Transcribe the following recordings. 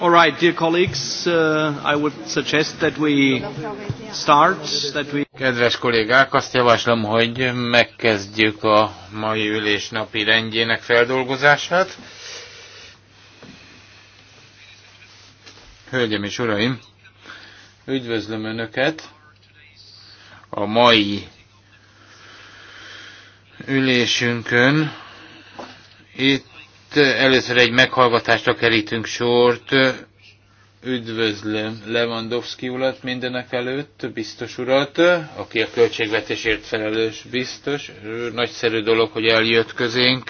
All right, dear colleagues, uh, I would suggest that we start, that we... Kedves kollégák, azt javaslom, hogy megkezdjük a mai ülés napi rendjének feldolgozását. Hölgyem és Uraim, üdvözlöm Önöket a mai ülésünkön. Itt itt eh, először egy meghallgatásra kerítünk sort. Üdvözlöm Lewandowski urat mindenek előtt, biztos urat, aki a költségvetésért felelős biztos. Nagyszerű dolog, hogy eljött közénk.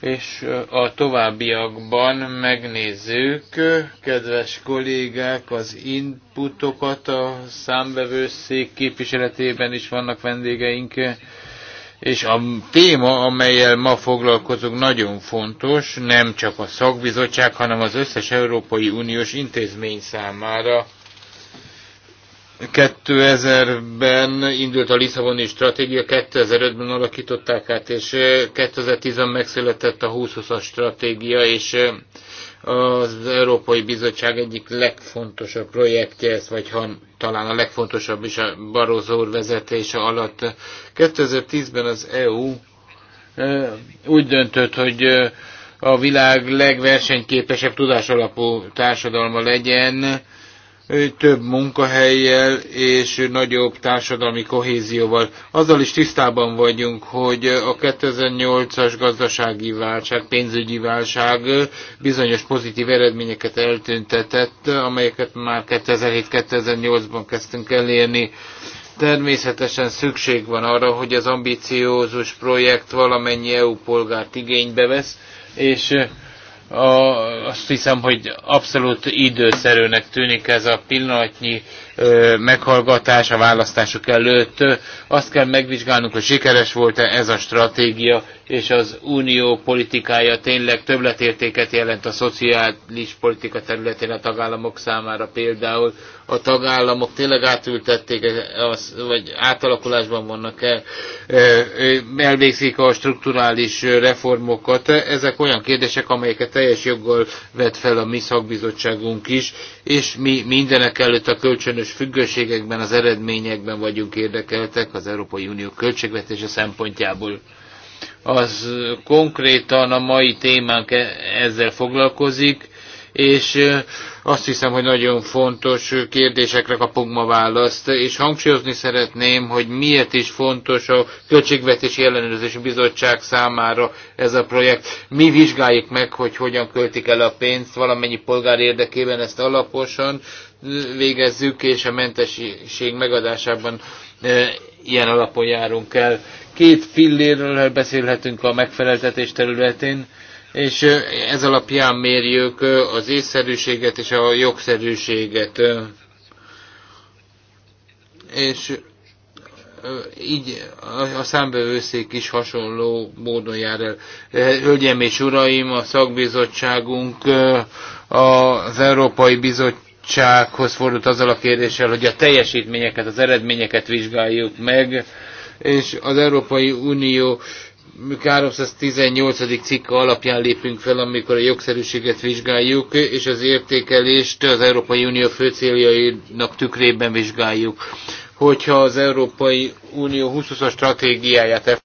És eh, a továbbiakban megnézzük, kedves kollégák, az inputokat a számbevőszék képviseletében is vannak vendégeink és a téma, amelyel ma foglalkozunk, nagyon fontos, nem csak a szakbizottság, hanem az összes Európai Uniós intézmény számára. 2000-ben indult a Lisszaboni stratégia, 2005-ben alakították át, és 2010-ben eh, megszületett a 2020-as stratégia, és eh, az Európai Bizottság egyik legfontosabb projektje, ez vagy ha talán a legfontosabb is a Barroso úr vezetése alatt. 2010-ben az EU e, úgy döntött, hogy e, a világ legversenyképesebb tudásalapú társadalma legyen, több munkahelyjel és nagyobb társadalmi kohézióval. Azzal is tisztában vagyunk, hogy a 2008-as gazdasági válság, pénzügyi válság bizonyos pozitív eredményeket eltüntetett, amelyeket már 2007-2008-ban kezdtünk elérni. Természetesen szükség van arra, hogy az ambiciózus projekt valamennyi EU polgárt igénybe vesz, és azt hiszem, hogy abszolút időszerűnek tűnik ez a pillanatnyi meghallgatás a választások előtt. Azt kell megvizsgálnunk, hogy sikeres volt-e ez a stratégia, és az unió politikája tényleg többletértéket jelent a szociális politika területén a tagállamok számára például. A tagállamok tényleg átültették, vagy átalakulásban vannak e elvégzik a strukturális reformokat. Ezek olyan kérdések, amelyeket teljes joggal vet fel a mi szakbizottságunk is, és mi mindenek előtt a kölcsönös közös függőségekben, az eredményekben vagyunk érdekeltek az Európai Unió költségvetése szempontjából. Az konkrétan a mai témánk e- ezzel foglalkozik, és azt hiszem, hogy nagyon fontos kérdésekre kapunk ma választ, és hangsúlyozni szeretném, hogy miért is fontos a Költségvetési Ellenőrzési Bizottság számára ez a projekt. Mi vizsgáljuk meg, hogy hogyan költik el a pénzt valamennyi polgár érdekében ezt alaposan, végezzük, és a mentesség megadásában e, ilyen alapon járunk el. Két pillérről beszélhetünk a megfeleltetés területén, és e, ez alapján mérjük e, az észszerűséget és a jogszerűséget. És így a számbevőszék is hasonló módon jár el. Hölgyeim és uraim, a szakbizottságunk az Európai Bizottság bizottsághoz fordult azzal a kérdéssel, hogy a teljesítményeket, az eredményeket vizsgáljuk meg, és az Európai Unió 318. cikka alapján lépünk fel, amikor a jogszerűséget vizsgáljuk, és az értékelést az Európai Unió fő céljainak tükrében vizsgáljuk. Hogyha az Európai Unió 20 as stratégiáját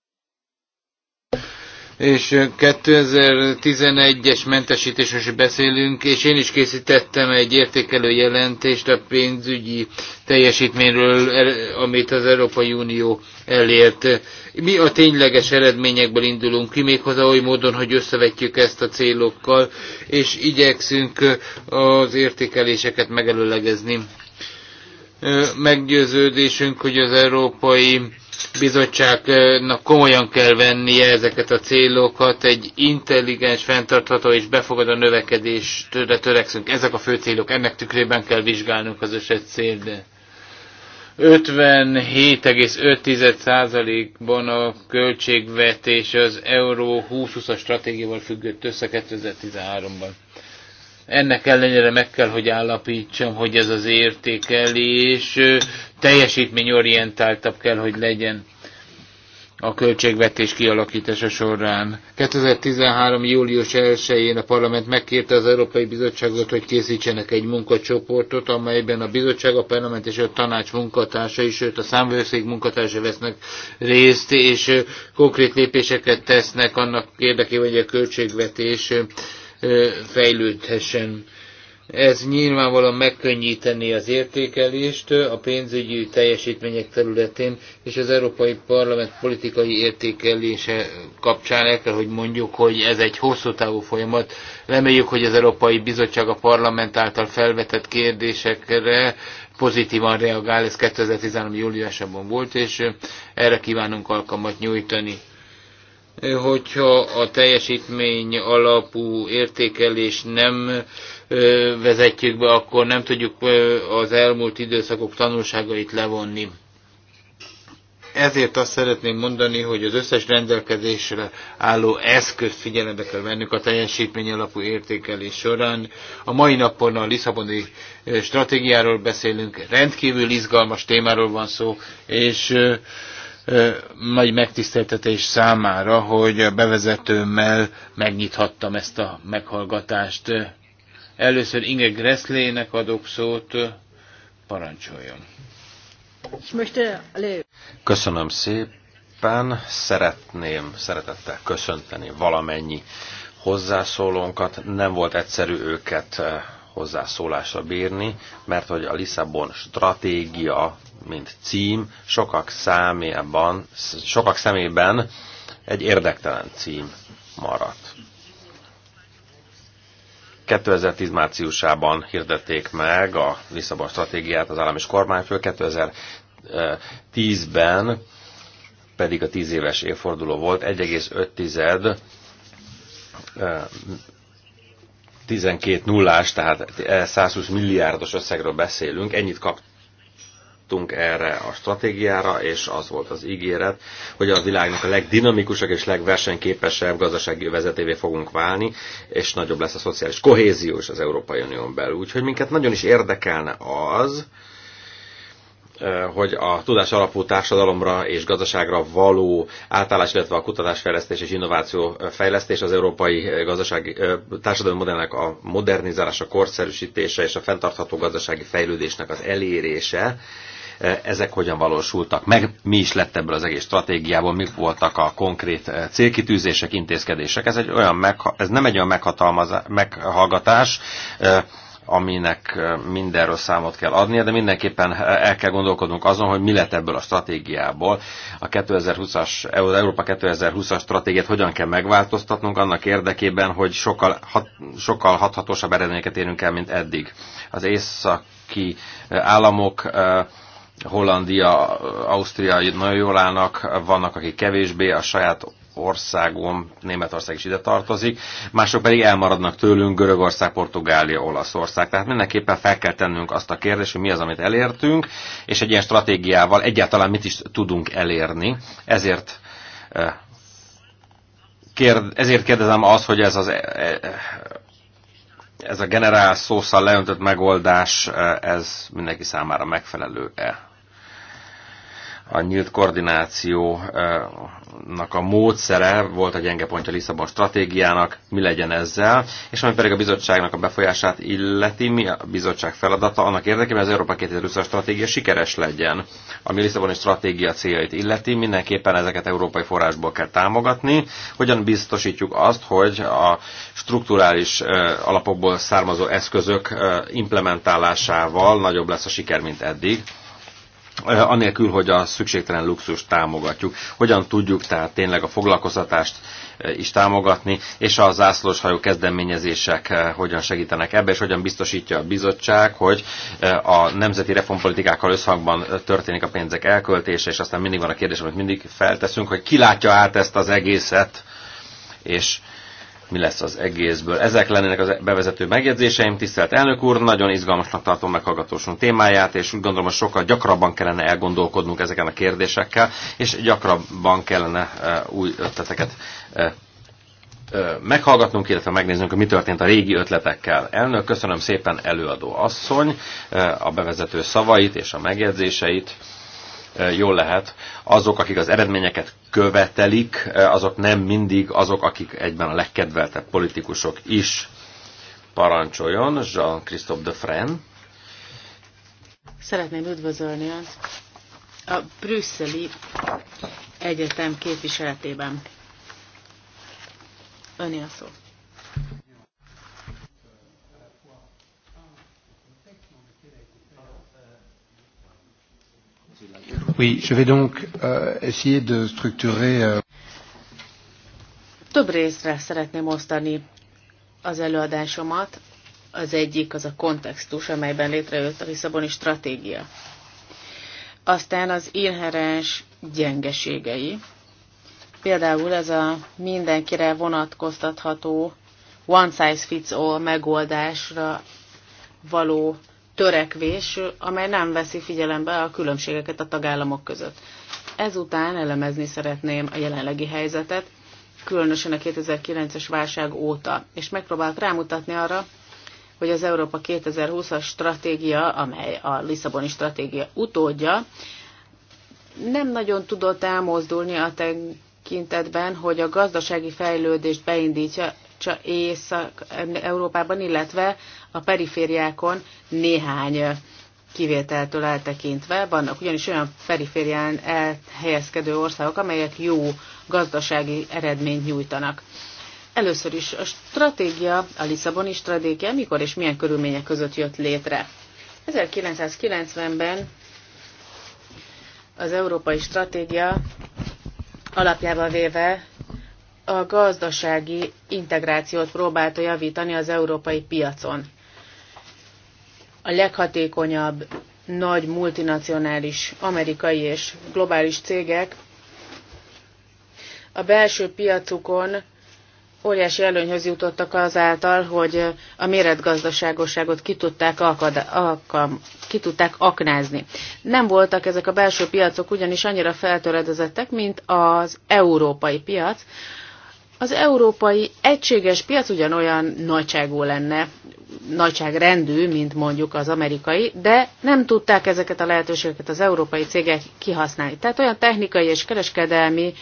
és 2011-es mentesítésről is beszélünk, és én is készítettem egy értékelő jelentést a pénzügyi teljesítményről, er, amit az Európai Unió elért. Mi a tényleges eredményekből indulunk ki, méghozzá oly módon, hogy összevetjük ezt a célokkal, és igyekszünk az értékeléseket megelőlegezni. Meggyőződésünk, hogy az európai bizottságnak komolyan kell vennie ezeket a célokat, egy intelligens, fenntartható és befogadó növekedésre törekszünk. Ezek a fő célok, ennek tükrében kell vizsgálnunk az összes célt. 57,5%-ban a költségvetés az Euró 2020-as stratégiával függött össze 2013-ban. Ennek ellenére meg kell, hogy állapítsam, hogy ez az értékelés teljesítményorientáltabb kell, hogy legyen a költségvetés kialakítása során. 2013. július 1-én a parlament megkérte az Európai Bizottságot, hogy készítsenek egy munkacsoportot, amelyben a bizottság, a parlament és a tanács munkatársa is sőt a számvőszék munkatársa vesznek részt, és konkrét lépéseket tesznek annak érdekében, hogy a költségvetés fejlődhessen. Ez nyilvánvalóan megkönnyíteni az értékelést a pénzügyi teljesítmények területén, és az Európai Parlament politikai értékelése kapcsán el kell, hogy mondjuk, hogy ez egy hosszú távú folyamat. Reméljük, hogy az Európai Bizottság a parlament által felvetett kérdésekre pozitívan reagál, ez 2013. júliusában volt, és erre kívánunk alkalmat nyújtani hogyha a teljesítmény alapú értékelés nem vezetjük be, akkor nem tudjuk az elmúlt időszakok tanulságait levonni. Ezért azt szeretném mondani, hogy az összes rendelkezésre álló eszközt figyelembe kell vennünk a teljesítmény alapú értékelés során. A mai napon a Lisszaboni stratégiáról beszélünk, rendkívül izgalmas témáról van szó, és nagy megtiszteltetés számára, hogy a bevezetőmmel megnyithattam ezt a meghallgatást. Először Inge Gresslének adok szót, parancsoljon. Köszönöm szépen, szeretném szeretettel köszönteni valamennyi hozzászólónkat. Nem volt egyszerű őket hozzászólásra bírni, mert hogy a Lisszabon stratégia, mint cím, sokak, számében, sokak szemében egy érdektelen cím maradt. 2010 márciusában hirdették meg a Lisszabon stratégiát az állam és kormányfő, 2010-ben pedig a 10 éves évforduló volt, 1,5 12 nullás, tehát 120 milliárdos összegről beszélünk, ennyit kaptunk erre a stratégiára, és az volt az ígéret, hogy a világnak a legdinamikusabb és legversenyképesebb gazdasági vezetévé fogunk válni, és nagyobb lesz a szociális kohézió is az Európai Unión belül. Úgyhogy minket nagyon is érdekelne az, Eh, hogy a tudás alapú társadalomra és gazdaságra való átállás, illetve a kutatásfejlesztés és innováció eh, fejlesztés az európai eh, gazdasági társadalmi modellnek a modernizálása, korszerűsítése és a fenntartható gazdasági fejlődésnek az elérése, ezek hogyan valósultak meg, mi is lett ebből az egész stratégiából, mik voltak a konkrét célkitűzések, intézkedések. Ez, egy olyan megha- ez nem egy olyan meghallgatás, aminek mindenről számot kell adnia, de mindenképpen el kell gondolkodnunk azon, hogy mi lett ebből a stratégiából. A 2020-as, Európa 2020-as stratégiát hogyan kell megváltoztatnunk annak érdekében, hogy sokkal, hat, sokkal hathatósabb eredményeket érünk el, mint eddig. Az északi államok Hollandia, Ausztria nagyon jól állnak, vannak, akik kevésbé a saját országom, Németország is ide tartozik, mások pedig elmaradnak tőlünk, Görögország, Portugália, Olaszország. Tehát mindenképpen fel kell tennünk azt a kérdést, hogy mi az, amit elértünk, és egy ilyen stratégiával egyáltalán mit is tudunk elérni. Ezért eh, ezért kérdezem azt, hogy ez az eh, eh, ez a generál szószal leöntött megoldás, ez mindenki számára megfelelő-e? a nyílt koordinációnak a módszere volt a gyenge pontja Lisszabon stratégiának, mi legyen ezzel, és ami pedig a bizottságnak a befolyását illeti, mi a bizottság feladata, annak érdekében az Európa 2020 stratégia sikeres legyen. Ami a Lisszaboni stratégia céljait illeti, mindenképpen ezeket európai forrásból kell támogatni. Hogyan biztosítjuk azt, hogy a strukturális alapokból származó eszközök implementálásával nagyobb lesz a siker, mint eddig Eh, anélkül, hogy a szükségtelen luxust támogatjuk. Hogyan tudjuk tehát tényleg a foglalkoztatást eh, is támogatni, és a zászlóshajó kezdeményezések eh, hogyan segítenek ebbe, és hogyan biztosítja a bizottság, hogy a nemzeti reformpolitikákkal összhangban történik a pénzek elköltése, és aztán mindig van a kérdés, amit mindig felteszünk, hogy ki látja át ezt az egészet, és mi lesz az egészből. Ezek lennének az bevezető megjegyzéseim. Tisztelt elnök úr, nagyon izgalmasnak tartom meghallgatósunk témáját, és úgy gondolom, hogy sokkal gyakrabban kellene elgondolkodnunk ezeken a kérdésekkel, és gyakrabban kellene e, új ötleteket e, e, meghallgatnunk, illetve megnézzünk, hogy mi történt a régi ötletekkel. Elnök, köszönöm szépen előadó asszony a bevezető szavait és a megjegyzéseit jól lehet, azok, akik az eredményeket követelik, azok nem mindig azok, akik egyben a legkedveltebb politikusok is. Parancsoljon Jean-Christophe de Fren. Szeretném üdvözölni az a brüsszeli egyetem képviseletében. Öni a szót. Oui, je vais donc euh, essayer de structurer. Euh... Több részre szeretném osztani az előadásomat. Az egyik az a kontextus, amelyben létrejött a Lisszaboni stratégia. Aztán az inherens gyengeségei. Például ez a mindenkire vonatkoztatható one size fits all megoldásra való törekvés, amely nem veszi figyelembe a különbségeket a tagállamok között. Ezután elemezni szeretném a jelenlegi helyzetet, különösen a 2009-es válság óta, és megpróbálok rámutatni arra, hogy az Európa 2020-as stratégia, amely a Lisszaboni stratégia utódja, nem nagyon tudott elmozdulni a tekintetben, hogy a gazdasági fejlődést beindítja csak Észak-Európában, illetve a perifériákon néhány kivételtől eltekintve. Vannak ugyanis olyan periférián elhelyezkedő országok, amelyek jó gazdasági eredményt nyújtanak. Először is a stratégia, a Lisszaboni stratégia mikor és milyen körülmények között jött létre. 1990-ben az európai stratégia alapjába véve a gazdasági integrációt próbálta javítani az európai piacon. A leghatékonyabb nagy multinacionális amerikai és globális cégek a belső piacukon óriási előnyhöz jutottak azáltal, hogy a méretgazdaságosságot ki tudták, akad, alkam, ki tudták aknázni. Nem voltak ezek a belső piacok ugyanis annyira feltöredezettek, mint az európai piac, az európai egységes piac ugyanolyan nagyságú lenne, nagyságrendű, mint mondjuk az amerikai, de nem tudták ezeket a lehetőségeket az európai cégek kihasználni. Tehát olyan technikai és kereskedelmi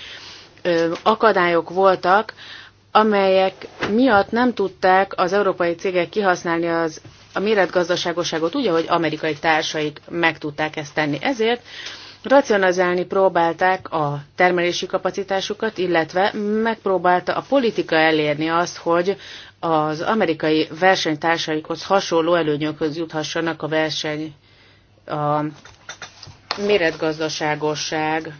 ö, akadályok voltak, amelyek miatt nem tudták az európai cégek kihasználni az, a méretgazdaságosságot úgy, ahogy amerikai társaik meg tudták ezt tenni. Ezért Racionalizálni próbálták a termelési kapacitásukat, illetve megpróbálta a politika elérni azt, hogy az amerikai versenytársaikhoz hasonló előnyökhöz juthassanak a verseny, a méretgazdaságosság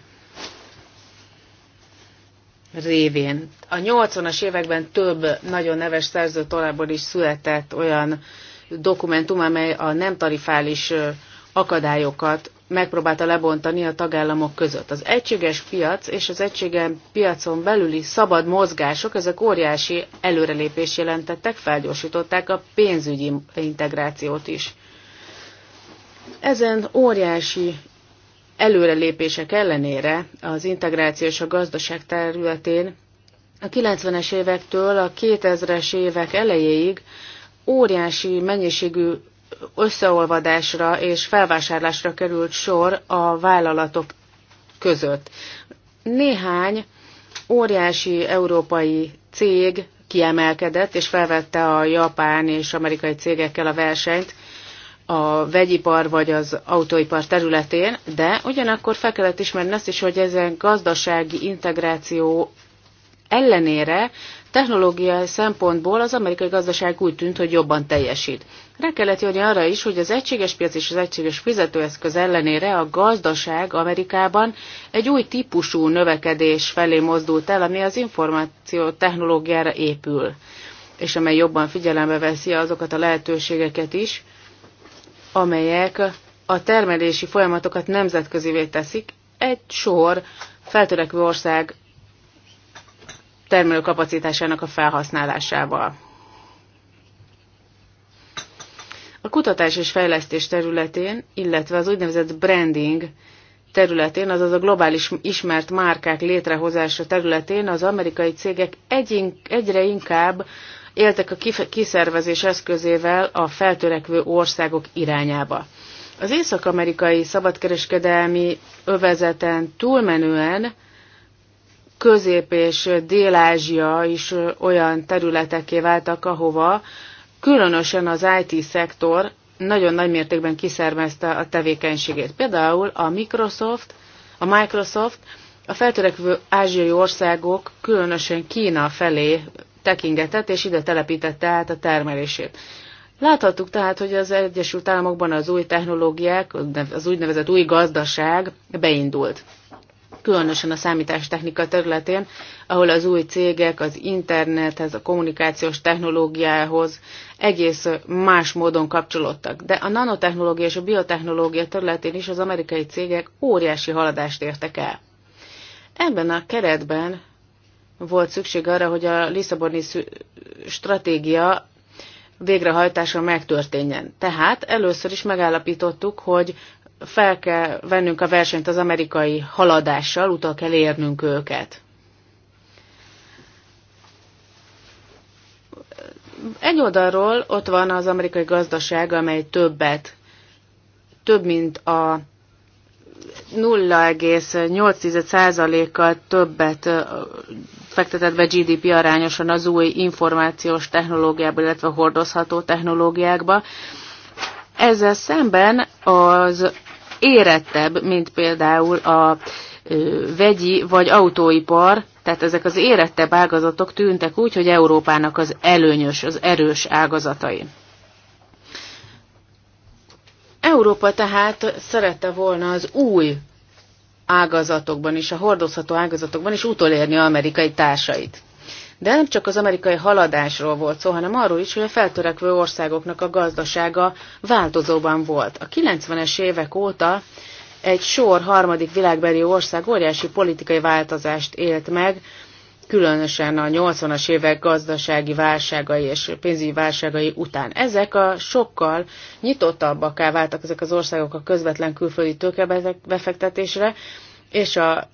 révén. A 80-as években több nagyon neves szerző tolából is született olyan dokumentum, amely a nem tarifális akadályokat megpróbálta lebontani a tagállamok között. Az egységes piac és az egységen piacon belüli szabad mozgások, ezek óriási előrelépés jelentettek, felgyorsították a pénzügyi integrációt is. Ezen óriási előrelépések ellenére az integráció és a gazdaság területén a 90-es évektől a 2000-es évek elejéig óriási mennyiségű összeolvadásra és felvásárlásra került sor a vállalatok között. Néhány óriási európai cég kiemelkedett és felvette a japán és amerikai cégekkel a versenyt a vegyipar vagy az autóipar területén, de ugyanakkor fel kellett ismerni azt is, hogy ezen gazdasági integráció ellenére technológiai szempontból az amerikai gazdaság úgy tűnt, hogy jobban teljesít. Rá kellett jönni arra is, hogy az egységes piac és az egységes fizetőeszköz ellenére a gazdaság Amerikában egy új típusú növekedés felé mozdult el, ami az információ technológiára épül, és amely jobban figyelembe veszi azokat a lehetőségeket is, amelyek a termelési folyamatokat nemzetközivé teszik. Egy sor feltörekvő ország termelőkapacitásának a felhasználásával. A kutatás és fejlesztés területén, illetve az úgynevezett branding területén, azaz a globális ismert márkák létrehozása területén az amerikai cégek egyre inkább éltek a kiszervezés eszközével a feltörekvő országok irányába. Az észak-amerikai szabadkereskedelmi övezeten túlmenően Közép- és Dél-Ázsia is olyan területeké váltak, ahova Különösen az IT-szektor nagyon nagy mértékben kiszervezte a tevékenységét. Például a Microsoft, a Microsoft a feltörekvő ázsiai országok, különösen Kína felé tekingetett, és ide telepítette át a termelését. Láthattuk tehát, hogy az Egyesült Államokban az új technológiák, az úgynevezett új gazdaság beindult különösen a számítástechnika területén, ahol az új cégek az internethez, a kommunikációs technológiához egész más módon kapcsolódtak. De a nanotechnológia és a biotechnológia területén is az amerikai cégek óriási haladást értek el. Ebben a keretben volt szükség arra, hogy a Lisszaboni stratégia végrehajtása megtörténjen. Tehát először is megállapítottuk, hogy fel kell vennünk a versenyt az amerikai haladással, utal kell érnünk őket. Egy oldalról ott van az amerikai gazdaság, amely többet, több mint a 0,8%-kal többet fektetett be GDP arányosan az új információs technológiába, illetve hordozható technológiákba. Ezzel szemben az érettebb, mint például a vegyi vagy autóipar, tehát ezek az érettebb ágazatok tűntek úgy, hogy Európának az előnyös, az erős ágazatai. Európa tehát szerette volna az új ágazatokban is, a hordozható ágazatokban is utolérni amerikai társait. De nem csak az amerikai haladásról volt szó, hanem arról is, hogy a feltörekvő országoknak a gazdasága változóban volt. A 90-es évek óta egy sor harmadik világbeli ország óriási politikai változást élt meg, különösen a 80-as évek gazdasági válságai és pénzügyi válságai után. Ezek a sokkal nyitottabbaká váltak ezek az országok a közvetlen külföldi tőkebefektetésre, és a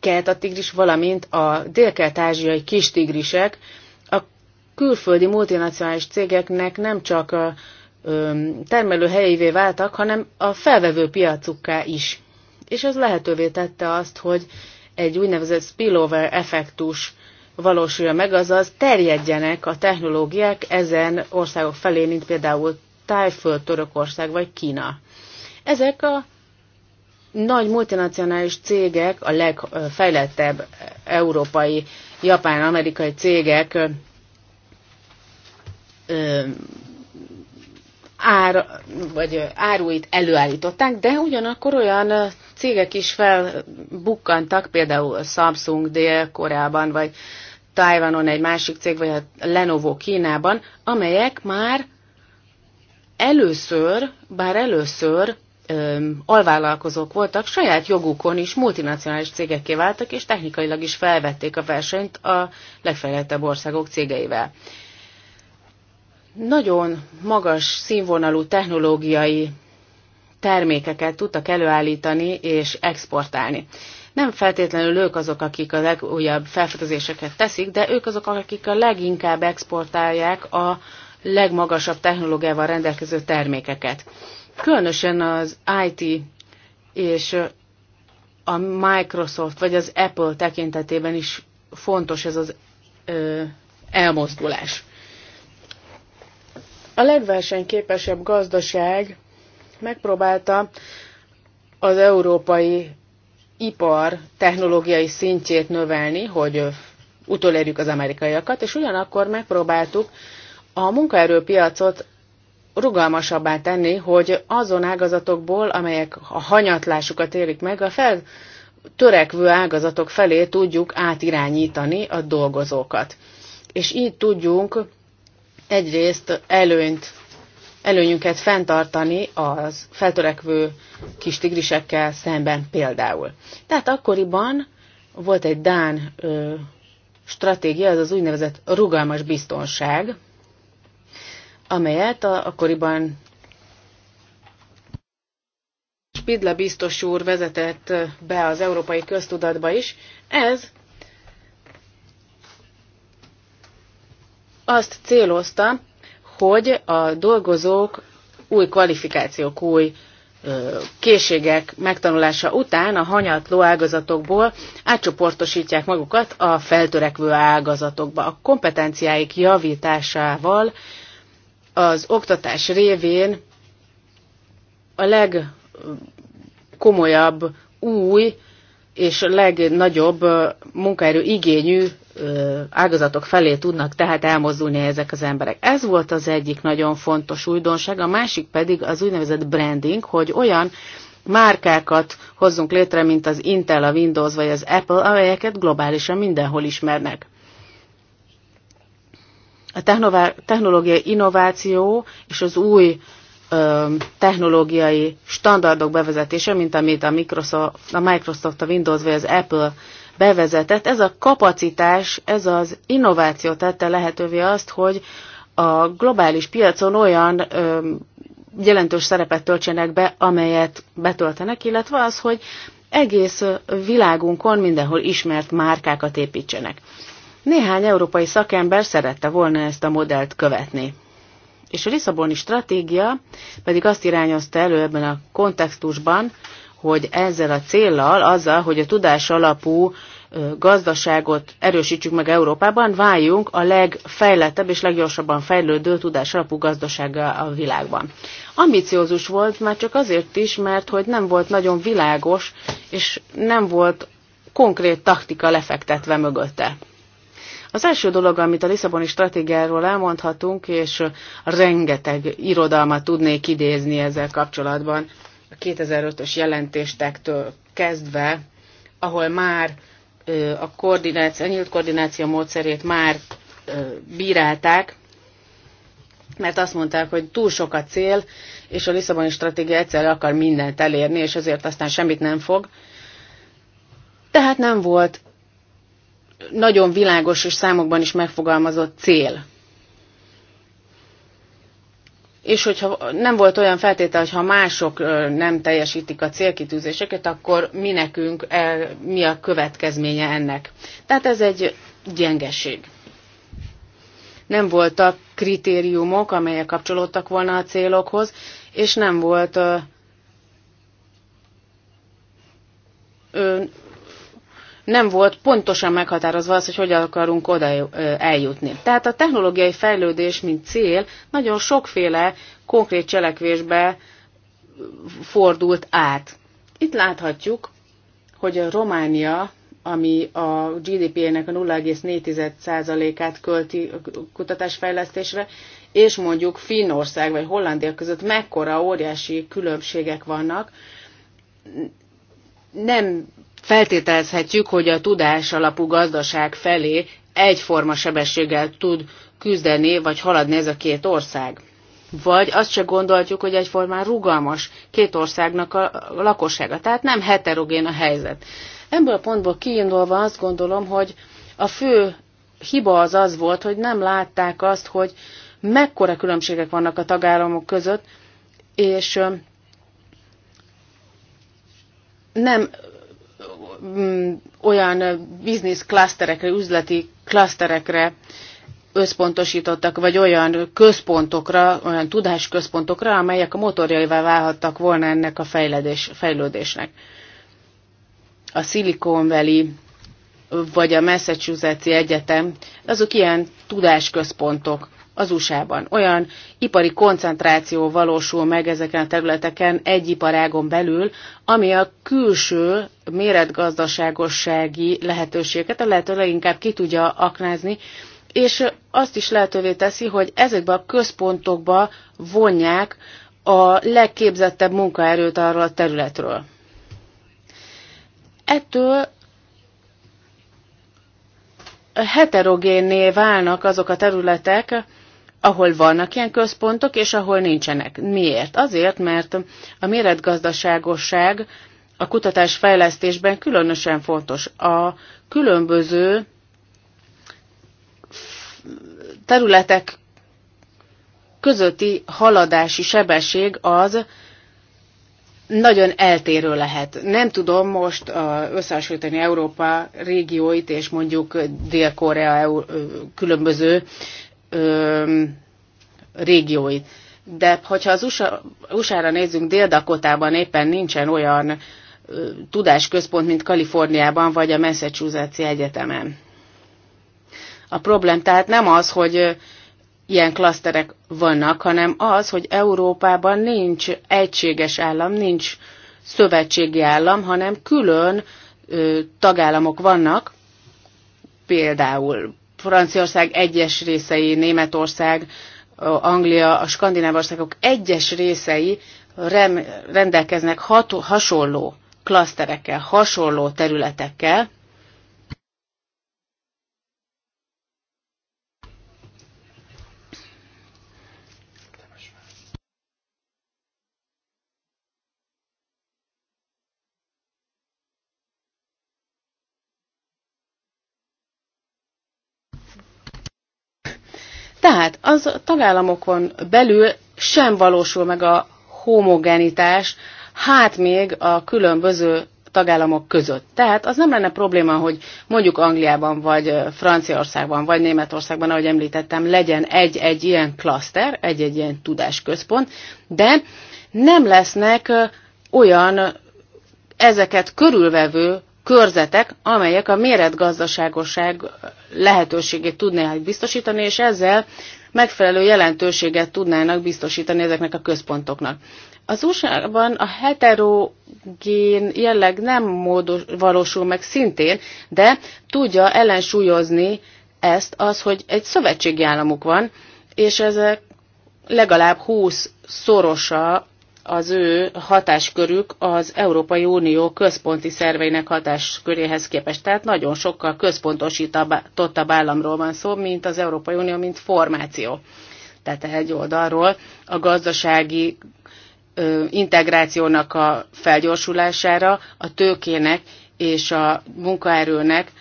kelet a tigris, valamint a dél-kelet-ázsiai kis tigrisek, a külföldi multinacionális cégeknek nem csak a termelő helyévé váltak, hanem a felvevő piacukká is. És ez lehetővé tette azt, hogy egy úgynevezett spillover effektus valósulja meg, azaz terjedjenek a technológiák ezen országok felé, mint például Tájföld, Törökország vagy Kína. Ezek a nagy multinacionális cégek, a legfejlettebb európai, japán, amerikai cégek ár, vagy áruit előállították, de ugyanakkor olyan cégek is felbukkantak, például a Samsung Dél-Koreában, vagy Tajvanon egy másik cég, vagy a hát Lenovo Kínában, amelyek már először, bár először alvállalkozók voltak, saját jogukon is multinacionális cégekké váltak, és technikailag is felvették a versenyt a legfejlettebb országok cégeivel. Nagyon magas színvonalú technológiai termékeket tudtak előállítani és exportálni. Nem feltétlenül ők azok, akik a legújabb felfedezéseket teszik, de ők azok, akik a leginkább exportálják a legmagasabb technológiával rendelkező termékeket. Különösen az IT és a Microsoft vagy az Apple tekintetében is fontos ez az ö, elmozdulás. A legversenyképesebb gazdaság megpróbálta az európai ipar technológiai szintjét növelni, hogy utolérjük az amerikaiakat, és ugyanakkor megpróbáltuk a munkaerőpiacot rugalmasabbá tenni, hogy azon ágazatokból, amelyek a hanyatlásukat élik meg, a fel törekvő ágazatok felé tudjuk átirányítani a dolgozókat. És így tudjunk egyrészt előnyt, előnyünket fenntartani az feltörekvő kis tigrisekkel szemben például. Tehát akkoriban volt egy Dán ö, stratégia, az az úgynevezett rugalmas biztonság, amelyet a, akkoriban Spidla biztos úr vezetett be az európai köztudatba is. Ez azt célozta, hogy a dolgozók új kvalifikációk, új készségek megtanulása után a hanyatló ágazatokból átcsoportosítják magukat a feltörekvő ágazatokba. A kompetenciáik javításával az oktatás révén a legkomolyabb, új és legnagyobb munkaerő igényű ágazatok felé tudnak tehát elmozdulni ezek az emberek. Ez volt az egyik nagyon fontos újdonság, a másik pedig az úgynevezett branding, hogy olyan márkákat hozzunk létre, mint az Intel, a Windows vagy az Apple, amelyeket globálisan mindenhol ismernek a technológiai innováció és az új ö, technológiai standardok bevezetése, mint amit a Microsoft, a, Microsoft, a Windows vagy az Apple bevezetett. Ez a kapacitás, ez az innováció tette lehetővé azt, hogy a globális piacon olyan ö, jelentős szerepet töltsenek be, amelyet betöltenek, illetve az, hogy egész világunkon mindenhol ismert márkákat építsenek. Néhány európai szakember szerette volna ezt a modellt követni. És a Lisszaboni stratégia pedig azt irányozta elő ebben a kontextusban, hogy ezzel a céllal, azzal, hogy a tudás alapú gazdaságot erősítsük meg Európában, váljunk a legfejlettebb és leggyorsabban fejlődő tudás alapú gazdasága a világban. Ambiciózus volt már csak azért is, mert hogy nem volt nagyon világos, és nem volt konkrét taktika lefektetve mögötte. Az első dolog, amit a Lisszaboni stratégiáról elmondhatunk, és rengeteg irodalmat tudnék idézni ezzel kapcsolatban, a 2005-ös jelentéstektől kezdve, ahol már a koordináció, a nyílt koordináció módszerét már bírálták, mert azt mondták, hogy túl sok a cél, és a Lisszaboni stratégia egyszerre akar mindent elérni, és ezért aztán semmit nem fog. Tehát nem volt nagyon világos és számokban is megfogalmazott cél. És hogyha nem volt olyan feltétel, hogy ha mások nem teljesítik a célkitűzéseket, akkor mi nekünk, e, mi a következménye ennek. Tehát ez egy gyengeség. Nem voltak kritériumok, amelyek kapcsolódtak volna a célokhoz, és nem volt nem volt pontosan meghatározva az, hogy hogyan akarunk oda eljutni. Tehát a technológiai fejlődés, mint cél, nagyon sokféle konkrét cselekvésbe fordult át. Itt láthatjuk, hogy a Románia, ami a GDP-nek a 0,4%-át költi kutatásfejlesztésre, és mondjuk Finnország vagy Hollandia között mekkora óriási különbségek vannak, nem feltételezhetjük, hogy a tudás alapú gazdaság felé egyforma sebességgel tud küzdeni vagy haladni ez a két ország. Vagy azt se gondoljuk, hogy egyformán rugalmas két országnak a lakossága, tehát nem heterogén a helyzet. Ebből a pontból kiindulva azt gondolom, hogy a fő hiba az az volt, hogy nem látták azt, hogy mekkora különbségek vannak a tagállamok között, és nem Mm, olyan business klaszterekre, üzleti klaszterekre összpontosítottak, vagy olyan központokra, olyan tudásközpontokra, amelyek a motorjaivá válhattak volna ennek a fejledés, fejlődésnek. A Silicon Valley vagy a Massachusetts Egyetem, azok ilyen tudásközpontok az USA-ban. Olyan ipari koncentráció valósul meg ezeken a területeken egy iparágon belül, ami a külső méretgazdaságossági lehetőséget a lehető leginkább ki tudja aknázni, és azt is lehetővé teszi, hogy ezekbe a központokba vonják a legképzettebb munkaerőt arról a területről. Ettől heterogénné válnak azok a területek, ahol vannak ilyen központok, és ahol nincsenek. Miért? Azért, mert a méretgazdaságosság a kutatás fejlesztésben különösen fontos. A különböző területek közötti haladási sebesség az nagyon eltérő lehet. Nem tudom most összehasonlítani Európa régióit és mondjuk Dél-Korea különböző ö, régióit. De hogyha az USA, USA-ra nézzünk, Dél-Dakotában éppen nincsen olyan ö, tudásközpont, mint Kaliforniában vagy a Massachusetts Egyetemen. A problém tehát nem az, hogy ö, ilyen klaszterek vannak, hanem az, hogy Európában nincs egységes állam, nincs szövetségi állam, hanem külön ö, tagállamok vannak, például Franciaország egyes részei, Németország, Anglia, a skandináv országok egyes részei rem, rendelkeznek hat, hasonló klaszterekkel, hasonló területekkel, Tehát az a tagállamokon belül sem valósul meg a homogenitás, hát még a különböző tagállamok között. Tehát az nem lenne probléma, hogy mondjuk Angliában, vagy Franciaországban, vagy Németországban, ahogy említettem, legyen egy-egy ilyen klaszter, egy-egy ilyen tudásközpont, de nem lesznek olyan ezeket körülvevő körzetek, amelyek a méretgazdaságosság lehetőségét tudnának biztosítani, és ezzel megfelelő jelentőséget tudnának biztosítani ezeknek a központoknak. Az USA-ban a heterogén jelleg nem módos, valósul meg szintén, de tudja ellensúlyozni ezt az, hogy egy szövetségi államuk van, és ezek legalább 20 szorosa az ő hatáskörük az Európai Unió központi szerveinek hatásköréhez képest. Tehát nagyon sokkal központosítottabb államról van szó, mint az Európai Unió, mint formáció. Tehát egy oldalról a gazdasági integrációnak a felgyorsulására, a tőkének és a munkaerőnek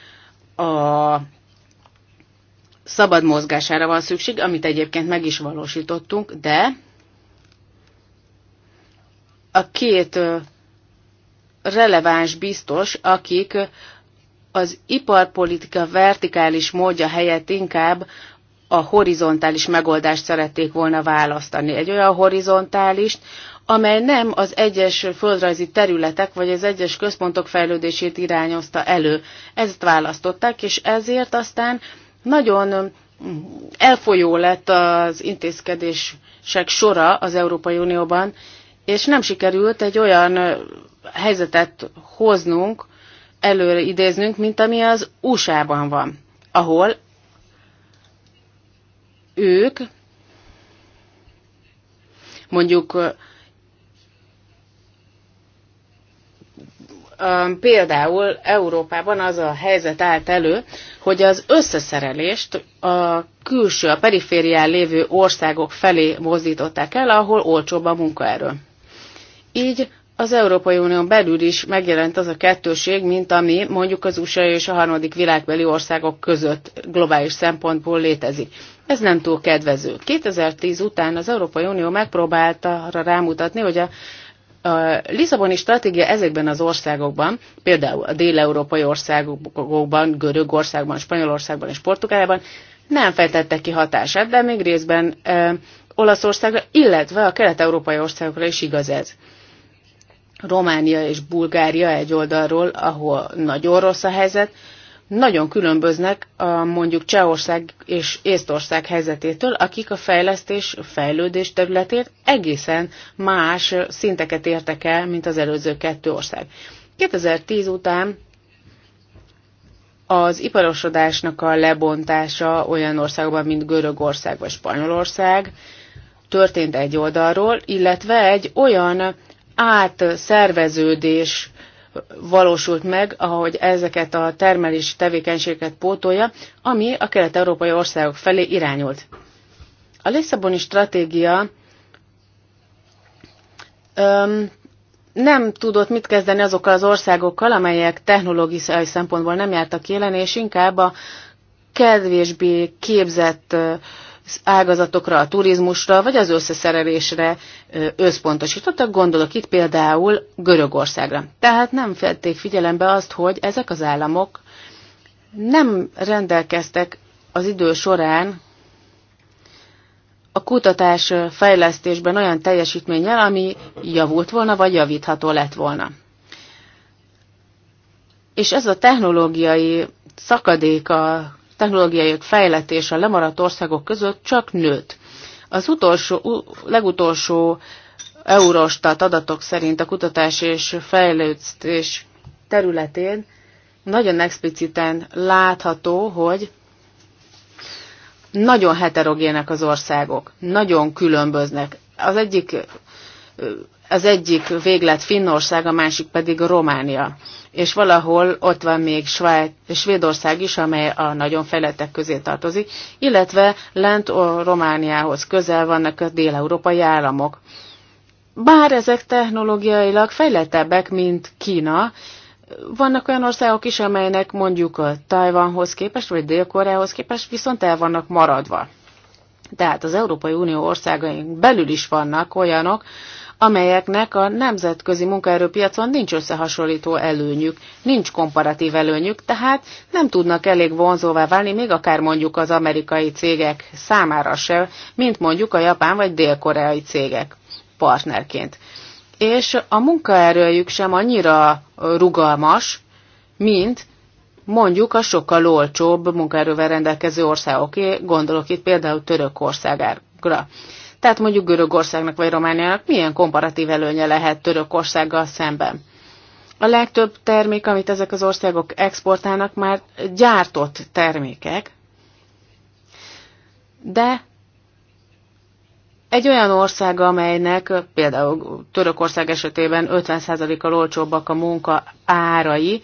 a szabad mozgására van szükség, amit egyébként meg is valósítottunk, de a két releváns biztos, akik az iparpolitika vertikális módja helyett inkább a horizontális megoldást szerették volna választani. Egy olyan horizontális, amely nem az egyes földrajzi területek vagy az egyes központok fejlődését irányozta elő. Ezt választották, és ezért aztán nagyon elfolyó lett az intézkedések sora az Európai Unióban, és nem sikerült egy olyan helyzetet hoznunk, előre idéznünk, mint ami az USA-ban van, ahol ők mondjuk például Európában az a helyzet állt elő, hogy az összeszerelést a külső, a periférián lévő országok felé mozdították el, ahol olcsóbb a munkaerő. Így az Európai Unión belül is megjelent az a kettőség, mint ami mondjuk az USA és a harmadik világbeli országok között globális szempontból létezik. Ez nem túl kedvező. 2010 után az Európai Unió megpróbálta arra rámutatni, hogy a a Lisszaboni stratégia ezekben az országokban, például a dél-európai országokban, Görögországban, Spanyolországban és Portugálban nem fejtette ki hatását, de még részben e, Olaszországra, illetve a kelet-európai országokra is igaz ez. Románia és Bulgária egy oldalról, ahol nagyon rossz a helyzet, nagyon különböznek a mondjuk Csehország és Észtország helyzetétől, akik a fejlesztés, fejlődés területét egészen más szinteket értek el, mint az előző kettő ország. 2010 után az iparosodásnak a lebontása olyan országban, mint Görögország vagy Spanyolország történt egy oldalról, illetve egy olyan átszerveződés valósult meg, ahogy ezeket a termelési tevékenységeket pótolja, ami a kelet-európai országok felé irányult. A Lisszaboni stratégia öm, nem tudott mit kezdeni azokkal az országokkal, amelyek technológiai szempontból nem jártak élen, és inkább a kevésbé képzett ágazatokra, a turizmusra, vagy az összeszerelésre összpontosítottak, gondolok itt például Görögországra. Tehát nem felték figyelembe azt, hogy ezek az államok nem rendelkeztek az idő során a kutatás fejlesztésben olyan teljesítménnyel, ami javult volna, vagy javítható lett volna. És ez a technológiai szakadék a technológiai fejletés a lemaradt országok között csak nőtt. Az utolsó, legutolsó Eurostat adatok szerint a kutatás és fejlődés területén nagyon expliciten látható, hogy nagyon heterogének az országok, nagyon különböznek. Az egyik az egyik véglet Finnország, a másik pedig Románia. És valahol ott van még Svájc, Svédország is, amely a nagyon fejlettek közé tartozik, illetve lent a Romániához közel vannak a dél-európai államok. Bár ezek technológiailag fejlettebbek, mint Kína, vannak olyan országok is, amelynek mondjuk a Tajvanhoz képest, vagy Dél-Koreához képest viszont el vannak maradva. Tehát az Európai Unió országaink belül is vannak olyanok, amelyeknek a nemzetközi munkaerőpiacon nincs összehasonlító előnyük, nincs komparatív előnyük, tehát nem tudnak elég vonzóvá válni, még akár mondjuk az amerikai cégek számára se, mint mondjuk a japán vagy dél-koreai cégek partnerként. És a munkaerőjük sem annyira rugalmas, mint mondjuk a sokkal olcsóbb munkaerővel rendelkező országoké, gondolok itt például Törökországra. Tehát mondjuk Görögországnak vagy Romániának milyen komparatív előnye lehet Törökországgal szemben? A legtöbb termék, amit ezek az országok exportálnak, már gyártott termékek, de egy olyan ország, amelynek például Törökország esetében 50%-kal olcsóbbak a munka árai,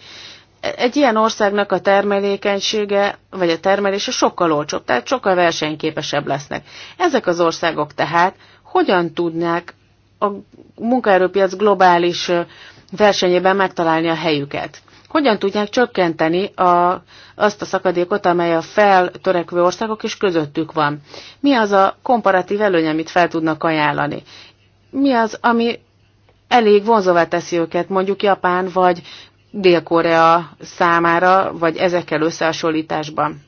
egy ilyen országnak a termelékenysége, vagy a termelése sokkal olcsóbb, tehát sokkal versenyképesebb lesznek. Ezek az országok tehát hogyan tudnák a munkaerőpiac globális versenyében megtalálni a helyüket? Hogyan tudják csökkenteni a, azt a szakadékot, amely a feltörekvő országok és közöttük van? Mi az a komparatív előny, amit fel tudnak ajánlani? Mi az, ami elég vonzóvá teszi őket, mondjuk Japán vagy Dél-Korea számára, vagy ezekkel összehasonlításban.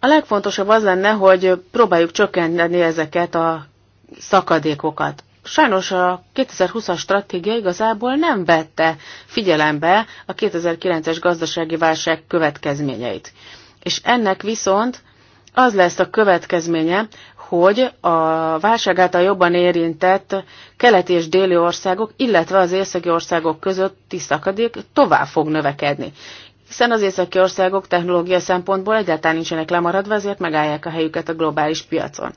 A legfontosabb az lenne, hogy próbáljuk csökkenteni ezeket a szakadékokat. Sajnos a 2020-as stratégia igazából nem vette figyelembe a 2009-es gazdasági válság következményeit. És ennek viszont az lesz a következménye, hogy a válság által jobban érintett keleti és déli országok, illetve az északi országok közötti szakadék tovább fog növekedni. Hiszen az északi országok technológia szempontból egyáltalán nincsenek lemaradva, ezért megállják a helyüket a globális piacon.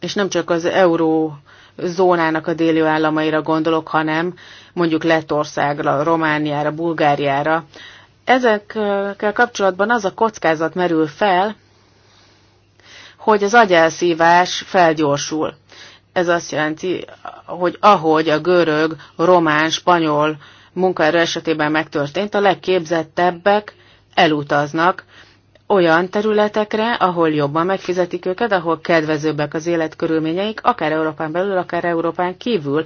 És nem csak az euró zónának a déli államaira gondolok, hanem mondjuk Lettországra, Romániára, Bulgáriára. Ezekkel kapcsolatban az a kockázat merül fel, hogy az agyelszívás felgyorsul. Ez azt jelenti, hogy ahogy a görög, román, spanyol munkaerő esetében megtörtént, a legképzettebbek elutaznak olyan területekre, ahol jobban megfizetik őket, ahol kedvezőbbek az életkörülményeik, akár Európán belül, akár Európán kívül.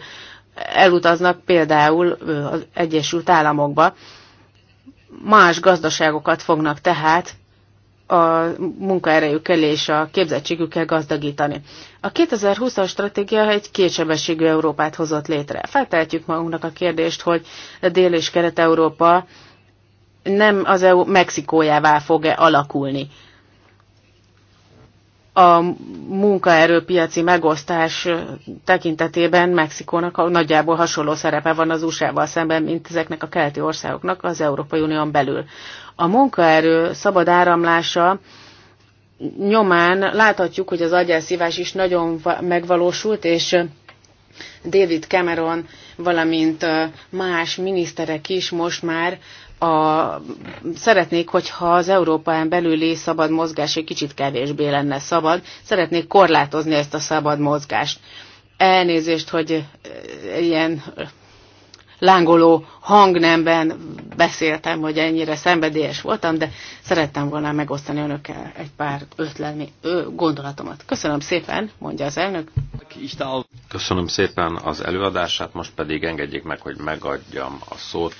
Elutaznak például az Egyesült Államokba. Más gazdaságokat fognak tehát a munkaerejükkel és a képzettségükkel gazdagítani. A 2020-as stratégia egy kétsebességű Európát hozott létre. Feltehetjük magunknak a kérdést, hogy a Dél- és Kelet-Európa nem az EU Mexikójává fog-e alakulni. A munkaerőpiaci megosztás tekintetében Mexikónak nagyjából hasonló szerepe van az USA-val szemben, mint ezeknek a keleti országoknak az Európai Unión belül. A munkaerő szabad áramlása nyomán láthatjuk, hogy az agyelszívás is nagyon megvalósult, és David Cameron, valamint más miniszterek is most már a, szeretnék, hogyha az Európán belüli szabad mozgás egy kicsit kevésbé lenne szabad, szeretnék korlátozni ezt a szabad mozgást. Elnézést, hogy ilyen lángoló hangnemben beszéltem, hogy ennyire szenvedélyes voltam, de szerettem volna megosztani önökkel egy pár ötletmi gondolatomat. Köszönöm szépen, mondja az elnök. Köszönöm szépen az előadását, most pedig engedjék meg, hogy megadjam a szót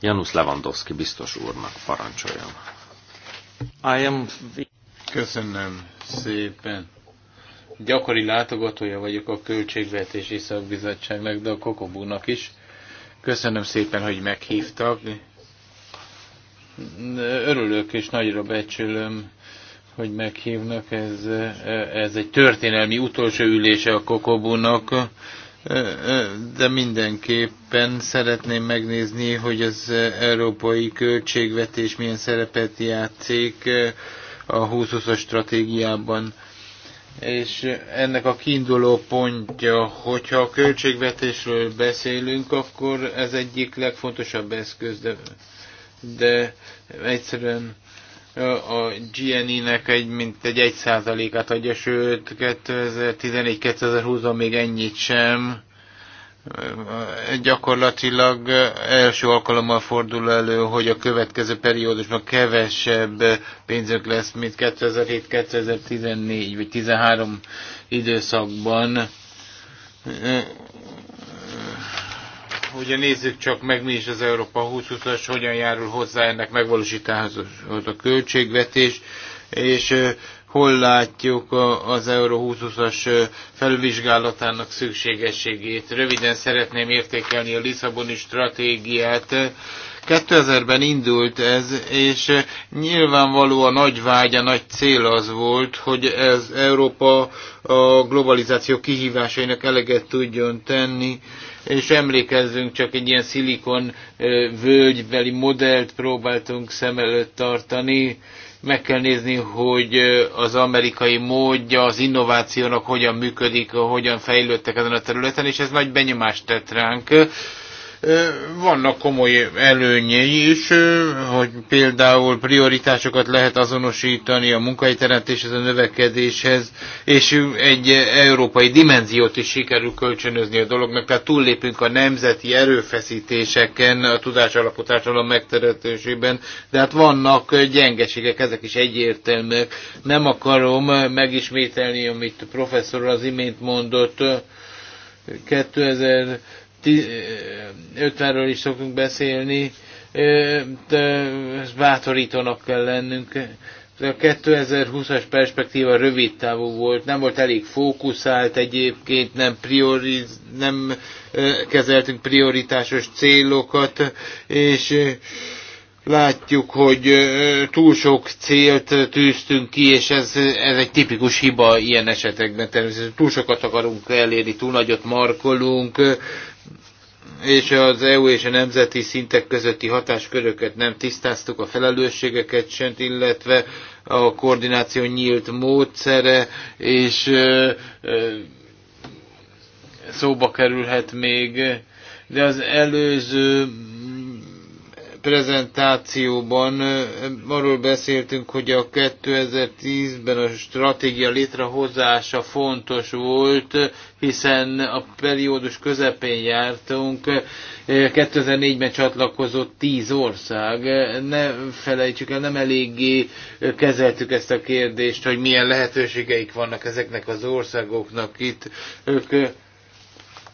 Janusz Lewandowski biztos úrnak, parancsoljon. I am... Köszönöm szépen gyakori látogatója vagyok a Költségvetési Szakbizottságnak, de a Kokobúnak is. Köszönöm szépen, hogy meghívtak. Örülök és nagyra becsülöm, hogy meghívnak. Ez, ez egy történelmi utolsó ülése a Kokobunak, de mindenképpen szeretném megnézni, hogy az európai költségvetés milyen szerepet játszik a 2020-as stratégiában és ennek a kiinduló pontja, hogyha a költségvetésről beszélünk, akkor ez egyik legfontosabb eszköz, de, de egyszerűen a GNI-nek egy, mint egy 1%-át adja, sőt 2014-2020-ban még ennyit sem gyakorlatilag első alkalommal fordul elő, hogy a következő periódusban kevesebb pénzünk lesz, mint 2007-2014 vagy 2013 időszakban. Ugye nézzük csak meg mi is az Európa 2020-as, hogyan járul hozzá ennek megvalósításhoz a költségvetés, és hol látjuk az Euró 2020-as felvizsgálatának szükségességét. Röviden szeretném értékelni a Lisszaboni stratégiát. 2000-ben indult ez, és nyilvánvaló a nagy vágya, nagy cél az volt, hogy ez Európa a globalizáció kihívásainak eleget tudjon tenni, és emlékezzünk, csak egy ilyen szilikon völgybeli modellt próbáltunk szem előtt tartani, meg kell nézni, hogy az amerikai módja az innovációnak hogyan működik, hogyan fejlődtek ezen a területen, és ez nagy benyomást tett ránk vannak komoly előnyei is, hogy például prioritásokat lehet azonosítani a munkahelyteremtéshez, a növekedéshez, és egy európai dimenziót is sikerül kölcsönözni a dolognak, tehát túllépünk a nemzeti erőfeszítéseken, a tudás alapú társadalom megteremtésében, de hát vannak gyengeségek, ezek is egyértelműek. Nem akarom megismételni, amit a professzor az imént mondott, 2000 50-ről is szokunk beszélni, bátorítónak kell lennünk. A 2020-as perspektíva rövid távú volt, nem volt elég fókuszált egyébként, nem, prioriz, nem kezeltünk prioritásos célokat, és látjuk, hogy túl sok célt tűztünk ki, és ez, ez egy tipikus hiba ilyen esetekben. Természetesen túl sokat akarunk elérni, túl nagyot markolunk, és az EU és a nemzeti szintek közötti hatásköröket nem tisztáztuk, a felelősségeket sem, illetve a koordináció nyílt módszere, és szóba kerülhet még, de az előző prezentációban arról beszéltünk, hogy a 2010-ben a stratégia létrehozása fontos volt, hiszen a periódus közepén jártunk, 2004-ben csatlakozott 10 ország. Ne felejtsük el, nem eléggé kezeltük ezt a kérdést, hogy milyen lehetőségeik vannak ezeknek az országoknak itt. Ők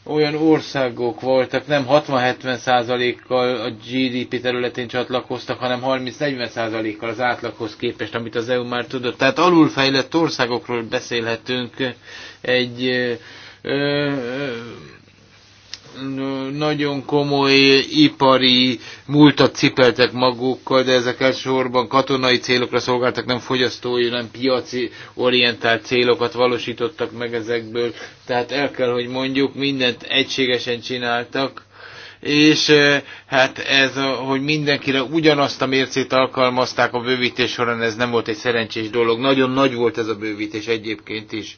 olyan országok voltak, nem 60-70 százalékkal a GDP területén csatlakoztak, hanem 30-40 százalékkal az átlaghoz képest, amit az EU már tudott. Tehát alulfejlett országokról beszélhetünk egy ö, ö, nagyon komoly ipari múltat cipeltek magukkal, de ezek elsősorban katonai célokra szolgáltak, nem fogyasztói, nem piaci orientált célokat valósítottak meg ezekből. Tehát el kell, hogy mondjuk, mindent egységesen csináltak, és eh, hát ez, hogy mindenkire ugyanazt a mércét alkalmazták a bővítés során, ez nem volt egy szerencsés dolog. Nagyon nagy volt ez a bővítés egyébként is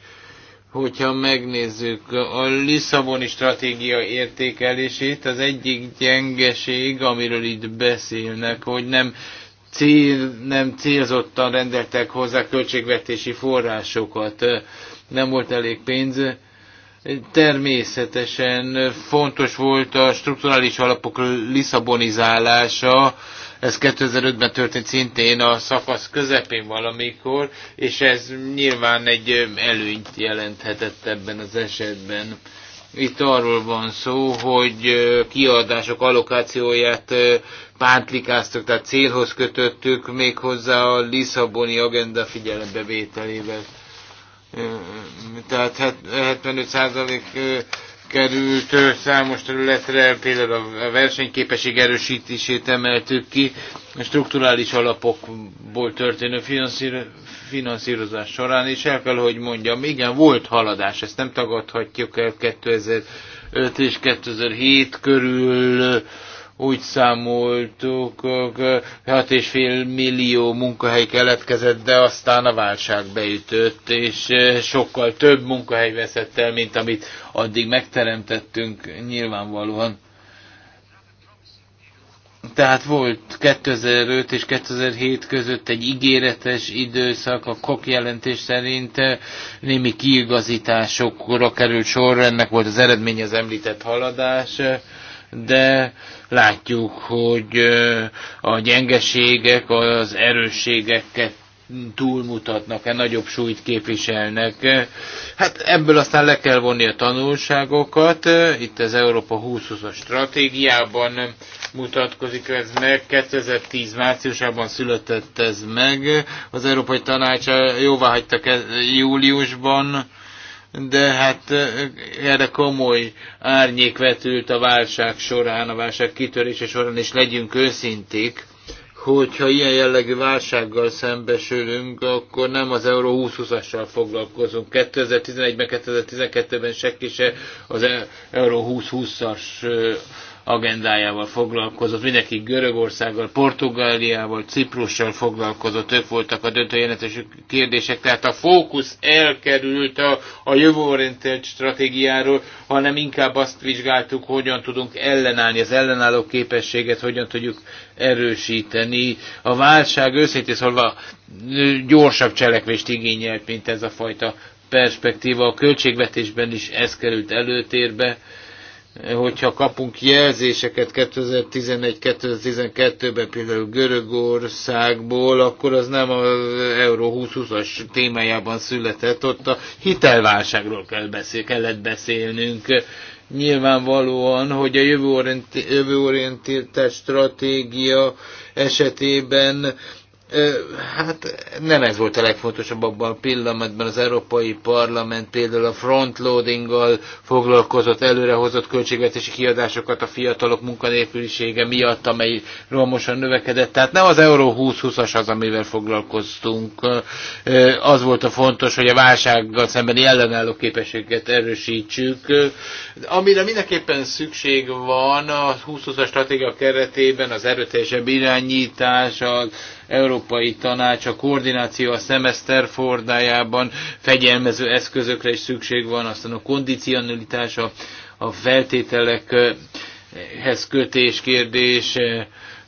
hogyha megnézzük a Lisszaboni stratégia értékelését, az egyik gyengeség, amiről itt beszélnek, hogy nem, cél, nem célzottan rendeltek hozzá költségvetési forrásokat, nem volt elég pénz. Természetesen fontos volt a strukturális alapok Lisszabonizálása, ez 2005-ben történt szintén a szakasz közepén valamikor, és ez nyilván egy előnyt jelenthetett ebben az esetben. Itt arról van szó, hogy kiadások allokációját pántlikáztuk, tehát célhoz kötöttük, méghozzá a Lisszaboni agenda figyelembevételével. Tehát 75% került számos területre, például a versenyképesség erősítését emeltük ki, a strukturális alapokból történő finanszírozás során, és el kell, hogy mondjam, igen, volt haladás, ezt nem tagadhatjuk el 2005 és 2007 körül úgy számoltuk, 6,5 millió munkahely keletkezett, de aztán a válság beütött, és sokkal több munkahely veszett el, mint amit addig megteremtettünk nyilvánvalóan. Tehát volt 2005 és 2007 között egy ígéretes időszak, a KOK jelentés szerint némi kiigazításokra került sor, ennek volt az eredmény az említett haladás de látjuk, hogy a gyengeségek az erősségeket túlmutatnak, e nagyobb súlyt képviselnek. Hát ebből aztán le kell vonni a tanulságokat. Itt az Európa 2020-as stratégiában mutatkozik ez meg. 2010 márciusában született ez meg. Az Európai Tanács hagyta e- júliusban de hát erre komoly árnyék vetült a válság során, a válság kitörése során, és legyünk őszinték, hogyha ilyen jellegű válsággal szembesülünk, akkor nem az Euró 20 assal foglalkozunk. 2011-ben, 2012-ben senki se az e-, Euró 20 20 as agendájával foglalkozott, mindenki Görögországgal, Portugáliával, Ciprussal foglalkozott, ők voltak a döntő kérdések, tehát a fókusz elkerült a, a jövőorientált stratégiáról, hanem inkább azt vizsgáltuk, hogyan tudunk ellenállni, az ellenálló képességet, hogyan tudjuk erősíteni. A válság őszintén szólva gyorsabb cselekvést igényelt, mint ez a fajta perspektíva. A költségvetésben is ez került előtérbe hogyha kapunk jelzéseket 2011-2012-ben például Görögországból, akkor az nem az Euró 2020-as témájában született, ott a hitelválságról kell beszél, kellett beszélnünk. Nyilvánvalóan, hogy a jövőorientált stratégia esetében Hát nem ez volt a legfontosabb abban a pillanatban. Az Európai Parlament például a frontloadinggal foglalkozott, előrehozott költségvetési kiadásokat a fiatalok munkanélkülisége miatt, amely romosan növekedett. Tehát nem az Euró 2020-as az, amivel foglalkoztunk. Az volt a fontos, hogy a válsággal szembeni ellenálló képességet erősítsük. Amire mindenképpen szükség van a 2020-as stratégia keretében, az erőteljesebb irányítás, az Európai Tanács, a koordináció a szemeszter fordájában, fegyelmező eszközökre is szükség van, aztán a kondicionalitás, a, feltételekhez kötés kérdés,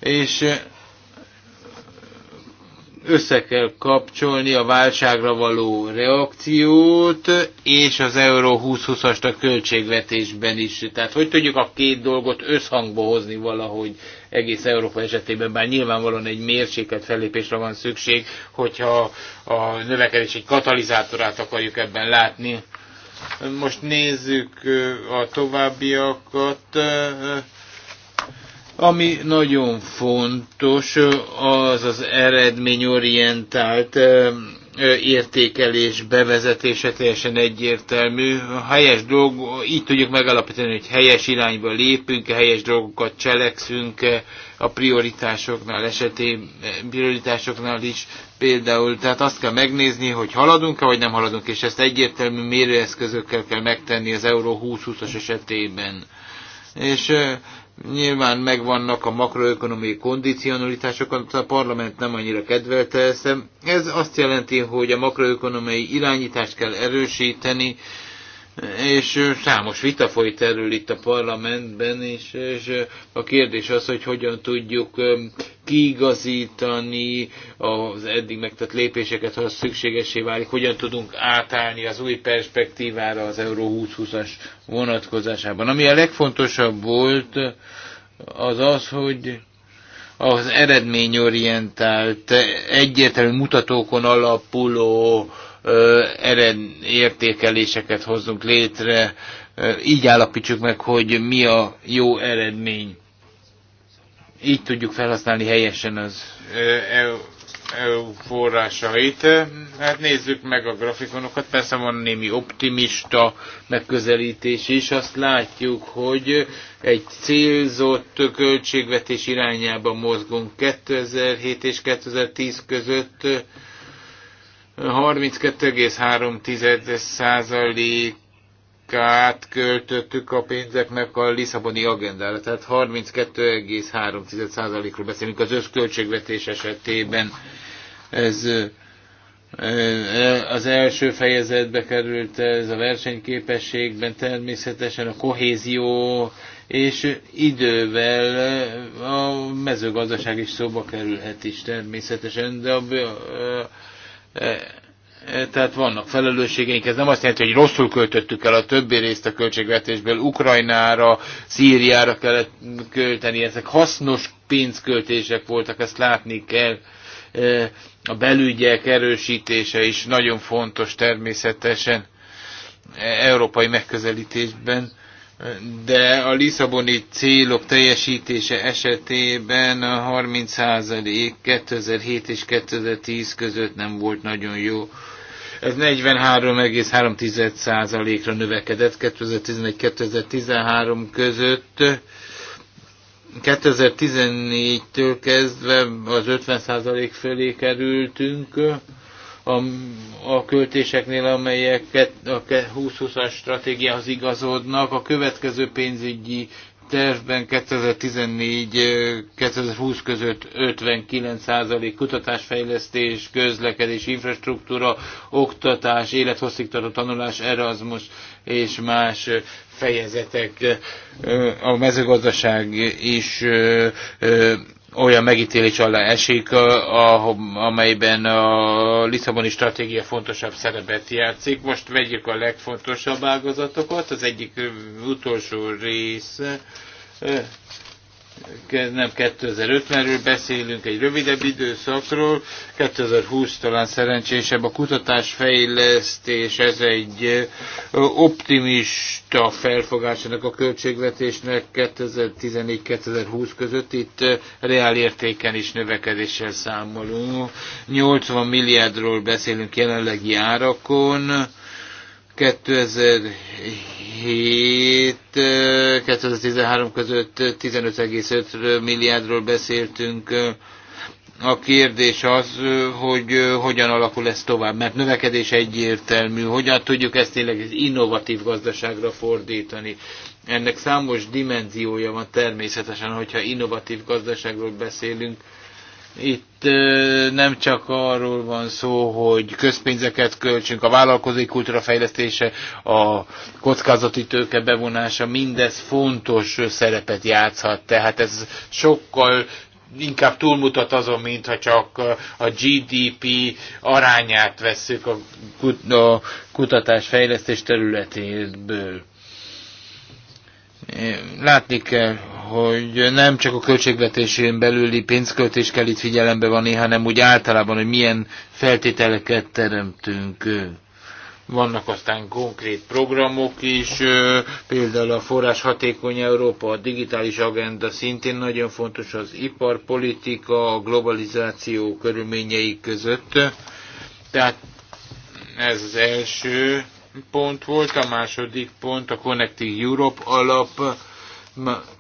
és össze kell kapcsolni a válságra való reakciót, és az Euró 2020-ast a költségvetésben is. Tehát hogy tudjuk a két dolgot összhangba hozni valahogy egész Európa esetében, bár nyilvánvalóan egy mérsékelt fellépésre van szükség, hogyha a növekedés egy katalizátorát akarjuk ebben látni. Most nézzük a továbbiakat. Ami nagyon fontos, az az eredményorientált értékelés bevezetése teljesen egyértelmű. helyes dolg, így tudjuk megalapítani, hogy helyes irányba lépünk, helyes dolgokat cselekszünk a prioritásoknál, esetén prioritásoknál is például. Tehát azt kell megnézni, hogy haladunk-e, vagy nem haladunk, és ezt egyértelmű mérőeszközökkel kell megtenni az Euró 2020-as esetében. És Nyilván megvannak a makroökonomiai kondicionalitások, a parlament nem annyira kedvelte ezt. Ez azt jelenti, hogy a makroökonomiai irányítást kell erősíteni, és számos vita folyt erről itt a parlamentben, és, és a kérdés az, hogy hogyan tudjuk kiigazítani az eddig megtett lépéseket, ha az szükségesé válik, hogyan tudunk átállni az új perspektívára az Euró 2020-as vonatkozásában. Ami a legfontosabb volt, az az, hogy az eredményorientált, egyértelmű mutatókon alapuló ered értékeléseket hozzunk létre, így állapítsuk meg, hogy mi a jó eredmény. Így tudjuk felhasználni helyesen az EU forrásait. Hát nézzük meg a grafikonokat, persze van némi optimista megközelítés is, azt látjuk, hogy egy célzott költségvetés irányába mozgunk 2007 és 2010 között 32,3 százalék át költöttük a pénzeknek a Lisszaboni agendára, tehát 32,3%-ról beszélünk az összköltségvetés esetében. Ez az első fejezetbe került ez a versenyképességben természetesen a kohézió, és idővel a mezőgazdaság is szóba kerülhet is természetesen, de a E, e, tehát vannak felelősségeink, ez nem azt jelenti, hogy rosszul költöttük el a többi részt a költségvetésből, Ukrajnára, Szíriára kellett költeni, ezek hasznos pénzköltések voltak, ezt látni kell. E, a belügyek erősítése is nagyon fontos természetesen európai megközelítésben de a Lisszaboni célok teljesítése esetében a 30% 2007 és 2010 között nem volt nagyon jó. Ez 43,3%-ra növekedett 2011-2013 között. 2014-től kezdve az 50% felé kerültünk a, a költéseknél, amelyek a 2020-as stratégiához igazodnak. A következő pénzügyi tervben 2014-2020 között 59% kutatásfejlesztés, közlekedés, infrastruktúra, oktatás, élethosszígtartó tanulás, Erasmus és más fejezetek, a mezőgazdaság is olyan megítélés alá esik, amelyben a Lisszaboni stratégia fontosabb szerepet játszik. Most vegyük a legfontosabb ágazatokat. Az egyik utolsó rész nem 2050-ről beszélünk, egy rövidebb időszakról, 2020 talán szerencsésebb a kutatás fejlesztés, ez egy optimista felfogásának a költségvetésnek 2014-2020 között, itt reál értéken is növekedéssel számolunk. 80 milliárdról beszélünk jelenlegi árakon, 2007-2013 között 15,5 milliárdról beszéltünk. A kérdés az, hogy hogyan alakul ez tovább, mert növekedés egyértelmű, hogyan tudjuk ezt tényleg innovatív gazdaságra fordítani. Ennek számos dimenziója van természetesen, hogyha innovatív gazdaságról beszélünk, itt nem csak arról van szó, hogy közpénzeket költsünk, a vállalkozói kultúra fejlesztése, a kockázati tőke bevonása, mindez fontos szerepet játszhat. Tehát ez sokkal inkább túlmutat azon, mintha csak a GDP arányát vesszük a kutatás fejlesztés területéből. Látni kell, hogy nem csak a költségvetésén belüli pénzköltés kell itt figyelembe vanni, hanem úgy általában, hogy milyen feltételeket teremtünk. Vannak aztán konkrét programok is, például a Forrás Hatékony Európa, a digitális agenda szintén nagyon fontos, az iparpolitika, a globalizáció körülményei között. Tehát ez az első pont volt, a második pont a Connecting Europe alap.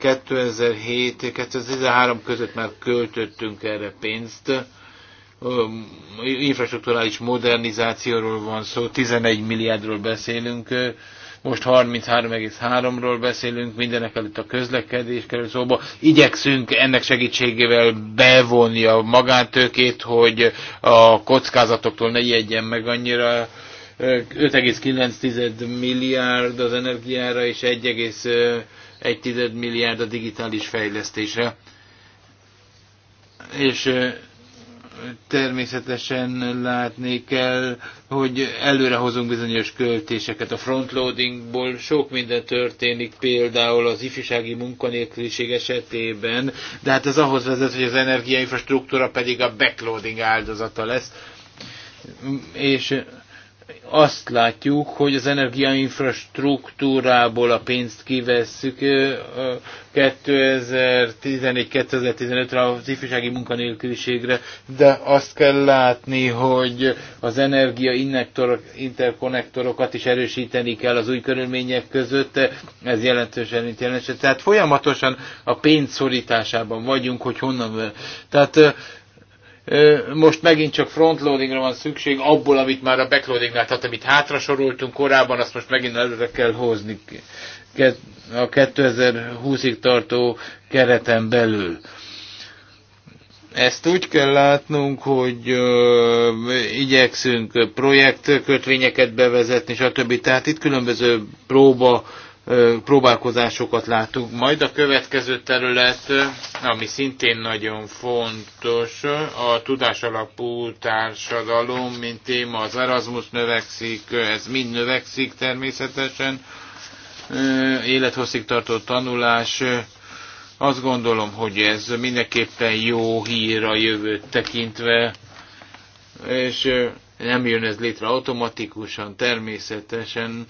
2007-2013 között már költöttünk erre pénzt. Infrastruktúrális modernizációról van szó, 11 milliárdról beszélünk, most 33,3-ról beszélünk, mindenek előtt a közlekedés kerül szóba. Igyekszünk ennek segítségével bevonni a magántőkét, hogy a kockázatoktól ne ijedjen meg annyira, 5,9 milliárd az energiára és 1,1 milliárd a digitális fejlesztésre. És természetesen látni kell, hogy előre hozunk bizonyos költéseket. A frontloadingból sok minden történik, például az ifjúsági munkanélküliség esetében, de hát ez ahhoz vezet, hogy az energiainfrastruktúra pedig a backloading áldozata lesz. És azt látjuk, hogy az energiainfrastruktúrából a pénzt kivesszük 2014-2015-re az ifjúsági munkanélküliségre, de azt kell látni, hogy az energia interkonnektorokat is erősíteni kell az új körülmények között, ez jelentősen jelentős. Tehát folyamatosan a pénz szorításában vagyunk, hogy honnan. Tehát most megint csak frontloadingra van szükség, abból, amit már a backloadingnál, tehát amit hátra soroltunk korábban, azt most megint előre kell hozni a 2020-ig tartó kereten belül. Ezt úgy kell látnunk, hogy ö, igyekszünk projektkötvényeket bevezetni, stb. Tehát itt különböző próba próbálkozásokat látunk. Majd a következő terület, ami szintén nagyon fontos, a tudásalapú társadalom, mint téma, az Erasmus növekszik, ez mind növekszik természetesen, élethosszig tartó tanulás, azt gondolom, hogy ez mindenképpen jó hír a jövőt tekintve, és nem jön ez létre automatikusan, természetesen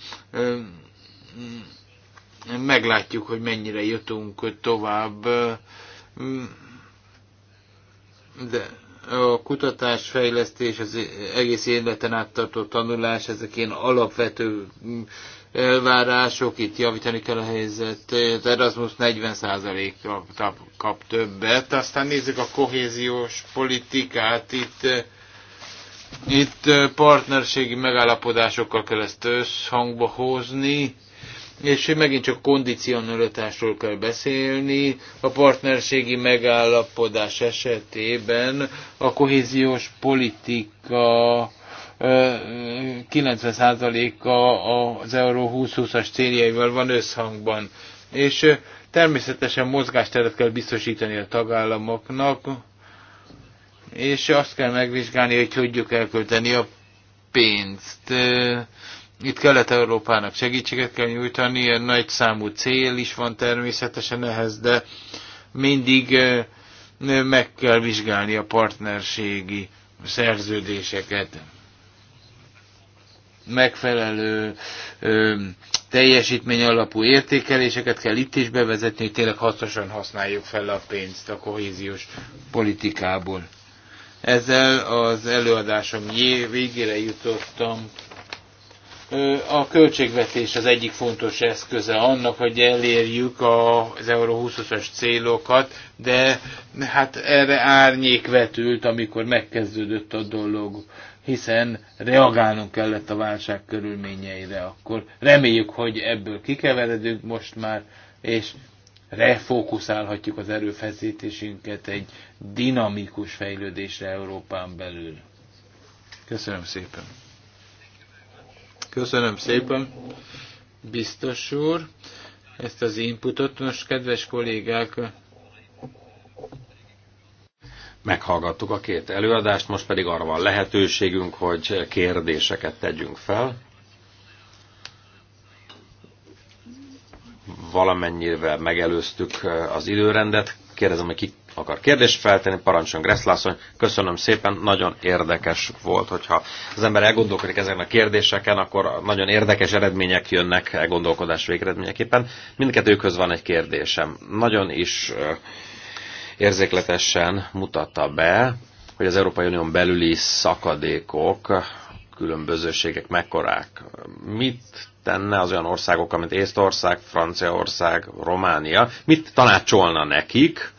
meglátjuk, hogy mennyire jutunk tovább. De a kutatás, fejlesztés, az egész életen áttartó tanulás, ezek ilyen alapvető elvárások, itt javítani kell a helyzet. Az Erasmus 40%-ra kap többet. Aztán nézzük a kohéziós politikát, itt itt partnerségi megállapodásokkal kell ezt összhangba hozni, és megint csak kondicionalitásról kell beszélni. A partnerségi megállapodás esetében a kohéziós politika 90%-a az Euró 2020-as céljaival van összhangban. És természetesen mozgásteret kell biztosítani a tagállamoknak, és azt kell megvizsgálni, hogy tudjuk elkölteni a pénzt itt Kelet-Európának segítséget kell nyújtani, ilyen nagy számú cél is van természetesen ehhez, de mindig eh, meg kell vizsgálni a partnerségi szerződéseket. Megfelelő ö, eh, teljesítmény alapú értékeléseket kell itt is bevezetni, hogy tényleg hasznosan használjuk fel a pénzt a kohéziós politikából. Ezzel az előadásom végére jutottam a költségvetés az egyik fontos eszköze annak, hogy elérjük az Euró 20-as célokat, de hát erre árnyék vetült, amikor megkezdődött a dolog, hiszen reagálnunk kellett a válság körülményeire akkor. Reméljük, hogy ebből kikeveredünk most már, és refókuszálhatjuk az erőfeszítésünket egy dinamikus fejlődésre Európán belül. Köszönöm szépen! Köszönöm szépen, biztos úr, ezt az inputot. Most, kedves kollégák, meghallgattuk a két előadást, most pedig arra van lehetőségünk, hogy kérdéseket tegyünk fel. Valamennyivel megelőztük az időrendet. Kérdezem, hogy ki akar kérdést feltenni, parancsoljon Greszlászony. Köszönöm szépen, nagyon érdekes volt, hogyha az ember elgondolkodik ezen a kérdéseken, akkor nagyon érdekes eredmények jönnek elgondolkodás végeredményeképpen. Mindkettőkhöz van egy kérdésem. Nagyon is érzékletesen mutatta be, hogy az Európai Unión belüli szakadékok, különbözőségek mekkorák. Mit tenne az olyan országok, mint Észtország, Franciaország, Románia? Mit tanácsolna nekik,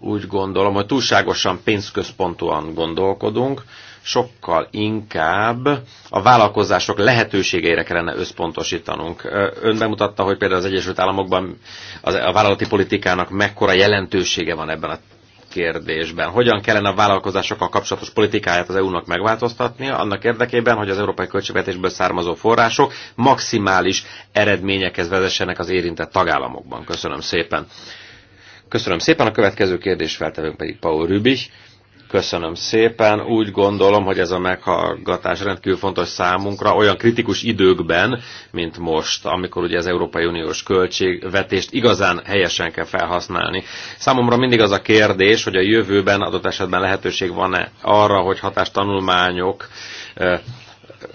úgy gondolom, hogy túlságosan pénzközpontúan gondolkodunk, sokkal inkább a vállalkozások lehetőségeire kellene összpontosítanunk. Ön bemutatta, hogy például az Egyesült Államokban a vállalati politikának mekkora jelentősége van ebben a kérdésben. Hogyan kellene a vállalkozásokkal kapcsolatos politikáját az EU-nak megváltoztatnia, annak érdekében, hogy az európai költségvetésből származó források maximális eredményekhez vezessenek az érintett tagállamokban. Köszönöm szépen. Köszönöm szépen, a következő kérdés feltevünk pedig Paul Rübich. Köszönöm szépen. Úgy gondolom, hogy ez a meghallgatás rendkívül fontos számunkra olyan kritikus időkben, mint most, amikor ugye az Európai Uniós költségvetést igazán helyesen kell felhasználni. Számomra mindig az a kérdés, hogy a jövőben adott esetben lehetőség van-e arra, hogy hatástanulmányok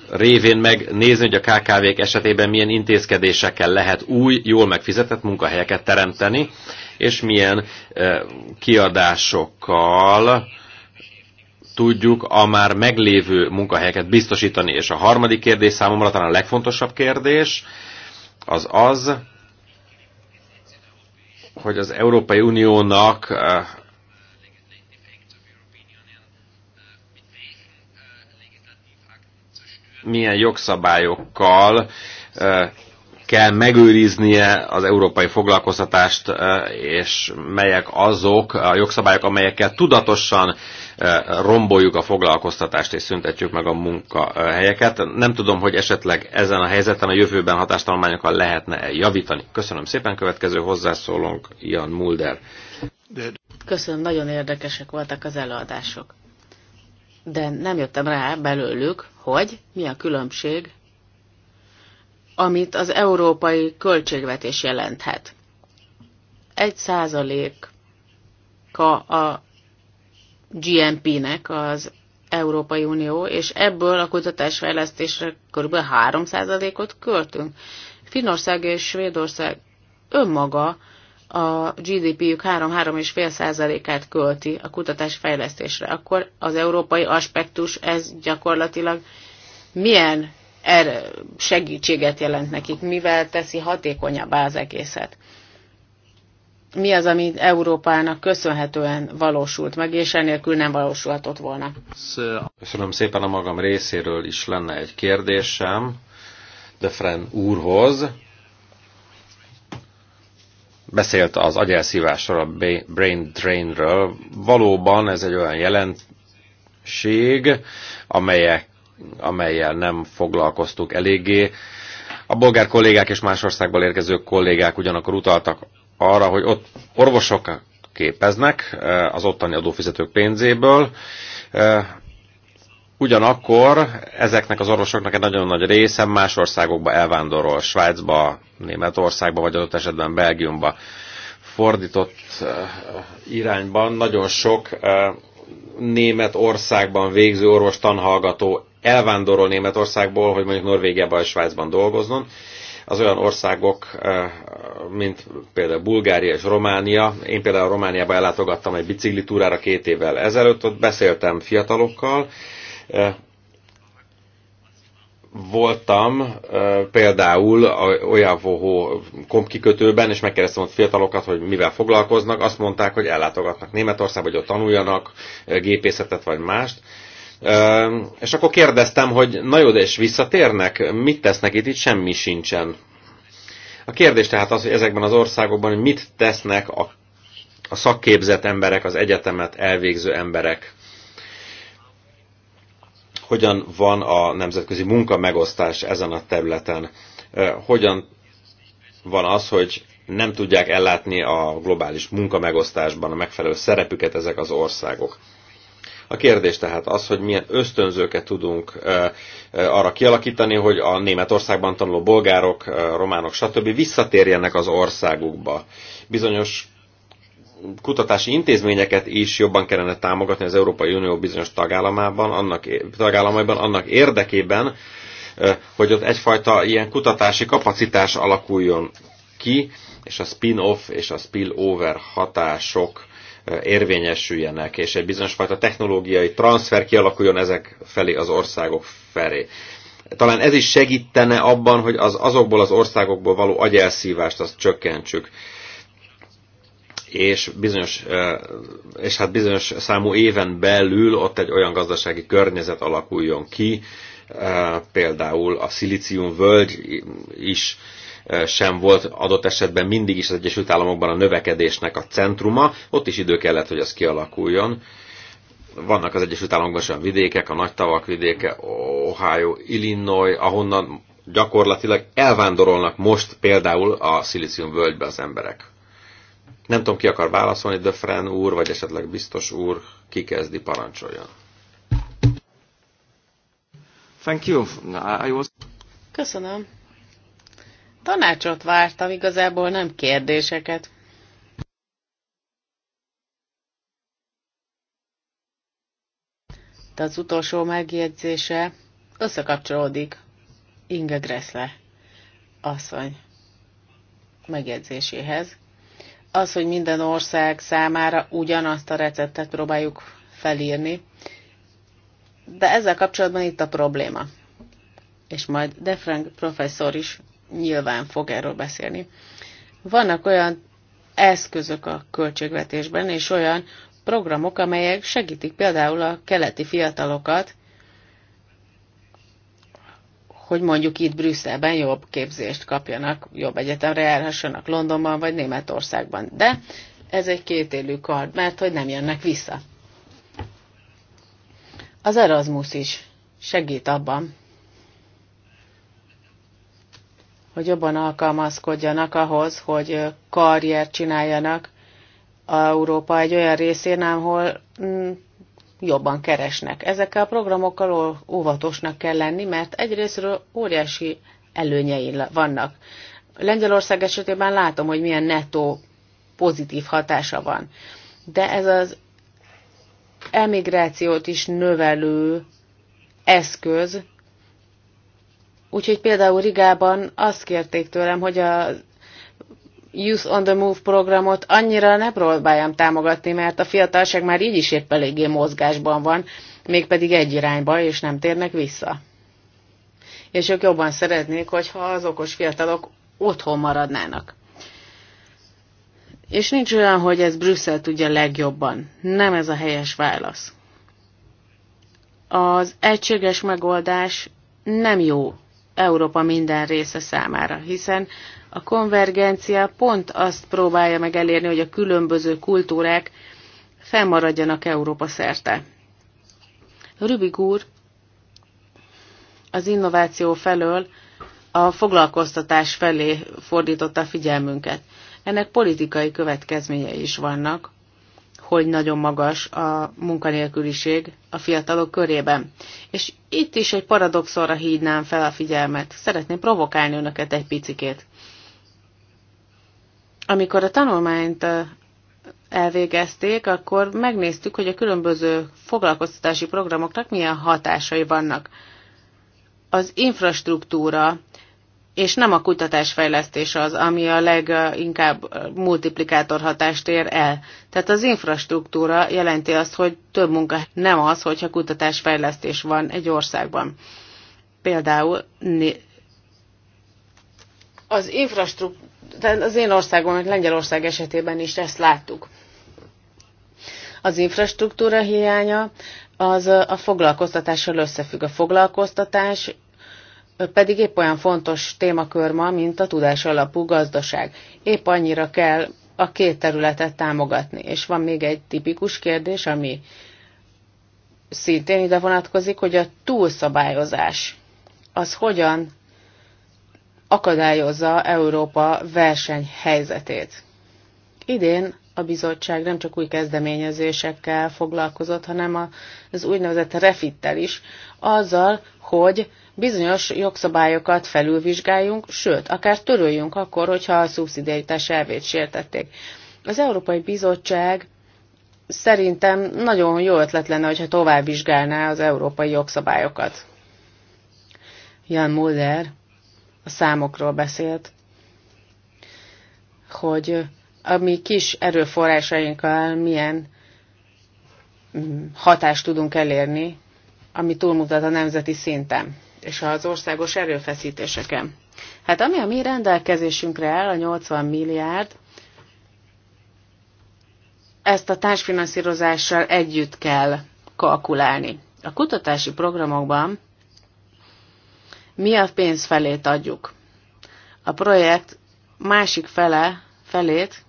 révén megnézni, hogy a KKV-k esetében milyen intézkedésekkel lehet új, jól megfizetett munkahelyeket teremteni, és milyen eh, kiadásokkal tudjuk a már meglévő munkahelyeket biztosítani. És a harmadik kérdés számomra talán a legfontosabb kérdés, az az, hogy az Európai Uniónak eh, milyen jogszabályokkal eh, kell megőriznie az európai foglalkoztatást, és melyek azok a jogszabályok, amelyekkel tudatosan romboljuk a foglalkoztatást és szüntetjük meg a munkahelyeket. Nem tudom, hogy esetleg ezen a helyzeten a jövőben hatástalományokkal lehetne -e javítani. Köszönöm szépen, következő hozzászólónk Ian Mulder. Köszönöm, nagyon érdekesek voltak az előadások. De nem jöttem rá belőlük, hogy mi a különbség amit az európai költségvetés jelenthet. Egy százaléka a GNP-nek az Európai Unió, és ebből a kutatásfejlesztésre kb. 3%-ot költünk. Finnország és Svédország önmaga a GDP-jük 3-3,5%-át költi a kutatásfejlesztésre, akkor az európai aspektus ez gyakorlatilag milyen er segítséget jelent nekik, mivel teszi hatékonyabbá az egészet. Mi az, ami Európának köszönhetően valósult meg, és enélkül nem valósulhatott volna? Köszönöm szépen a magam részéről is lenne egy kérdésem de Fren úrhoz. Beszélt az agyelszívásról, a brain drainről. Valóban ez egy olyan jelenség, amelyek amelyel nem foglalkoztuk eléggé. A bolgár kollégák és más országból érkező kollégák ugyanakkor utaltak arra, hogy ott orvosok képeznek eh, az ottani adófizetők pénzéből, eh, Ugyanakkor ezeknek az orvosoknak egy nagyon nagy része más országokba elvándorol, Svájcba, Németországba, vagy adott esetben Belgiumba. Fordított eh, irányban nagyon sok német országban végző orvos tanhallgató elvándorol Németországból, hogy mondjuk Norvégiában és Svájcban dolgoznom, az olyan országok, eh, mint például Bulgária és Románia. Én például Romániába ellátogattam egy biciklitúrára két évvel ezelőtt, ott beszéltem fiatalokkal. Eh, voltam eh, például olyan vohó kompkikötőben, és megkérdeztem ott fiatalokat, hogy mivel foglalkoznak. Azt mondták, hogy ellátogatnak Németországba, hogy ott tanuljanak gépészetet vagy mást és akkor kérdeztem, hogy na jó, de és visszatérnek? Mit tesznek itt? Itt semmi sincsen. A kérdés tehát az, hogy ezekben az országokban hogy mit tesznek a, a szakképzett emberek, az egyetemet elvégző emberek. Hogyan van a nemzetközi munka megosztás ezen a területen? Hogyan van az, hogy nem tudják ellátni a globális munkamegosztásban a megfelelő szerepüket ezek az országok? A kérdés tehát az, hogy milyen ösztönzőket tudunk arra kialakítani, hogy a Németországban tanuló bolgárok, románok, stb. visszatérjenek az országukba. Bizonyos kutatási intézményeket is jobban kellene támogatni az Európai Unió bizonyos tagállamában, annak, tagállamaiban, annak érdekében, hogy ott egyfajta ilyen kutatási kapacitás alakuljon ki, és a spin-off és a spill-over hatások érvényesüljenek, és egy bizonyos fajta technológiai transfer kialakuljon ezek felé az országok felé. Talán ez is segítene abban, hogy az azokból az országokból való agyelszívást azt csökkentsük és bizonyos, és hát bizonyos számú éven belül ott egy olyan gazdasági környezet alakuljon ki, például a szilícium völgy is sem volt adott esetben mindig is az Egyesült Államokban a növekedésnek a centruma, ott is idő kellett, hogy az kialakuljon. Vannak az Egyesült Államokban olyan vidékek, a nagy tavak vidéke, Ohio, Illinois, ahonnan gyakorlatilag elvándorolnak most például a Szilícium völgybe az emberek. Nem tudom, ki akar válaszolni, de Fren úr, vagy esetleg biztos úr, ki kezdi, parancsoljon. Thank you. I was... Köszönöm. Tanácsot vártam, igazából nem kérdéseket. De az utolsó megjegyzése összekapcsolódik Inge Gressle asszony megjegyzéséhez. Az, hogy minden ország számára ugyanazt a receptet próbáljuk felírni, de ezzel kapcsolatban itt a probléma. És majd Defrank professzor is nyilván fog erről beszélni. Vannak olyan eszközök a költségvetésben, és olyan programok, amelyek segítik például a keleti fiatalokat, hogy mondjuk itt Brüsszelben jobb képzést kapjanak, jobb egyetemre járhassanak Londonban vagy Németországban. De ez egy kétélű kard, mert hogy nem jönnek vissza. Az Erasmus is segít abban, hogy jobban alkalmazkodjanak ahhoz, hogy karriert csináljanak Európa egy olyan részén, ahol mm, jobban keresnek. Ezekkel a programokkal óvatosnak kell lenni, mert egyrésztről óriási előnyei vannak. Lengyelország esetében látom, hogy milyen nettó pozitív hatása van. De ez az emigrációt is növelő eszköz, Úgyhogy például Rigában azt kérték tőlem, hogy a Youth on the Move programot annyira ne próbáljam támogatni, mert a fiatalság már így is épp eléggé mozgásban van, mégpedig egy irányba, és nem térnek vissza. És ők jobban szeretnék, hogyha az okos fiatalok otthon maradnának. És nincs olyan, hogy ez Brüsszel tudja legjobban. Nem ez a helyes válasz. Az egységes megoldás nem jó Európa minden része számára, hiszen a konvergencia pont azt próbálja meg elérni, hogy a különböző kultúrák fennmaradjanak Európa szerte. Rübig úr az innováció felől a foglalkoztatás felé fordította figyelmünket. Ennek politikai következményei is vannak, hogy nagyon magas a munkanélküliség a fiatalok körében. És itt is egy paradoxonra hívnám fel a figyelmet. Szeretném provokálni önöket egy picikét. Amikor a tanulmányt elvégezték, akkor megnéztük, hogy a különböző foglalkoztatási programoknak milyen hatásai vannak. Az infrastruktúra, és nem a kutatásfejlesztés az, ami a leginkább multiplikátor hatást ér el. Tehát az infrastruktúra jelenti azt, hogy több munka nem az, hogyha kutatásfejlesztés van egy országban. Például az infrastruktúra, az én országom, Lengyelország esetében is ezt láttuk. Az infrastruktúra hiánya az a foglalkoztatással összefügg. A foglalkoztatás pedig épp olyan fontos témakör ma, mint a tudás alapú gazdaság. Épp annyira kell a két területet támogatni. És van még egy tipikus kérdés, ami szintén ide vonatkozik, hogy a túlszabályozás az hogyan akadályozza Európa versenyhelyzetét. Idén a bizottság nem csak új kezdeményezésekkel foglalkozott, hanem az úgynevezett refittel is, azzal, hogy bizonyos jogszabályokat felülvizsgáljunk, sőt, akár töröljünk akkor, hogyha a szubszidiaritás elvét sértették. Az Európai Bizottság szerintem nagyon jó ötlet lenne, hogyha tovább vizsgálná az európai jogszabályokat. Jan Mulder a számokról beszélt, hogy a mi kis erőforrásainkkal milyen mm, hatást tudunk elérni, ami túlmutat a nemzeti szinten és az országos erőfeszítéseken. Hát ami a mi rendelkezésünkre áll, a 80 milliárd, ezt a társfinanszírozással együtt kell kalkulálni. A kutatási programokban mi a pénz felét adjuk. A projekt másik fele, felét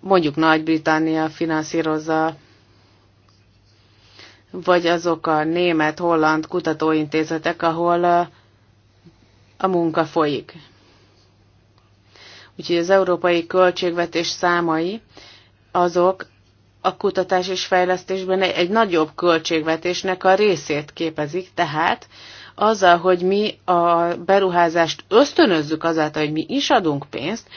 mondjuk Nagy-Britannia finanszírozza vagy azok a német-holland kutatóintézetek, ahol a, a munka folyik. Úgyhogy az európai költségvetés számai azok a kutatás és fejlesztésben egy nagyobb költségvetésnek a részét képezik, tehát azzal, hogy mi a beruházást ösztönözzük azáltal, hogy mi is adunk pénzt,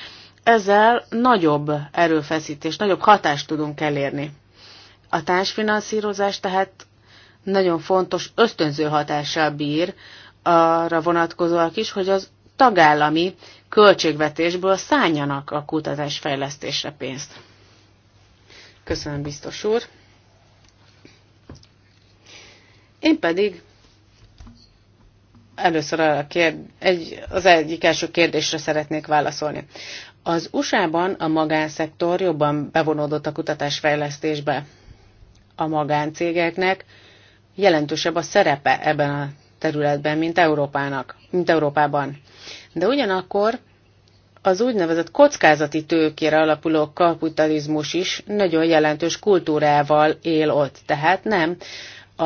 ezzel nagyobb erőfeszítés, nagyobb hatást tudunk elérni. A társfinanszírozás tehát nagyon fontos ösztönző hatással bír arra vonatkozóak is, hogy az tagállami költségvetésből szálljanak a kutatás fejlesztésre pénzt. Köszönöm, biztos úr. Én pedig először a kérd, egy, az egyik első kérdésre szeretnék válaszolni. Az USA-ban a magánszektor jobban bevonódott a kutatásfejlesztésbe. A magáncégeknek jelentősebb a szerepe ebben a területben, mint Európának, mint Európában. De ugyanakkor az úgynevezett kockázati tőkére alapuló kapitalizmus is nagyon jelentős kultúrával él ott. Tehát nem a,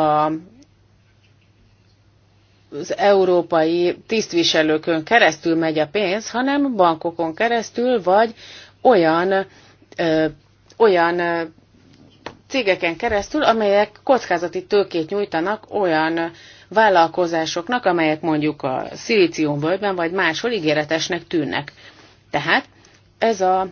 az európai tisztviselőkön keresztül megy a pénz, hanem bankokon keresztül, vagy olyan, ö, olyan cégeken keresztül, amelyek kockázati tőkét nyújtanak olyan vállalkozásoknak, amelyek mondjuk a szilíciumvölgyben vagy máshol ígéretesnek tűnnek. Tehát ez a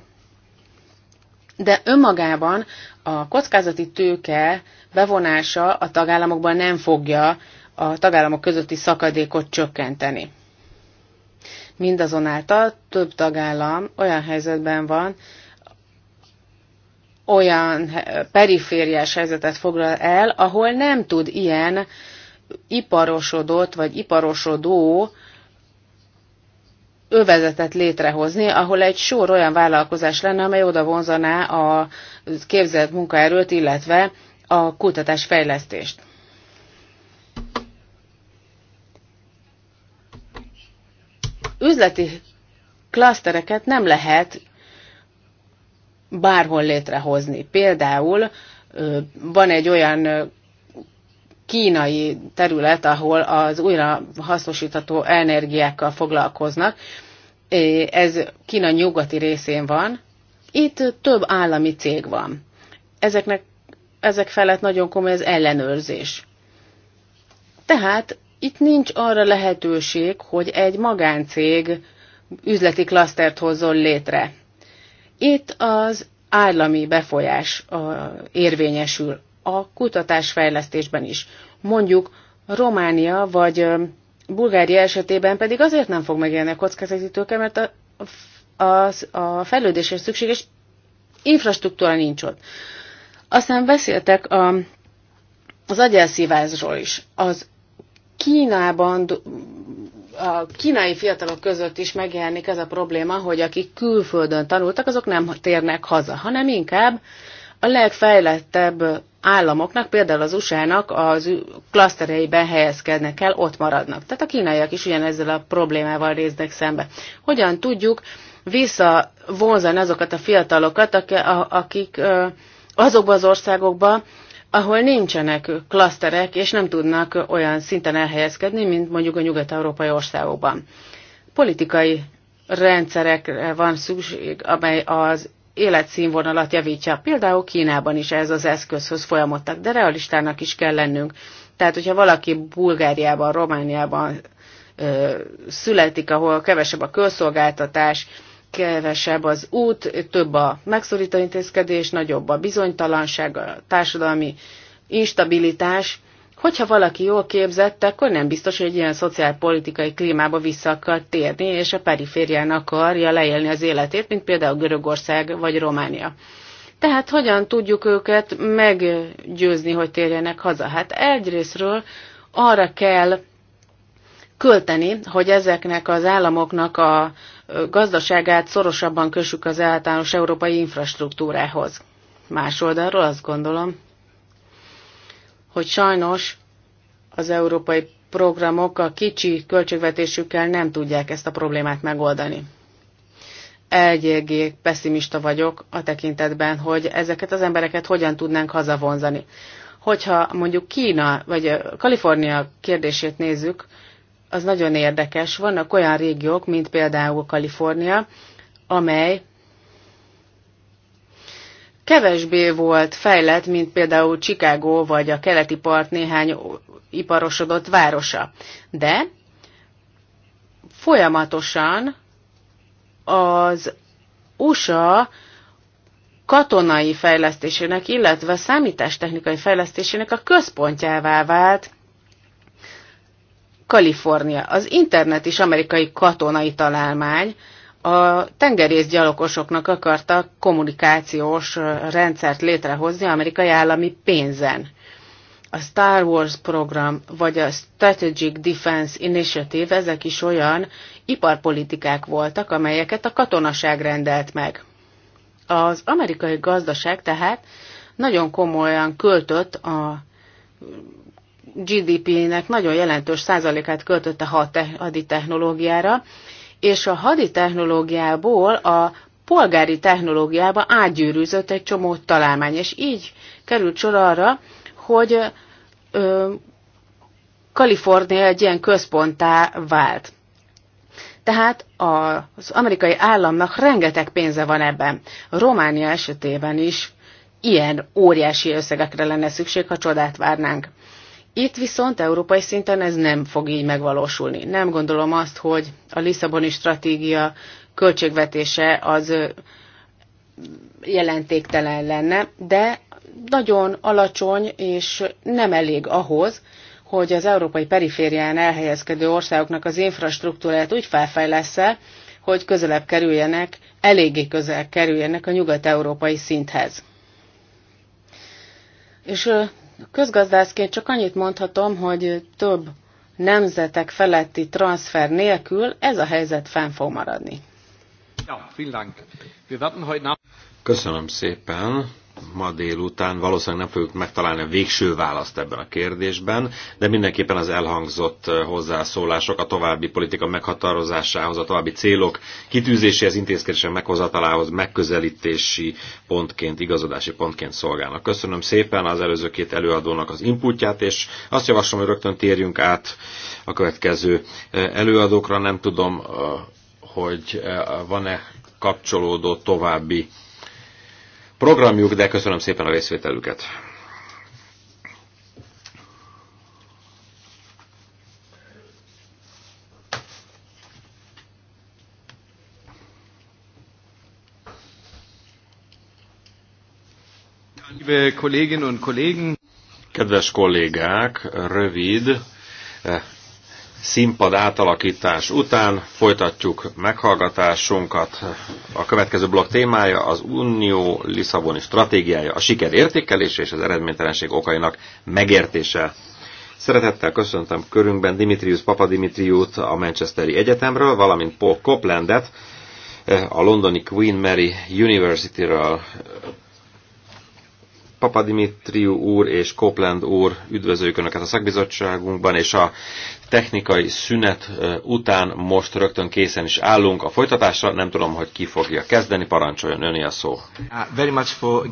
de önmagában a kockázati tőke bevonása a tagállamokban nem fogja a tagállamok közötti szakadékot csökkenteni. Mindazonáltal több tagállam olyan helyzetben van, olyan eh, perifériás helyzetet foglal el, ahol nem tud ilyen iparosodott vagy iparosodó övezetet létrehozni, ahol egy sor olyan vállalkozás lenne, amely oda vonzaná a képzett munkaerőt, illetve a kutatás fejlesztést. Üzleti klasztereket nem lehet bárhol létrehozni. Például van egy olyan kínai terület, ahol az újra hasznosítható energiákkal foglalkoznak. Ez Kína nyugati részén van. Itt több állami cég van. Ezeknek, ezek felett nagyon komoly az ellenőrzés. Tehát itt nincs arra lehetőség, hogy egy magáncég üzleti klasztert hozzon létre. Itt az állami befolyás érvényesül a kutatásfejlesztésben is. Mondjuk Románia vagy Bulgária esetében pedig azért nem fog megélni a kockázati tőke, mert a, a, a fejlődéshez szükséges infrastruktúra nincs ott. Aztán beszéltek a, az agyelszívázról is. Az Kínában a kínai fiatalok között is megjelenik ez a probléma, hogy akik külföldön tanultak, azok nem térnek haza, hanem inkább a legfejlettebb államoknak, például az USA-nak az klasztereiben helyezkednek el, ott maradnak. Tehát a kínaiak is ugyanezzel a problémával néznek szembe. Hogyan tudjuk visszavonzani azokat a fiatalokat, akik azokba az országokba, ahol nincsenek klaszterek, és nem tudnak olyan szinten elhelyezkedni, mint mondjuk a nyugat-európai országokban. Politikai rendszerekre van szükség, amely az életszínvonalat javítja. Például Kínában is ez az eszközhöz folyamodtak, de realistának is kell lennünk. Tehát, hogyha valaki Bulgáriában, Romániában ö, születik, ahol kevesebb a közszolgáltatás, kevesebb az út, több a megszorító intézkedés, nagyobb a bizonytalanság, a társadalmi instabilitás. Hogyha valaki jól képzett, akkor nem biztos, hogy egy ilyen szociálpolitikai klímába vissza akar térni, és a periférián akarja leélni az életét, mint például Görögország vagy Románia. Tehát hogyan tudjuk őket meggyőzni, hogy térjenek haza? Hát egyrésztről arra kell költeni, hogy ezeknek az államoknak a gazdaságát szorosabban kössük az általános európai infrastruktúrához. Más oldalról azt gondolom, hogy sajnos az európai programok a kicsi költségvetésükkel nem tudják ezt a problémát megoldani. Eléggé pessimista vagyok a tekintetben, hogy ezeket az embereket hogyan tudnánk hazavonzani. Hogyha mondjuk Kína vagy Kalifornia kérdését nézzük, az nagyon érdekes. Vannak olyan régiók, mint például Kalifornia, amely kevesbé volt fejlett, mint például Chicago vagy a keleti part néhány iparosodott városa. De folyamatosan az USA katonai fejlesztésének, illetve számítástechnikai fejlesztésének a központjává vált Kalifornia. Az internet is amerikai katonai találmány, a tengerészgyalogosoknak akarta kommunikációs rendszert létrehozni amerikai állami pénzen. A Star Wars program vagy a Strategic Defense Initiative, ezek is olyan iparpolitikák voltak, amelyeket a katonaság rendelt meg. Az amerikai gazdaság tehát nagyon komolyan költött a GDP-nek nagyon jelentős százalékát költötte a haditechnológiára, és a haditechnológiából a polgári technológiába átgyűrűzött egy csomó találmány, és így került sor arra, hogy ö, Kalifornia egy ilyen központtá vált. Tehát az amerikai államnak rengeteg pénze van ebben. Románia esetében is ilyen óriási összegekre lenne szükség, ha csodát várnánk. Itt viszont európai szinten ez nem fog így megvalósulni. Nem gondolom azt, hogy a Lisszaboni stratégia költségvetése az jelentéktelen lenne, de nagyon alacsony és nem elég ahhoz, hogy az európai periférián elhelyezkedő országoknak az infrastruktúráját úgy felfejlesz -e, hogy közelebb kerüljenek, eléggé közel kerüljenek a nyugat-európai szinthez. És Közgazdászként csak annyit mondhatom, hogy több nemzetek feletti transfer nélkül ez a helyzet fenn fog maradni. Köszönöm szépen ma délután valószínűleg nem fogjuk megtalálni a végső választ ebben a kérdésben, de mindenképpen az elhangzott eh, hozzászólások a további politika meghatározásához, a további célok kitűzéséhez, intézkedések meghozatalához megközelítési pontként, igazodási pontként szolgálnak. Köszönöm szépen az előző két előadónak az inputját, és azt javaslom, hogy rögtön térjünk át a következő eh, előadókra. Nem tudom, eh, hogy van-e kapcsolódó további programjuk, de köszönöm szépen a részvételüket. Kedves kollégák, rövid eh, színpad átalakítás után folytatjuk meghallgatásunkat. A következő blokk témája az Unió Lisszaboni stratégiája, a siker értékelése és az eredménytelenség okainak megértése. Szeretettel köszöntöm körünkben Dimitrius Papadimitriút a Manchesteri Egyetemről, valamint Paul Coplandet, a londoni Queen Mary University-ről Papadimitriu úr és Copland úr, üdvözöljük Önöket a szakbizottságunkban, és a technikai szünet után most rögtön készen is állunk a folytatásra, nem tudom, hogy ki fogja kezdeni, parancsoljon Öné a szó. Uh,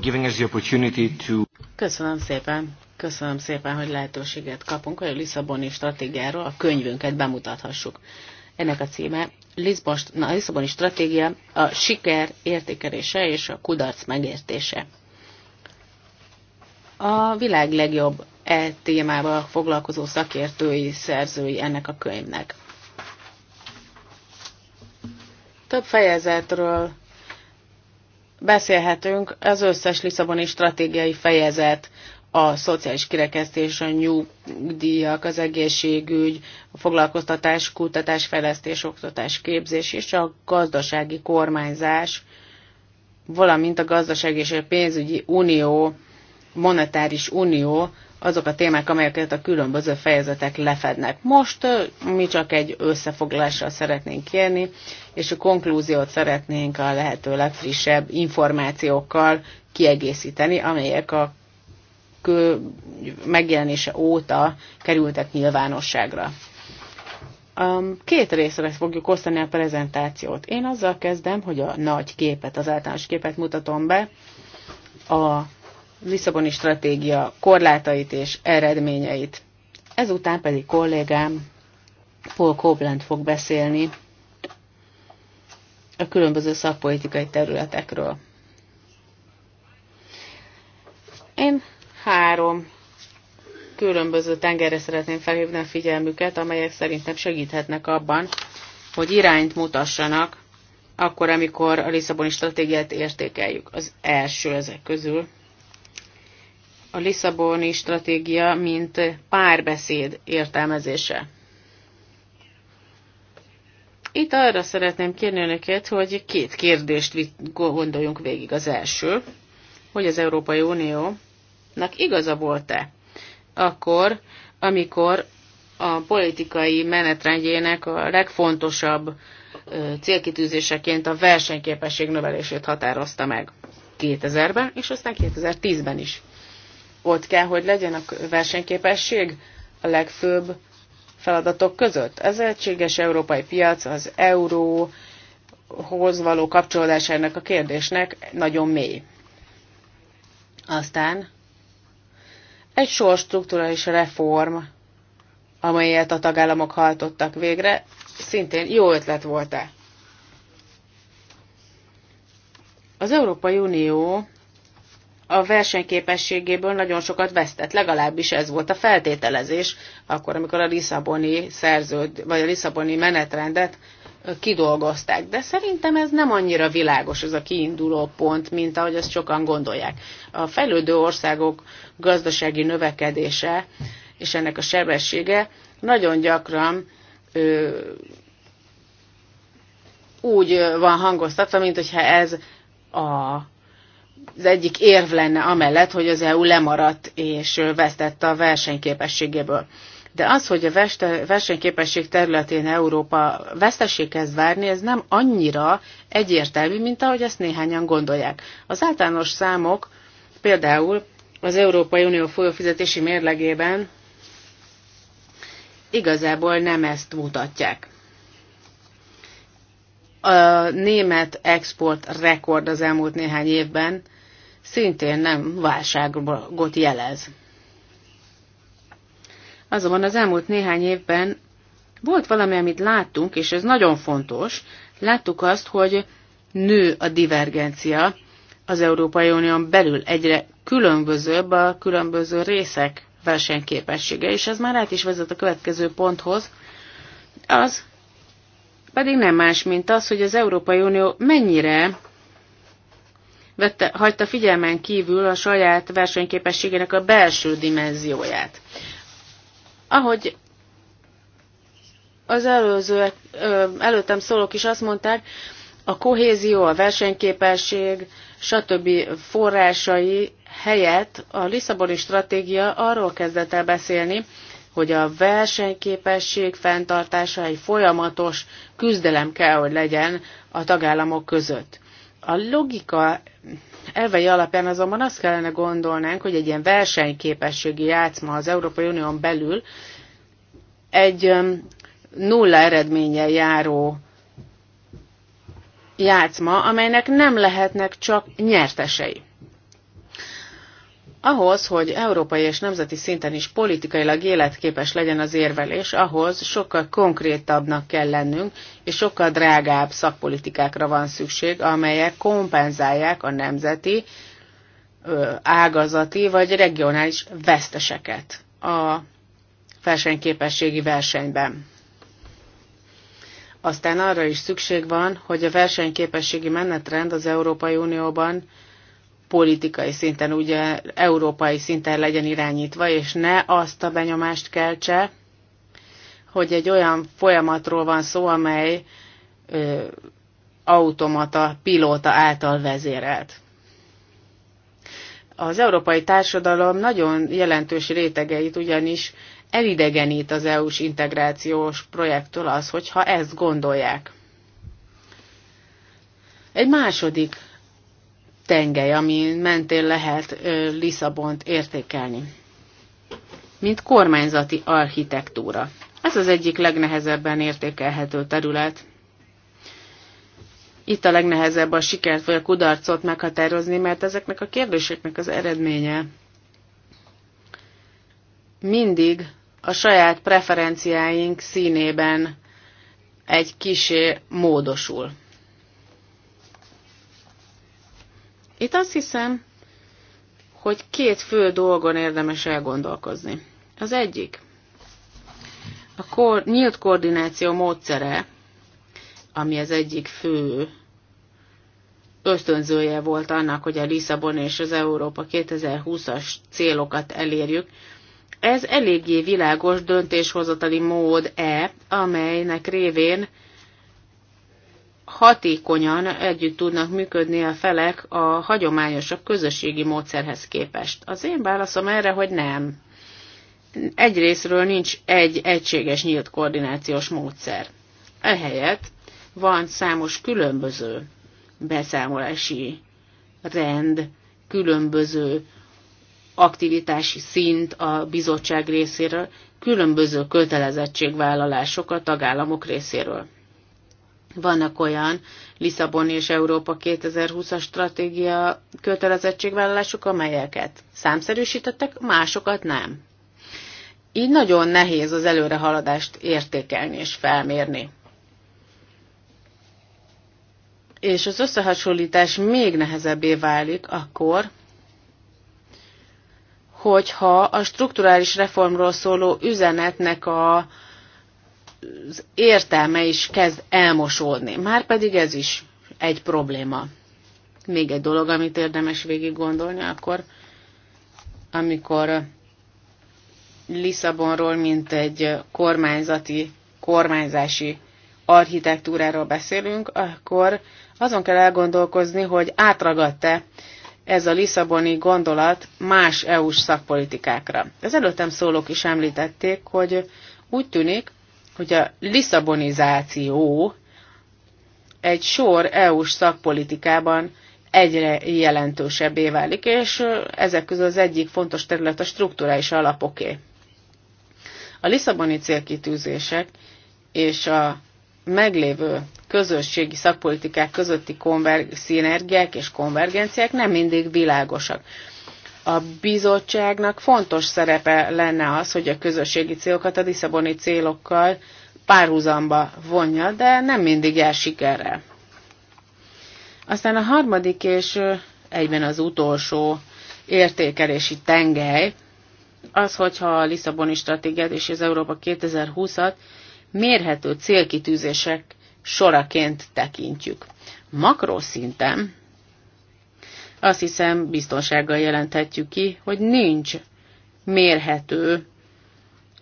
Köszönöm szépen. Köszönöm szépen, hogy lehetőséget kapunk, hogy a Lisszaboni stratégiáról a könyvünket bemutathassuk. Ennek a címe Lisszaboni stratégia a siker értékelése és a kudarc megértése a világ legjobb e témával foglalkozó szakértői, szerzői ennek a könyvnek. Több fejezetről beszélhetünk, az összes Lisszaboni stratégiai fejezet, a szociális kirekesztés, a nyugdíjak, az egészségügy, a foglalkoztatás, kutatás, fejlesztés, oktatás, képzés és a gazdasági kormányzás, valamint a gazdaság és a pénzügyi unió monetáris unió azok a témák, amelyeket a különböző fejezetek lefednek. Most mi csak egy összefoglalással szeretnénk kérni, és a konklúziót szeretnénk a lehető legfrissebb információkkal kiegészíteni, amelyek a megjelenése óta kerültek nyilvánosságra. Két részre fogjuk osztani a prezentációt. Én azzal kezdem, hogy a nagy képet, az általános képet mutatom be, a Lisszaboni stratégia korlátait és eredményeit. Ezután pedig kollégám Paul Coblent fog beszélni a különböző szakpolitikai területekről. Én három különböző tengerre szeretném felhívni a figyelmüket, amelyek szerintem segíthetnek abban, hogy irányt mutassanak akkor, amikor a Lisszaboni stratégiát értékeljük. Az első ezek közül a Lisszaboni stratégia, mint párbeszéd értelmezése. Itt arra szeretném kérni önöket, hogy két kérdést gondoljunk végig. Az első, hogy az Európai Uniónak igaza volt-e akkor, amikor a politikai menetrendjének a legfontosabb célkitűzéseként a versenyképesség növelését határozta meg 2000-ben, és aztán 2010-ben is ott kell, hogy legyen a versenyképesség a legfőbb feladatok között. Az egységes európai piac, az euróhoz való kapcsolódásának a kérdésnek nagyon mély. Aztán egy sor strukturális reform, amelyet a tagállamok hajtottak végre, szintén jó ötlet volt-e? Az Európai Unió a versenyképességéből nagyon sokat vesztett. Legalábbis ez volt a feltételezés, akkor, amikor a Lisszaboni szerződ, vagy a Lisszaboni menetrendet kidolgozták. De szerintem ez nem annyira világos ez a kiinduló pont, mint ahogy ezt sokan gondolják. A fejlődő országok gazdasági növekedése és ennek a sebessége nagyon gyakran ö, úgy van hangoztatva, mint hogyha ez a az egyik érv lenne amellett, hogy az EU lemaradt és vesztette a versenyképességéből. De az, hogy a versenyképesség területén Európa kezd várni, ez nem annyira egyértelmű, mint ahogy ezt néhányan gondolják. Az általános számok például az Európai Unió folyófizetési mérlegében igazából nem ezt mutatják a német export rekord az elmúlt néhány évben szintén nem válságot jelez. Azonban az elmúlt néhány évben volt valami, amit láttunk, és ez nagyon fontos. Láttuk azt, hogy nő a divergencia az Európai Unión belül. Egyre különbözőbb a különböző részek versenyképessége, és ez már át is vezet a következő ponthoz, az, pedig nem más, mint az, hogy az Európai Unió mennyire vette, hagyta figyelmen kívül a saját versenyképességének a belső dimenzióját. Ahogy az előző, előttem szólók is azt mondták, a kohézió, a versenyképesség, stb. forrásai helyett a Lisszaboni stratégia arról kezdett el beszélni, hogy a versenyképesség fenntartása egy folyamatos küzdelem kell, hogy legyen a tagállamok között. A logika elvei alapján azonban azt kellene gondolnánk, hogy egy ilyen versenyképességi játszma az Európai Unión belül egy nulla eredménnyel járó játszma, amelynek nem lehetnek csak nyertesei. Ahhoz, hogy európai és nemzeti szinten is politikailag életképes legyen az érvelés, ahhoz sokkal konkrétabbnak kell lennünk, és sokkal drágább szakpolitikákra van szükség, amelyek kompenzálják a nemzeti, ágazati vagy regionális veszteseket a versenyképességi versenyben. Aztán arra is szükség van, hogy a versenyképességi menetrend az Európai Unióban politikai szinten, ugye európai szinten legyen irányítva, és ne azt a benyomást keltse, hogy egy olyan folyamatról van szó, amely ö, automata, pilóta által vezérelt. Az európai társadalom nagyon jelentős rétegeit ugyanis elidegenít az EU-s integrációs projektől az, hogyha ezt gondolják. Egy második tengely, ami mentén lehet Lisszabont értékelni. Mint kormányzati architektúra. Ez az egyik legnehezebben értékelhető terület. Itt a legnehezebb a sikert vagy a kudarcot meghatározni, mert ezeknek a kérdéseknek az eredménye mindig a saját preferenciáink színében egy kisé módosul. Itt azt hiszem, hogy két fő dolgon érdemes elgondolkozni. Az egyik, a kor, nyílt koordináció módszere, ami az egyik fő ösztönzője volt annak, hogy a Lisszabon és az Európa 2020-as célokat elérjük, ez eléggé világos döntéshozatali mód-e, amelynek révén hatékonyan együtt tudnak működni a felek a hagyományosabb közösségi módszerhez képest? Az én válaszom erre, hogy nem. Egyrésztről nincs egy egységes nyílt koordinációs módszer. Ehelyett van számos különböző beszámolási rend, különböző aktivitási szint a bizottság részéről, különböző kötelezettségvállalások a tagállamok részéről. Vannak olyan Lisszabon és Európa 2020-as stratégia kötelezettségvállalások, amelyeket számszerűsítettek, másokat nem. Így nagyon nehéz az előrehaladást értékelni és felmérni. És az összehasonlítás még nehezebbé válik akkor, hogyha a strukturális reformról szóló üzenetnek a az értelme is kezd elmosódni. Márpedig ez is egy probléma. Még egy dolog, amit érdemes végig gondolni, akkor amikor Lisszabonról, mint egy kormányzati, kormányzási architektúráról beszélünk, akkor azon kell elgondolkozni, hogy átragadta ez a Lisszaboni gondolat más EU-s szakpolitikákra. Az előttem szólók is említették, hogy úgy tűnik, hogy a liszabonizáció egy sor EU-s szakpolitikában egyre jelentősebbé válik, és ezek közül az egyik fontos terület a strukturális alapoké. A Lisszaboni célkitűzések és a meglévő közösségi szakpolitikák közötti konver- szinergiák és konvergenciák nem mindig világosak. A bizottságnak fontos szerepe lenne az, hogy a közösségi célokat a diszaboni célokkal párhuzamba vonja, de nem mindig el sikerrel. Aztán a harmadik és egyben az utolsó értékelési tengely, az, hogyha a Lisszaboni stratégiát és az Európa 2020-at mérhető célkitűzések soraként tekintjük. Makroszinten azt hiszem, biztonsággal jelenthetjük ki, hogy nincs mérhető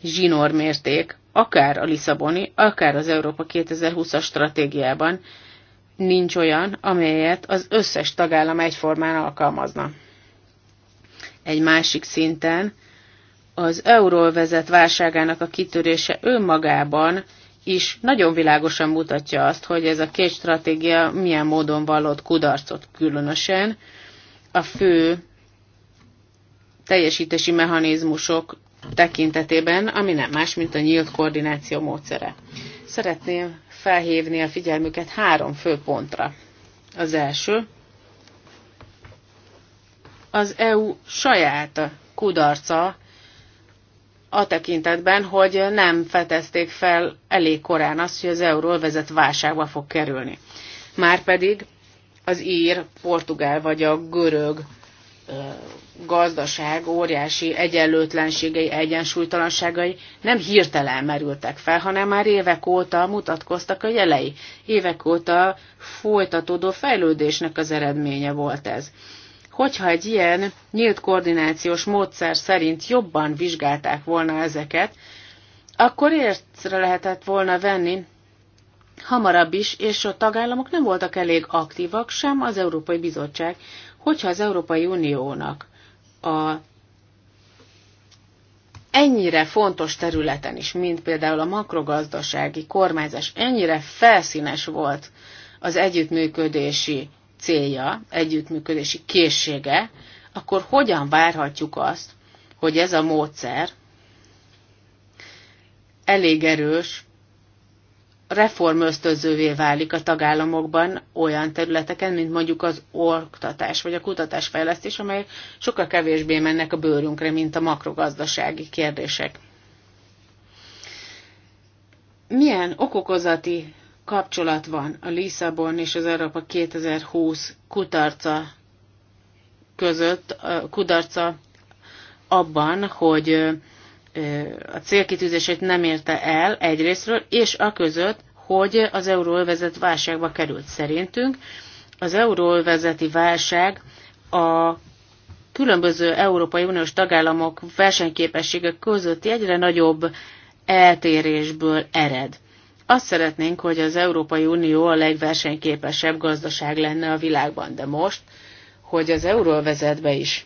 zsinórmérték, akár a Lisszaboni, akár az Európa 2020-as stratégiában nincs olyan, amelyet az összes tagállam egyformán alkalmazna. Egy másik szinten az euróvezet válságának a kitörése önmagában is nagyon világosan mutatja azt, hogy ez a két stratégia milyen módon vallott kudarcot különösen, a fő teljesítési mechanizmusok tekintetében, ami nem más, mint a nyílt koordináció módszere. Szeretném felhívni a figyelmüket három fő pontra. Az első, az EU saját kudarca a tekintetben, hogy nem fetezték fel elég korán azt, hogy az e vezet válságba fog kerülni. Márpedig az ír, portugál vagy a görög gazdaság óriási egyenlőtlenségei, egyensúlytalanságai nem hirtelen merültek fel, hanem már évek óta mutatkoztak a jelei. Évek óta folytatódó fejlődésnek az eredménye volt ez. Hogyha egy ilyen nyílt koordinációs módszer szerint jobban vizsgálták volna ezeket, akkor értre lehetett volna venni, hamarabb is, és a tagállamok nem voltak elég aktívak, sem az Európai Bizottság, hogyha az Európai Uniónak a ennyire fontos területen is, mint például a makrogazdasági kormányzás, ennyire felszínes volt az együttműködési célja, együttműködési készsége, akkor hogyan várhatjuk azt, hogy ez a módszer elég erős reformöztözővé válik a tagállamokban olyan területeken, mint mondjuk az oktatás vagy a kutatásfejlesztés, amelyek sokkal kevésbé mennek a bőrünkre, mint a makrogazdasági kérdések. Milyen okokozati kapcsolat van a Lisszabon és az Európa 2020 kutarca között, kudarca abban, hogy a célkitűzését nem érte el egyrésztről, és a között, hogy az euróövezet válságba került szerintünk. Az euróövezeti válság a különböző Európai Uniós tagállamok versenyképessége közötti egyre nagyobb eltérésből ered. Azt szeretnénk, hogy az Európai Unió a legversenyképesebb gazdaság lenne a világban, de most, hogy az euróvezetbe is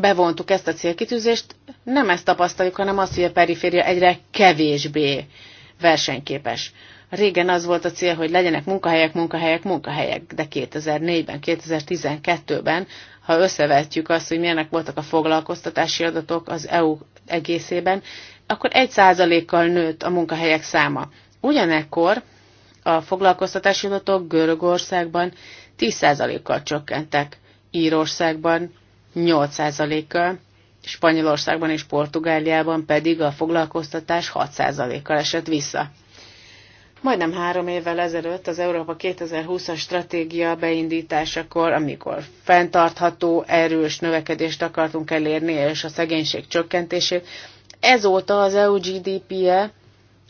bevontuk ezt a célkitűzést, nem ezt tapasztaljuk, hanem azt, hogy a periféria egyre kevésbé versenyképes. Régen az volt a cél, hogy legyenek munkahelyek, munkahelyek, munkahelyek, de 2004-ben, 2012-ben, ha összevetjük azt, hogy milyenek voltak a foglalkoztatási adatok az EU egészében, akkor 1%-kal nőtt a munkahelyek száma. Ugyanekkor a foglalkoztatási adatok Görögországban 10%-kal csökkentek, Írországban 8%-kal, Spanyolországban és Portugáliában pedig a foglalkoztatás 6%-kal esett vissza. Majdnem három évvel ezelőtt az Európa 2020-as stratégia beindításakor, amikor fenntartható, erős növekedést akartunk elérni, és a szegénység csökkentését, ezóta az EU GDP-je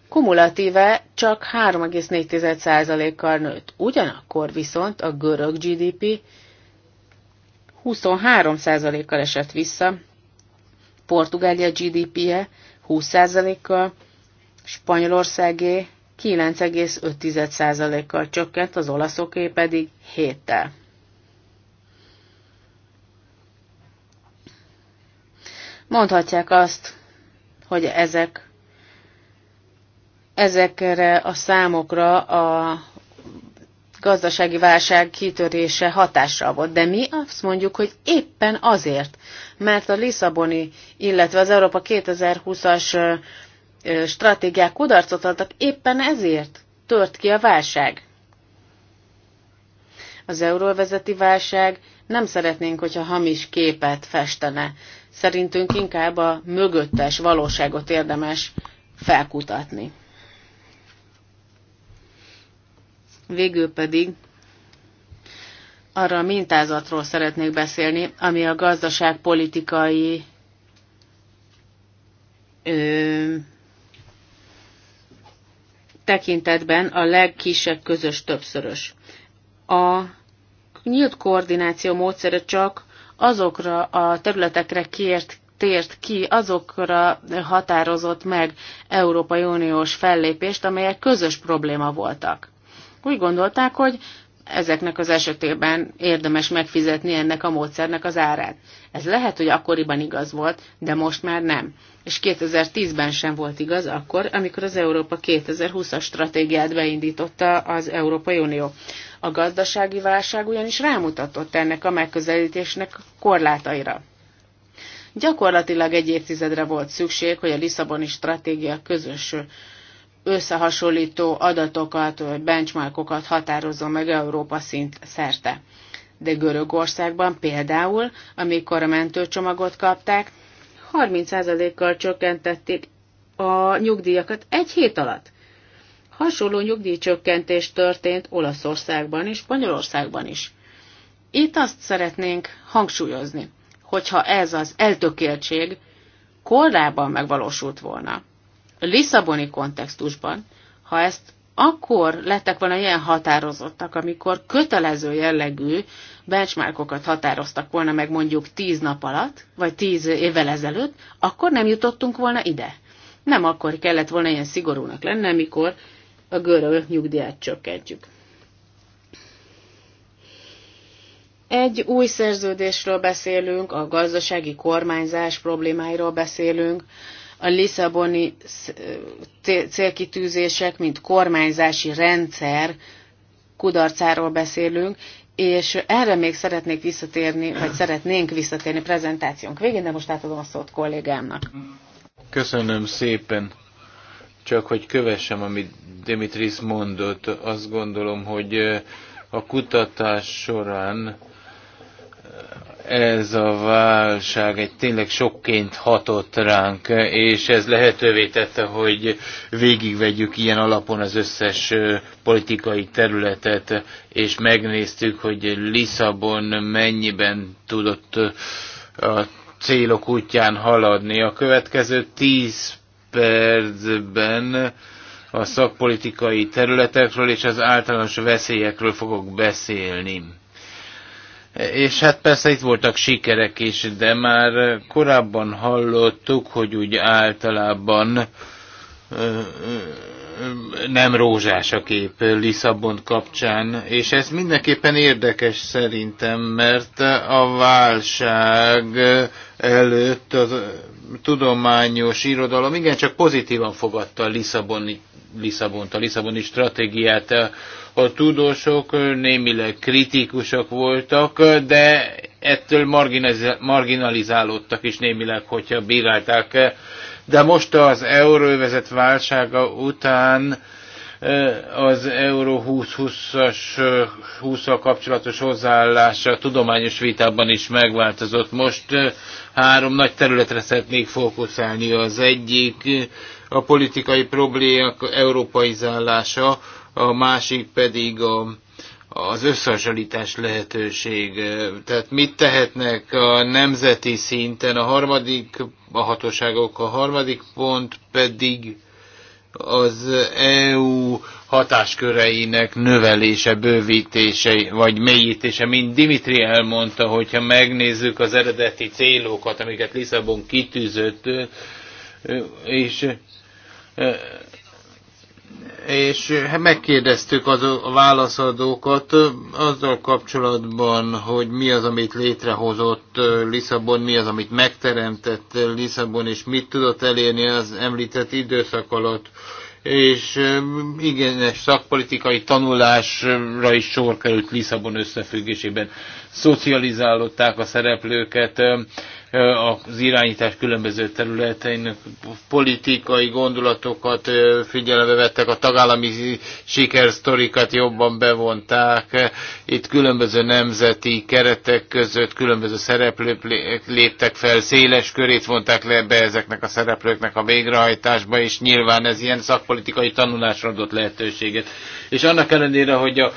kumulatíve csak 3,4%-kal nőtt. Ugyanakkor viszont a görög GDP 23%-kal esett vissza, Portugália GDP-je 20%-kal, Spanyolországé 9,5%-kal csökkent, az olaszoké pedig 7-tel. Mondhatják azt, hogy ezek ezekre a számokra a gazdasági válság kitörése hatással volt, de mi azt mondjuk, hogy éppen azért, mert a Lisszaboni, illetve az Európa 2020-as stratégiák kudarcot adtak, éppen ezért tört ki a válság. Az euróvezeti válság nem szeretnénk, hogyha hamis képet festene. Szerintünk inkább a mögöttes valóságot érdemes felkutatni. Végül pedig arra a mintázatról szeretnék beszélni, ami a gazdaságpolitikai ö, tekintetben a legkisebb közös többszörös. A nyílt koordináció módszere csak azokra a területekre kért, tért ki, azokra határozott meg Európai Uniós fellépést, amelyek közös probléma voltak úgy gondolták, hogy ezeknek az esetében érdemes megfizetni ennek a módszernek az árát. Ez lehet, hogy akkoriban igaz volt, de most már nem. És 2010-ben sem volt igaz akkor, amikor az Európa 2020-as stratégiát beindította az Európai Unió. A gazdasági válság ugyanis rámutatott ennek a megközelítésnek korlátaira. Gyakorlatilag egy évtizedre volt szükség, hogy a Lisszaboni stratégia közös összehasonlító adatokat, vagy benchmarkokat határozzon meg Európa szint szerte. De Görögországban például, amikor a mentőcsomagot kapták, 30%-kal csökkentették a nyugdíjakat egy hét alatt. Hasonló nyugdíjcsökkentés történt Olaszországban és Spanyolországban is. Itt azt szeretnénk hangsúlyozni, hogyha ez az eltökéltség korábban megvalósult volna, Lisszaboni kontextusban, ha ezt akkor lettek volna ilyen határozottak, amikor kötelező jellegű benchmarkokat határoztak volna meg mondjuk tíz nap alatt, vagy tíz évvel ezelőtt, akkor nem jutottunk volna ide. Nem akkor kellett volna ilyen szigorúnak lenne, amikor a görög nyugdíját csökkentjük. Egy új szerződésről beszélünk, a gazdasági kormányzás problémáiról beszélünk, a Lisszaboni célkitűzések, mint kormányzási rendszer kudarcáról beszélünk, és erre még szeretnék visszatérni, vagy szeretnénk visszatérni prezentációnk végén, de most átadom a szót kollégámnak. Köszönöm szépen. Csak hogy kövessem, amit Dimitris mondott, azt gondolom, hogy a kutatás során ez a válság egy tényleg sokként hatott ránk, és ez lehetővé tette, hogy végigvegyük ilyen alapon az összes politikai területet, és megnéztük, hogy Lisszabon mennyiben tudott a célok útján haladni. A következő tíz percben a szakpolitikai területekről és az általános veszélyekről fogok beszélni. És hát persze itt voltak sikerek is, de már korábban hallottuk, hogy úgy általában nem rózsás a kép Lisszabon kapcsán, és ez mindenképpen érdekes szerintem, mert a válság előtt az tudományos irodalom igencsak pozitívan fogadta Lisszabon, Lisszabont, a Lisszaboni stratégiát, a tudósok némileg kritikusok voltak, de ettől marginalizálódtak is némileg, hogyha bírálták. De most az euróvezet válsága után az Euró 2020-as 20 kapcsolatos hozzáállása tudományos vitában is megváltozott. Most három nagy területre szeretnék fókuszálni. Az egyik a politikai problémák európai zállása a másik pedig a, az összehasonlítás lehetőség. Tehát mit tehetnek a nemzeti szinten? A harmadik, a hatóságok, a harmadik pont pedig az EU hatásköreinek növelése, bővítése vagy mélyítése, mint Dimitri elmondta, hogyha megnézzük az eredeti célokat, amiket Lisszabon kitűzött, és és eh, megkérdeztük az, a válaszadókat eh, azzal kapcsolatban, hogy mi az, amit létrehozott eh, Lisszabon, mi az, amit megteremtett Lisszabon, és mit tudott elérni az említett időszak alatt. És igenes szakpolitikai tanulásra is sor került Lisszabon összefüggésében. Szocializálották a szereplőket, az irányítás különböző területein politikai gondolatokat figyelembe vettek, a tagállami sikersztorikat jobban bevonták, itt különböző nemzeti keretek között különböző szereplők léptek fel, széles körét vonták le be ezeknek a szereplőknek a végrehajtásba, és nyilván ez ilyen szakpolitikai tanulásra adott lehetőséget. És annak ellenére, hogy a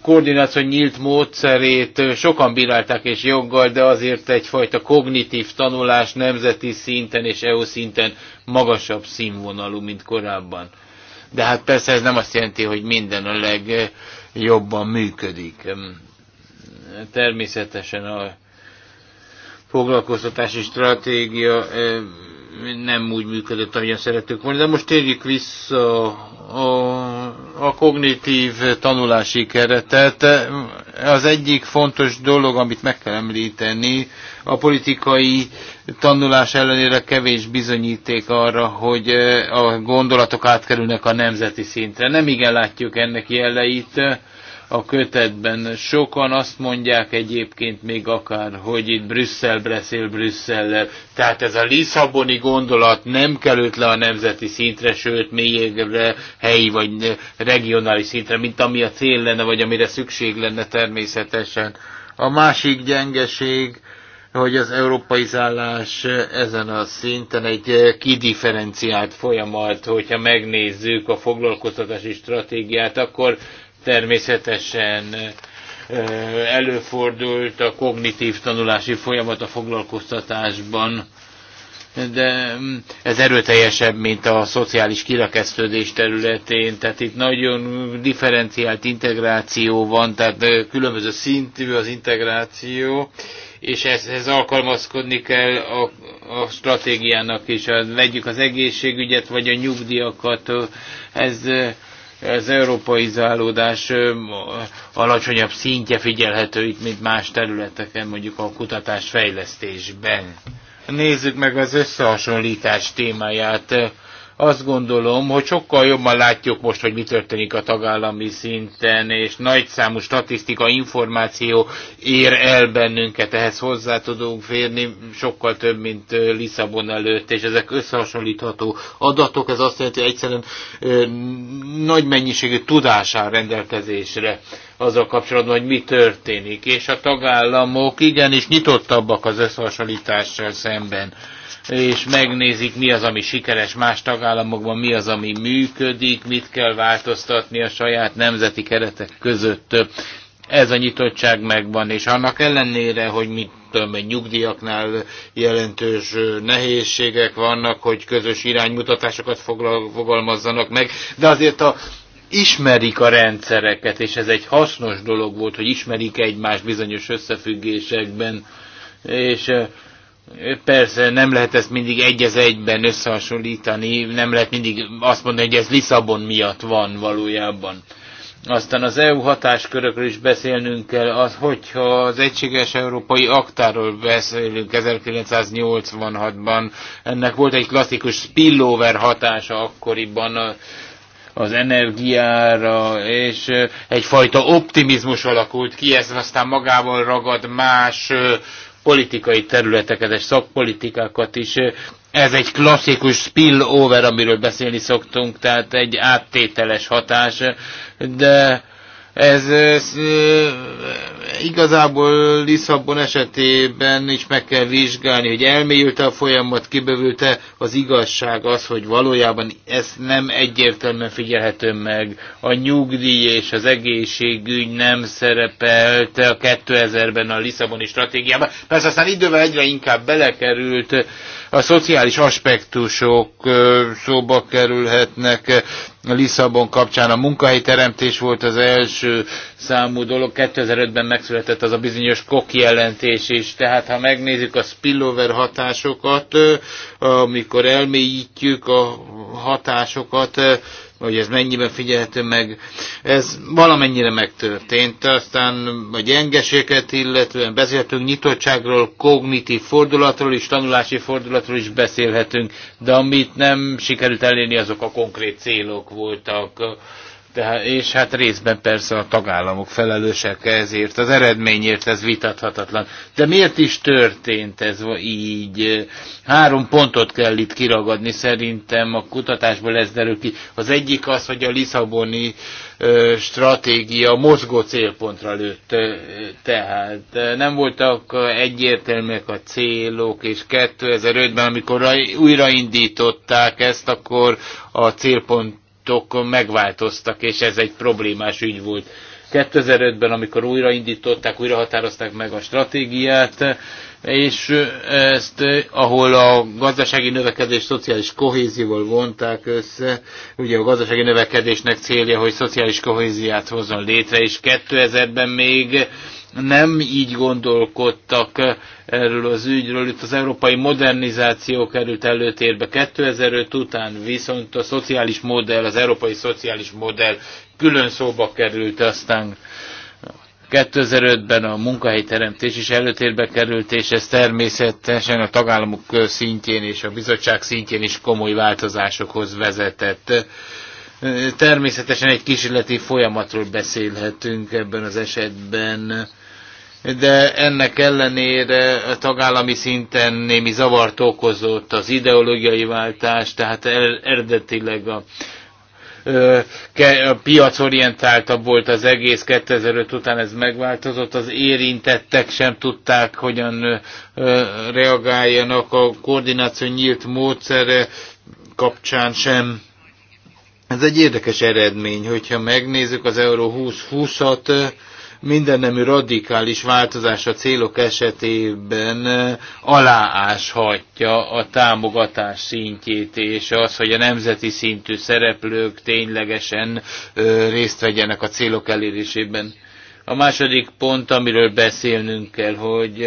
koordináció nyílt módszerét sokan bírálták és joggal, de azért egyfajta kognitív tanulás nemzeti szinten és EU szinten magasabb színvonalú, mint korábban. De hát persze ez nem azt jelenti, hogy minden a legjobban működik. Természetesen a foglalkoztatási stratégia eh, nem úgy működött, amilyen szerettük volna. De most térjük vissza a, a kognitív tanulási keretet. Az egyik fontos dolog, amit meg kell említeni, a politikai tanulás ellenére kevés bizonyíték arra, hogy eh, a gondolatok átkerülnek a nemzeti szintre. Nem igen látjuk ennek jeleit a kötetben. Sokan azt mondják egyébként még akár, hogy itt Brüsszel beszél Brüsszellel. Tehát ez a Lisszaboni gondolat nem került le a nemzeti szintre, sőt mélyebbre helyi vagy regionális szintre, mint ami a cél lenne, vagy amire szükség lenne természetesen. A másik gyengeség, hogy az európai zállás ezen a szinten egy kidifferenciált folyamat, hogyha megnézzük a foglalkoztatási stratégiát, akkor természetesen előfordult a kognitív tanulási folyamat a foglalkoztatásban, de mm, ez erőteljesebb, mint a szociális kirakesztődés területén, tehát itt nagyon differenciált integráció van, tehát különböző szintű az integráció, és ehhez alkalmazkodni kell a, a stratégiának is, vegyük az egészségügyet, vagy a nyugdíjakat, ez az európai zálódás alacsonyabb szintje figyelhető itt, mint más területeken, mondjuk a kutatás fejlesztésben. Nézzük meg az összehasonlítás témáját azt gondolom, hogy sokkal jobban látjuk most, hogy mi történik a tagállami szinten, és nagyszámú statisztika, információ ér el bennünket, ehhez hozzá tudunk férni, sokkal több, mint Lisszabon előtt, és ezek összehasonlítható adatok, ez azt jelenti, hogy egyszerűen nagy mennyiségű tudás áll rendelkezésre azzal kapcsolatban, hogy mi történik, és a tagállamok igenis nyitottabbak az összehasonlítással szemben és megnézik, mi az, ami sikeres más tagállamokban, mi az, ami működik, mit kell változtatni a saját nemzeti keretek között. Ez a nyitottság megvan, és annak ellenére, hogy mit tudom, nyugdíjaknál jelentős nehézségek vannak, hogy közös iránymutatásokat fogalmazzanak meg, de azért a ismerik a rendszereket, és ez egy hasznos dolog volt, hogy ismerik egymást bizonyos összefüggésekben, és Persze nem lehet ezt mindig egy az egyben összehasonlítani, nem lehet mindig azt mondani, hogy ez Lisszabon miatt van valójában. Aztán az EU hatáskörökről is beszélnünk kell, az, hogyha az egységes európai aktáról beszélünk 1986-ban, ennek volt egy klasszikus spillover hatása akkoriban a az energiára, és egyfajta optimizmus alakult ki, ez aztán magával ragad más politikai területeket és szakpolitikákat is. Ez egy klasszikus spillover, amiről beszélni szoktunk, tehát egy áttételes hatás, de ez, ez igazából Lisszabon esetében is meg kell vizsgálni, hogy elmélyülte a folyamat, kibővülte az igazság az, hogy valójában ez nem egyértelműen figyelhető meg. A nyugdíj és az egészségügy nem szerepelt a 2000-ben a Lisszaboni stratégiában. Persze aztán idővel egyre inkább belekerült a szociális aspektusok szóba kerülhetnek. Lisszabon kapcsán a munkahelyteremtés volt az első számú dolog. 2005-ben megszületett az a bizonyos KOK jelentés is. Tehát ha megnézzük a spillover hatásokat, amikor elmélyítjük a hatásokat, hogy ez mennyiben figyelhető meg. Ez valamennyire megtörtént. Aztán a gyengeséget illetően beszélhetünk nyitottságról, kognitív fordulatról is, tanulási fordulatról is beszélhetünk, de amit nem sikerült elérni, azok a konkrét célok voltak de, és hát részben persze a tagállamok felelősek ezért, az eredményért ez vitathatatlan. De miért is történt ez így? Három pontot kell itt kiragadni szerintem, a kutatásból ez derül ki. Az egyik az, hogy a Lisszaboni ö, stratégia mozgó célpontra lőtt, ö, tehát nem voltak egyértelműek a célok, és 2005-ben, amikor újraindították ezt, akkor a célpont adatok megváltoztak, és ez egy problémás ügy volt. 2005-ben, amikor újraindították, újra határozták meg a stratégiát, és ezt, ahol a gazdasági növekedés szociális kohézióval vonták össze, ugye a gazdasági növekedésnek célja, hogy szociális kohéziát hozzon létre, és 2000-ben még nem így gondolkodtak erről az ügyről. Itt az európai modernizáció került előtérbe 2005 után, viszont a szociális modell, az európai szociális modell külön szóba került, aztán 2005-ben a munkahelyteremtés is előtérbe került, és ez természetesen a tagállamok szintjén és a bizottság szintjén is komoly változásokhoz vezetett. Természetesen egy kísérleti folyamatról beszélhetünk ebben az esetben de ennek ellenére a tagállami szinten némi zavart okozott az ideológiai váltás, tehát eredetileg a, a piacorientáltabb volt az egész 2005 után ez megváltozott, az érintettek sem tudták, hogyan reagáljanak a koordináció nyílt módszere kapcsán sem. Ez egy érdekes eredmény, hogyha megnézzük az Euró 20 at mindennemű radikális változás a célok esetében alááshatja a támogatás szintjét, és az, hogy a nemzeti szintű szereplők ténylegesen részt vegyenek a célok elérésében. A második pont, amiről beszélnünk kell, hogy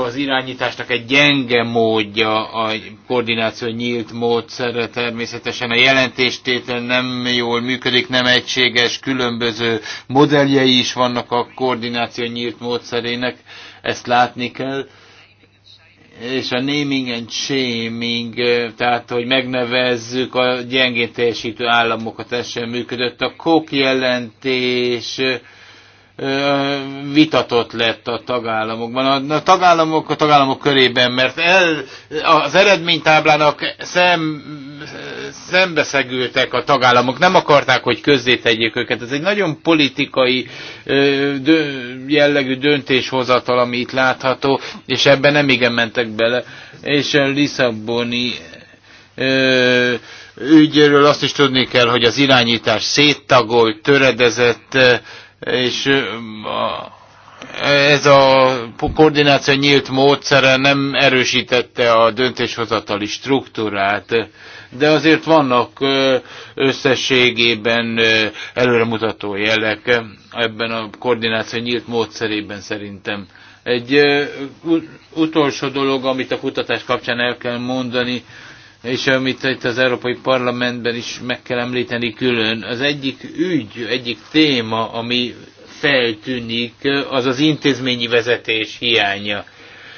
az irányításnak egy gyenge módja, a koordináció nyílt módszerre természetesen. A jelentéstétel nem jól működik, nem egységes, különböző modelljei is vannak a koordináció nyílt módszerének, ezt látni kell és a naming and shaming, tehát hogy megnevezzük a gyengén teljesítő államokat, ez sem működött. A kok jelentés vitatott lett a tagállamokban. A, tagállamok a tagállamok körében, mert el, az eredménytáblának szem, szembeszegültek a tagállamok, nem akarták, hogy közzétegyék őket. Ez egy nagyon politikai dö, jellegű döntéshozatal, ami itt látható, és ebben nem igen mentek bele. És a Lisszaboni ügyről azt is tudni kell, hogy az irányítás széttagolt, töredezett, és ez a koordináció nyílt módszere nem erősítette a döntéshozatali struktúrát, de azért vannak összességében előremutató jelek ebben a koordináció nyílt módszerében szerintem. Egy utolsó dolog, amit a kutatás kapcsán el kell mondani, és amit itt az Európai Parlamentben is meg kell említeni külön, az egyik ügy, egyik téma, ami feltűnik, az az intézményi vezetés hiánya.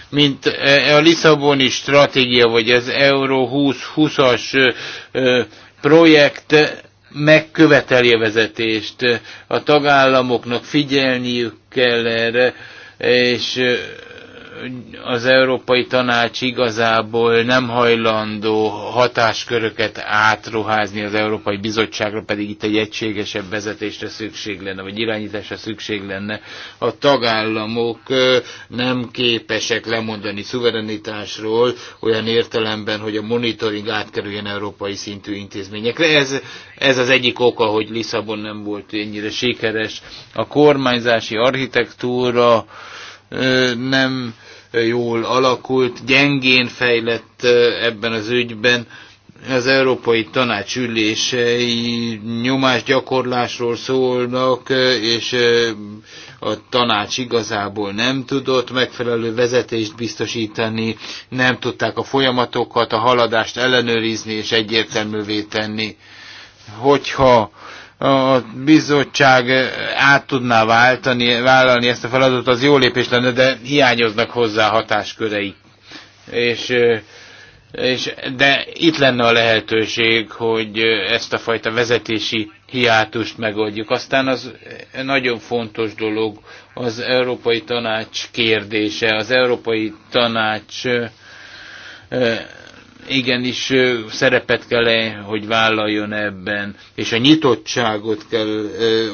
Mint e, a Lisszaboni stratégia, vagy az Euró 2020-as projekt megköveteli a vezetést. A tagállamoknak figyelniük kell erre, és az Európai Tanács igazából nem hajlandó hatásköröket átruházni az Európai Bizottságra, pedig itt egy egységesebb vezetésre szükség lenne, vagy irányításra szükség lenne. A tagállamok nem képesek lemondani szuverenitásról olyan értelemben, hogy a monitoring átkerüljen európai szintű intézményekre. Ez, ez az egyik oka, hogy Lisszabon nem volt ennyire sikeres. A kormányzási architektúra nem jól alakult, gyengén fejlett ebben az ügyben. Az Európai Tanács ülései nyomásgyakorlásról szólnak, és a tanács igazából nem tudott megfelelő vezetést biztosítani, nem tudták a folyamatokat, a haladást ellenőrizni és egyértelművé tenni. Hogyha a bizottság át tudná váltani, vállalni ezt a feladatot, az jó lépés lenne, de hiányoznak hozzá hatáskörei. És, és, de itt lenne a lehetőség, hogy ezt a fajta vezetési hiátust megoldjuk. Aztán az nagyon fontos dolog az Európai Tanács kérdése. Az Európai Tanács igenis szerepet kell -e, hogy vállaljon ebben, és a nyitottságot kell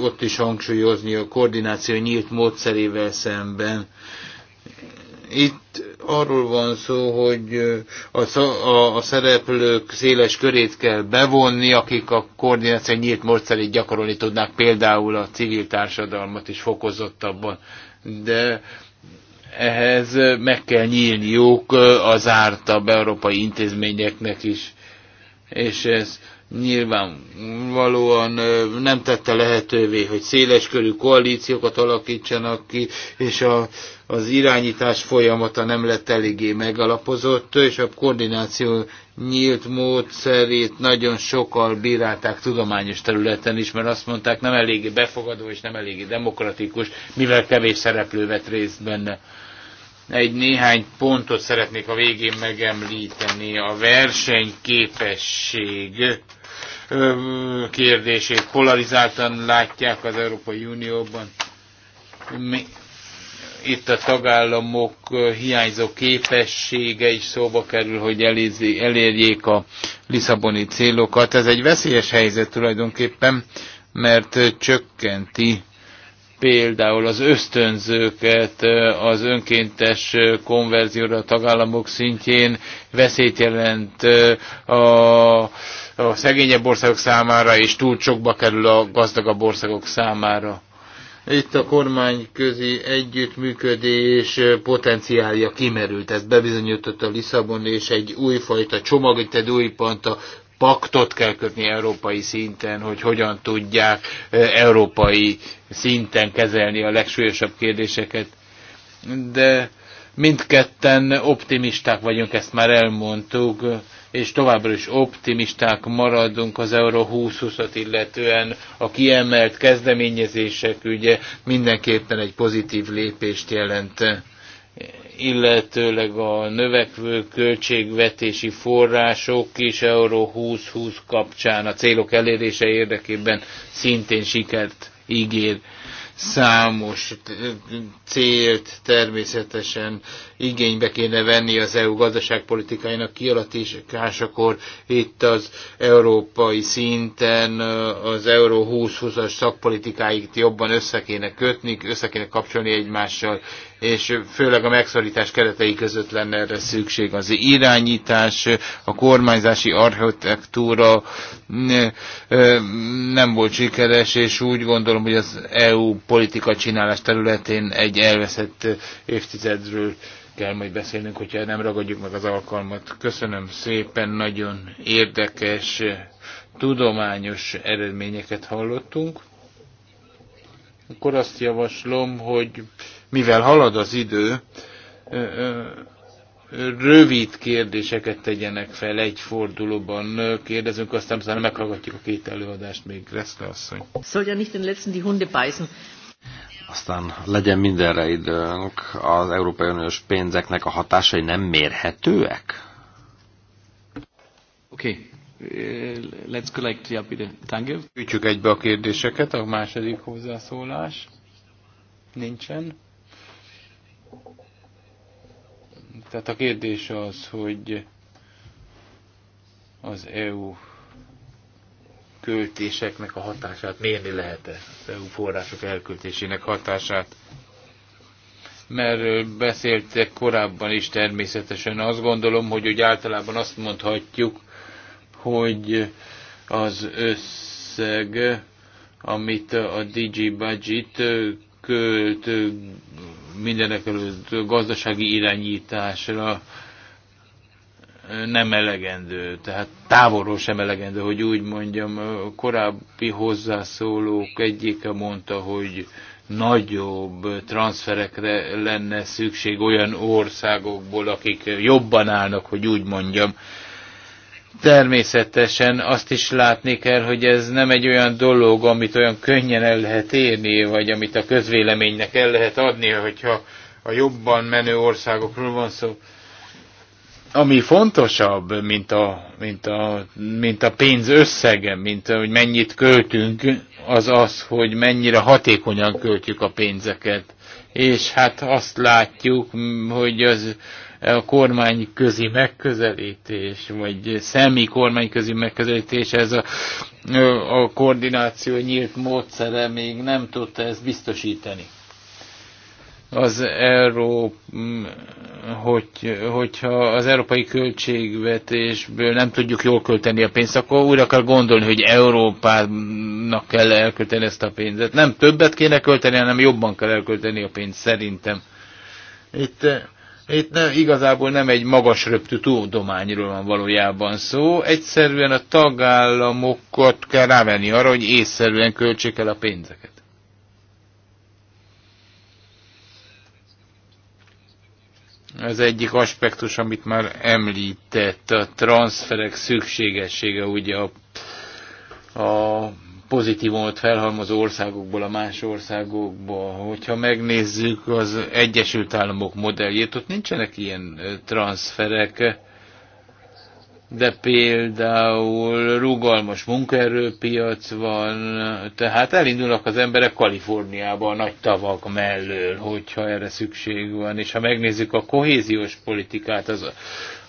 ott is hangsúlyozni a koordináció nyílt módszerével szemben. Itt arról van szó, hogy a, a, a szereplők széles körét kell bevonni, akik a koordináció nyílt módszerét gyakorolni tudnák, például a civil társadalmat is fokozottabban. De ehhez meg kell nyílniuk az ártabb európai intézményeknek is. És ez nyilvánvalóan nem tette lehetővé, hogy széleskörű koalíciókat alakítsanak ki, és a az irányítás folyamata nem lett eléggé megalapozott, és a koordináció nyílt módszerét nagyon sokkal bírálták tudományos területen is, mert azt mondták, nem eléggé befogadó és nem eléggé demokratikus, mivel kevés szereplő vett részt benne. Egy néhány pontot szeretnék a végén megemlíteni. A versenyképesség kérdését polarizáltan látják az Európai Unióban itt a tagállamok hiányzó képessége is szóba kerül, hogy elérjék a Lisszaboni célokat. Ez egy veszélyes helyzet tulajdonképpen, mert csökkenti például az ösztönzőket az önkéntes konverzióra a tagállamok szintjén veszélyt jelent a, a szegényebb országok számára, és túl sokba kerül a gazdagabb országok számára itt a kormányközi együttműködés potenciálja kimerült, ezt a Lisszabon, és egy újfajta csomag, itt egy új pont a paktot kell kötni európai szinten, hogy hogyan tudják e, európai szinten kezelni a legsúlyosabb kérdéseket. De mindketten optimisták vagyunk, ezt már elmondtuk és továbbra is optimisták maradunk az Euró 2020-at illetően a kiemelt kezdeményezések ügye mindenképpen egy pozitív lépést jelent illetőleg a növekvő költségvetési források is Euró 2020 kapcsán a célok elérése érdekében szintén sikert ígér számos célt természetesen igénybe kéne venni az EU gazdaságpolitikájának kialakításakor. Itt az európai szinten az Euró 20 as szakpolitikáit jobban össze kéne kötni, össze kéne kapcsolni egymással, és főleg a megszorítás keretei között lenne erre szükség. Az irányítás, a kormányzási architektúra nem volt sikeres, és úgy gondolom, hogy az EU politika csinálás területén egy elveszett évtizedről kell majd beszélnünk, hogyha nem ragadjuk meg az alkalmat. Köszönöm szépen, nagyon érdekes, tudományos eredményeket hallottunk. Akkor azt javaslom, hogy mivel halad az idő, rövid kérdéseket tegyenek fel egy fordulóban. Kérdezünk, aztán aztán meghallgatjuk a két előadást még. Reszle asszony. Hunde Aztán legyen mindenre időnk. Az Európai Uniós pénzeknek a hatásai nem mérhetőek? Oké. Okay. Eh, let's collect, ja, bitte. Danke. Ütjük egybe a kérdéseket, a második hozzászólás. Nincsen. Tehát a kérdés az, hogy az EU költéseknek a hatását mérni lehet-e, az EU források elköltésének hatását. Mert beszéltek korábban is természetesen, azt gondolom, hogy úgy általában azt mondhatjuk, hogy az összeg, amit a DG Budget költ mindenek előtt gazdasági irányításra nem elegendő, tehát távolról sem elegendő, hogy úgy mondjam. A korábbi hozzászólók egyike mondta, hogy nagyobb transferekre lenne szükség olyan országokból, akik jobban állnak, hogy úgy mondjam. Természetesen azt is látni kell, hogy ez nem egy olyan dolog, amit olyan könnyen el lehet érni, vagy amit a közvéleménynek el lehet adni, hogyha a jobban menő országokról van szó. Ami fontosabb, mint a, mint a, mint a pénz összege, mint hogy mennyit költünk, az az, hogy mennyire hatékonyan költjük a pénzeket. És hát azt látjuk, hogy az a kormány közi megközelítés, vagy kormány közi megközelítés, ez a, a koordináció nyílt módszere még nem tudta ezt biztosítani. Az Euró, hogy, hogyha az európai költségvetésből nem tudjuk jól költeni a pénzt, akkor újra kell gondolni, hogy Európának kell elkölteni ezt a pénzet. Nem többet kéne költeni, hanem jobban kell elkölteni a pénzt, szerintem. Itt itt ne, igazából nem egy magas röptű tudományról van valójában szó, egyszerűen a tagállamokat kell rávenni arra, hogy észszerűen költsék el a pénzeket. Az egyik aspektus, amit már említett, a transferek szükségessége ugye a, a pozitívumot felhalmozó országokból a más országokba. Hogyha megnézzük az Egyesült Államok modelljét, ott nincsenek ilyen transferek, de például rugalmas munkaerőpiac van, tehát elindulnak az emberek Kaliforniába a nagy tavak mellől, hogyha erre szükség van. És ha megnézzük a kohéziós politikát, az,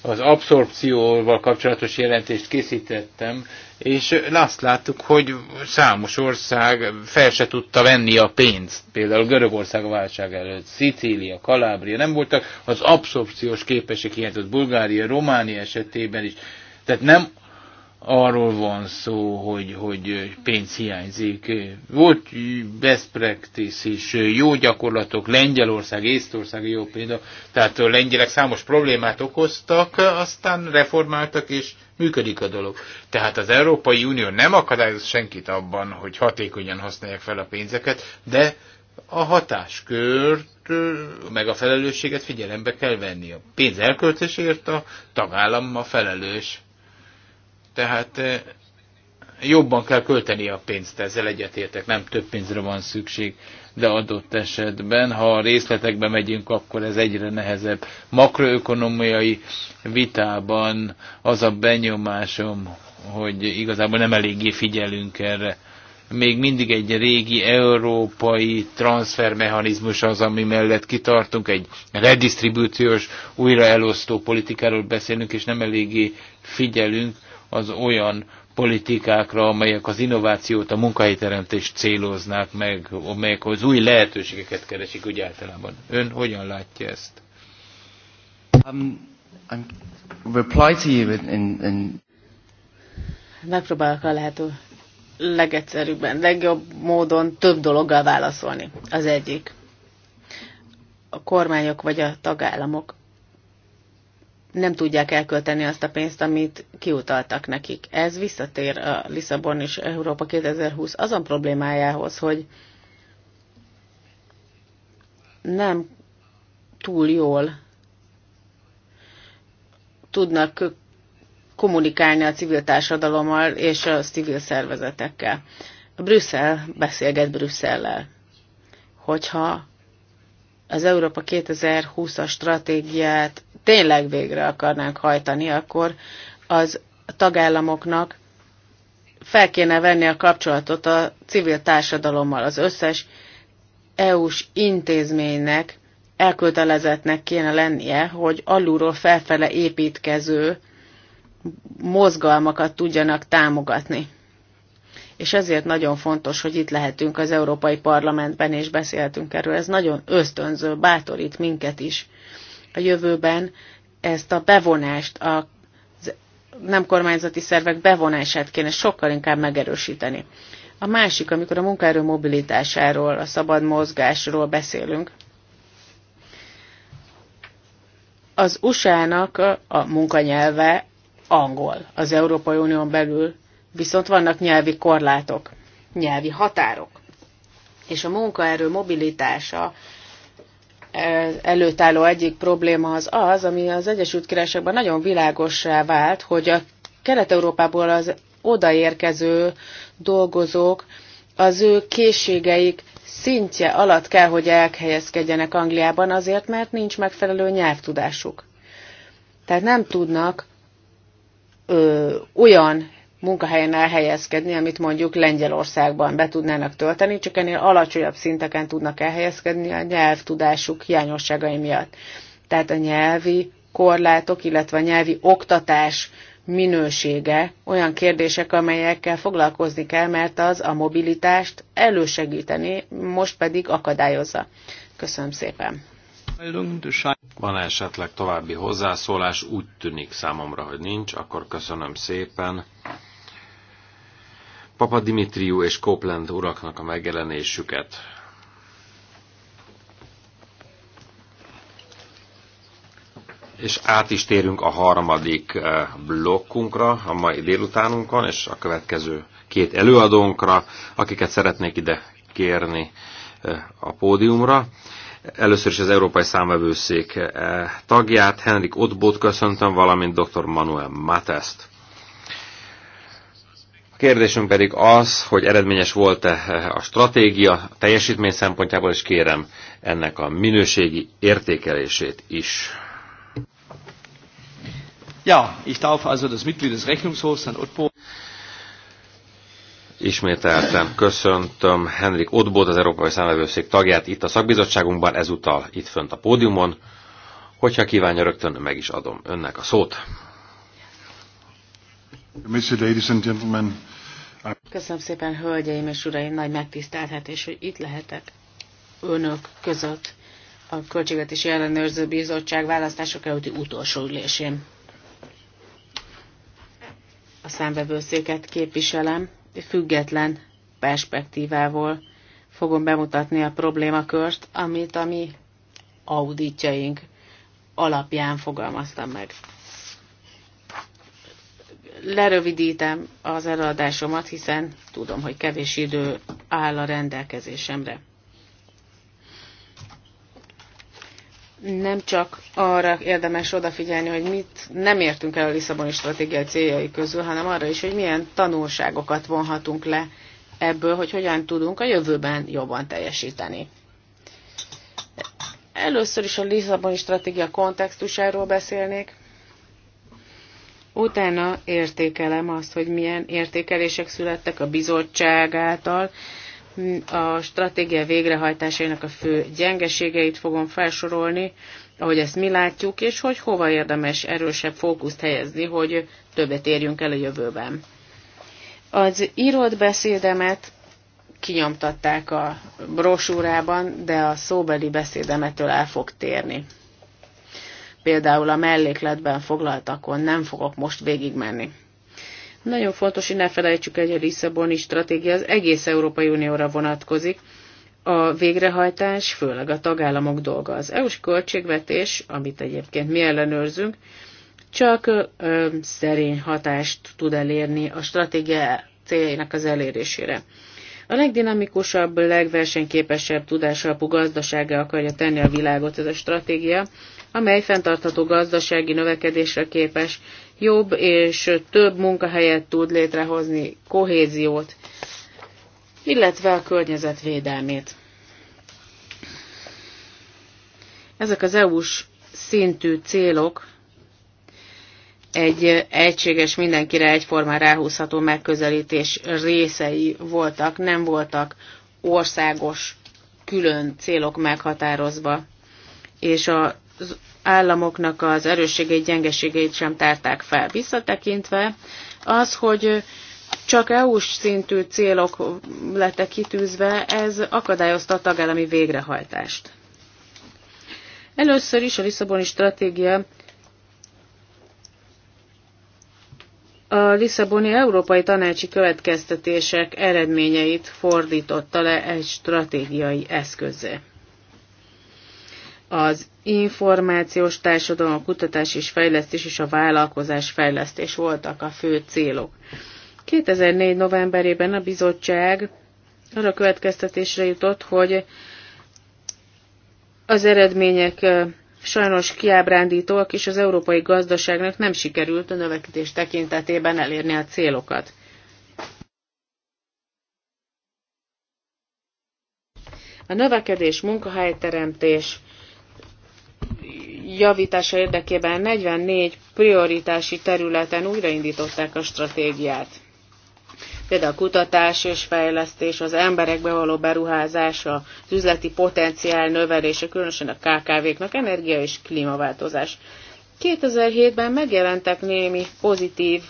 az abszorpcióval kapcsolatos jelentést készítettem, és azt láttuk, hogy számos ország fel se tudta venni a pénzt. Például Görögország válság előtt, Szicília, Kalábria nem voltak, az abszorpciós képesek hiányzott Bulgária, Románia esetében is. Tehát nem arról van szó, hogy, hogy pénz hiányzik. Volt best practice is, jó gyakorlatok, Lengyelország, Észtország jó példa, tehát a lengyelek számos problémát okoztak, aztán reformáltak, és működik a dolog. Tehát az Európai Unió nem akadályoz senkit abban, hogy hatékonyan használják fel a pénzeket, de a hatáskört, meg a felelősséget figyelembe kell venni. A pénz elköltésért a tagállam a felelős. Tehát jobban kell költeni a pénzt, ezzel egyetértek, nem több pénzre van szükség de adott esetben, ha a részletekbe megyünk, akkor ez egyre nehezebb. Makroökonomiai vitában az a benyomásom, hogy igazából nem eléggé figyelünk erre. Még mindig egy régi európai transfermechanizmus az, ami mellett kitartunk, egy redistribúciós, újraelosztó politikáról beszélünk, és nem eléggé figyelünk az olyan politikákra, amelyek az innovációt, a munkahelyteremtést céloznák meg, amelyek az új lehetőségeket keresik úgy általában. Ön hogyan látja ezt? Um, I'm reply to you in, in... Megpróbálok a lehető legegyszerűbben, legjobb módon több dologgal válaszolni. Az egyik. A kormányok vagy a tagállamok nem tudják elkölteni azt a pénzt, amit kiutaltak nekik. Ez visszatér a Lisszabon és Európa 2020 azon problémájához, hogy nem túl jól tudnak kommunikálni a civil társadalommal és a civil szervezetekkel. A Brüsszel beszélget Brüsszellel. Hogyha az Európa 2020-as stratégiát tényleg végre akarnánk hajtani, akkor az tagállamoknak fel kéne venni a kapcsolatot a civil társadalommal. Az összes EU-s intézménynek elkötelezettnek kéne lennie, hogy alulról felfele építkező mozgalmakat tudjanak támogatni. És ezért nagyon fontos, hogy itt lehetünk az Európai Parlamentben, és beszéltünk erről. Ez nagyon ösztönző, bátorít minket is a jövőben ezt a bevonást, a nem kormányzati szervek bevonását kéne sokkal inkább megerősíteni. A másik, amikor a munkaerő mobilitásáról, a szabad mozgásról beszélünk, az USA-nak a munkanyelve angol, az Európai Unión belül viszont vannak nyelvi korlátok, nyelvi határok. És a munkaerő mobilitása előtt álló egyik probléma az az, ami az Egyesült Királyságban nagyon világosá vált, hogy a Kelet-Európából az odaérkező dolgozók, az ő készségeik szintje alatt kell, hogy elhelyezkedjenek Angliában azért, mert nincs megfelelő nyelvtudásuk. Tehát nem tudnak ö, olyan munkahelyen elhelyezkedni, amit mondjuk Lengyelországban be tudnának tölteni, csak ennél alacsonyabb szinteken tudnak elhelyezkedni a nyelvtudásuk hiányosságai miatt. Tehát a nyelvi korlátok, illetve a nyelvi oktatás minősége olyan kérdések, amelyekkel foglalkozni kell, mert az a mobilitást elősegíteni, most pedig akadályozza. Köszönöm szépen. Van esetleg további hozzászólás? Úgy tűnik számomra, hogy nincs. Akkor köszönöm szépen Papa Dimitriu és Copeland uraknak a megjelenésüket. És át is térünk a harmadik eh, blokkunkra, a mai délutánunkon, és a következő két előadónkra, akiket szeretnék ide kérni eh, a pódiumra. Először is az Európai Számvevőszék eh, tagját, Henrik Ottbot köszöntöm, valamint dr. Manuel Mateszt. Kérdésünk pedig az, hogy eredményes volt-e a stratégia a teljesítmény szempontjából, és kérem ennek a minőségi értékelését is. Ja, ich darf also das Mitglied des Rechnungshofs, Herrn Ottbo. Ismételtem, köszöntöm Henrik Ottbót, az Európai Számlevőszék tagját itt a szakbizottságunkban, ezúttal itt fönt a pódiumon. Hogyha kívánja, rögtön meg is adom önnek a szót. Mr. Ladies and gentlemen, Köszönöm szépen, hölgyeim és uraim, nagy megtiszteltetés, hogy itt lehetek önök között a Költségvetési Ellenőrző Bizottság választások előtti utolsó ülésén. A számvevőszéket képviselem, független perspektívával fogom bemutatni a problémakört, amit a mi auditjaink alapján fogalmaztam meg lerövidítem az előadásomat, hiszen tudom, hogy kevés idő áll a rendelkezésemre. Nem csak arra érdemes odafigyelni, hogy mit nem értünk el a Lisszaboni stratégiai céljai közül, hanem arra is, hogy milyen tanulságokat vonhatunk le ebből, hogy hogyan tudunk a jövőben jobban teljesíteni. Először is a Lisszaboni stratégia kontextusáról beszélnék, Utána értékelem azt, hogy milyen értékelések születtek a bizottság által, a stratégia végrehajtásainak a fő gyengeségeit fogom felsorolni, ahogy ezt mi látjuk, és hogy hova érdemes erősebb fókuszt helyezni, hogy többet érjünk el a jövőben. Az írott beszédemet kinyomtatták a brosúrában, de a szóbeli beszédemetől el fog térni például a mellékletben foglaltakon nem fogok most végigmenni. Nagyon fontos, hogy ne felejtsük, egy a Lisszaboni stratégia az egész Európai Unióra vonatkozik. A végrehajtás főleg a tagállamok dolga. Az EU-s költségvetés, amit egyébként mi ellenőrzünk, csak ö, szerény hatást tud elérni a stratégia céljainak az elérésére. A legdinamikusabb, legversenyképesebb tudásalapú gazdasága akarja tenni a világot ez a stratégia, amely fenntartható gazdasági növekedésre képes, jobb és több munkahelyet tud létrehozni, kohéziót, illetve a környezetvédelmét. Ezek az EU-s szintű célok egy egységes, mindenkire egyformán ráhúzható megközelítés részei voltak, nem voltak országos külön célok meghatározva, és a az államoknak az erősségeit, gyengeségeit sem tárták fel. Visszatekintve az, hogy csak EU-s szintű célok lettek kitűzve, ez akadályozta a tagállami végrehajtást. Először is a Lisszaboni stratégia a Lisszaboni Európai Tanácsi Következtetések eredményeit fordította le egy stratégiai eszközé az információs társadalom, a kutatás és fejlesztés és a vállalkozás fejlesztés voltak a fő célok. 2004. novemberében a bizottság arra következtetésre jutott, hogy az eredmények sajnos kiábrándítóak, és az európai gazdaságnak nem sikerült a növekedés tekintetében elérni a célokat. A növekedés, munkahelyteremtés, javítása érdekében 44 prioritási területen újraindították a stratégiát. Például a kutatás és fejlesztés, az emberekbe való beruházás, az üzleti potenciál növelése, különösen a KKV-knak, energia és klímaváltozás. 2007-ben megjelentek némi pozitív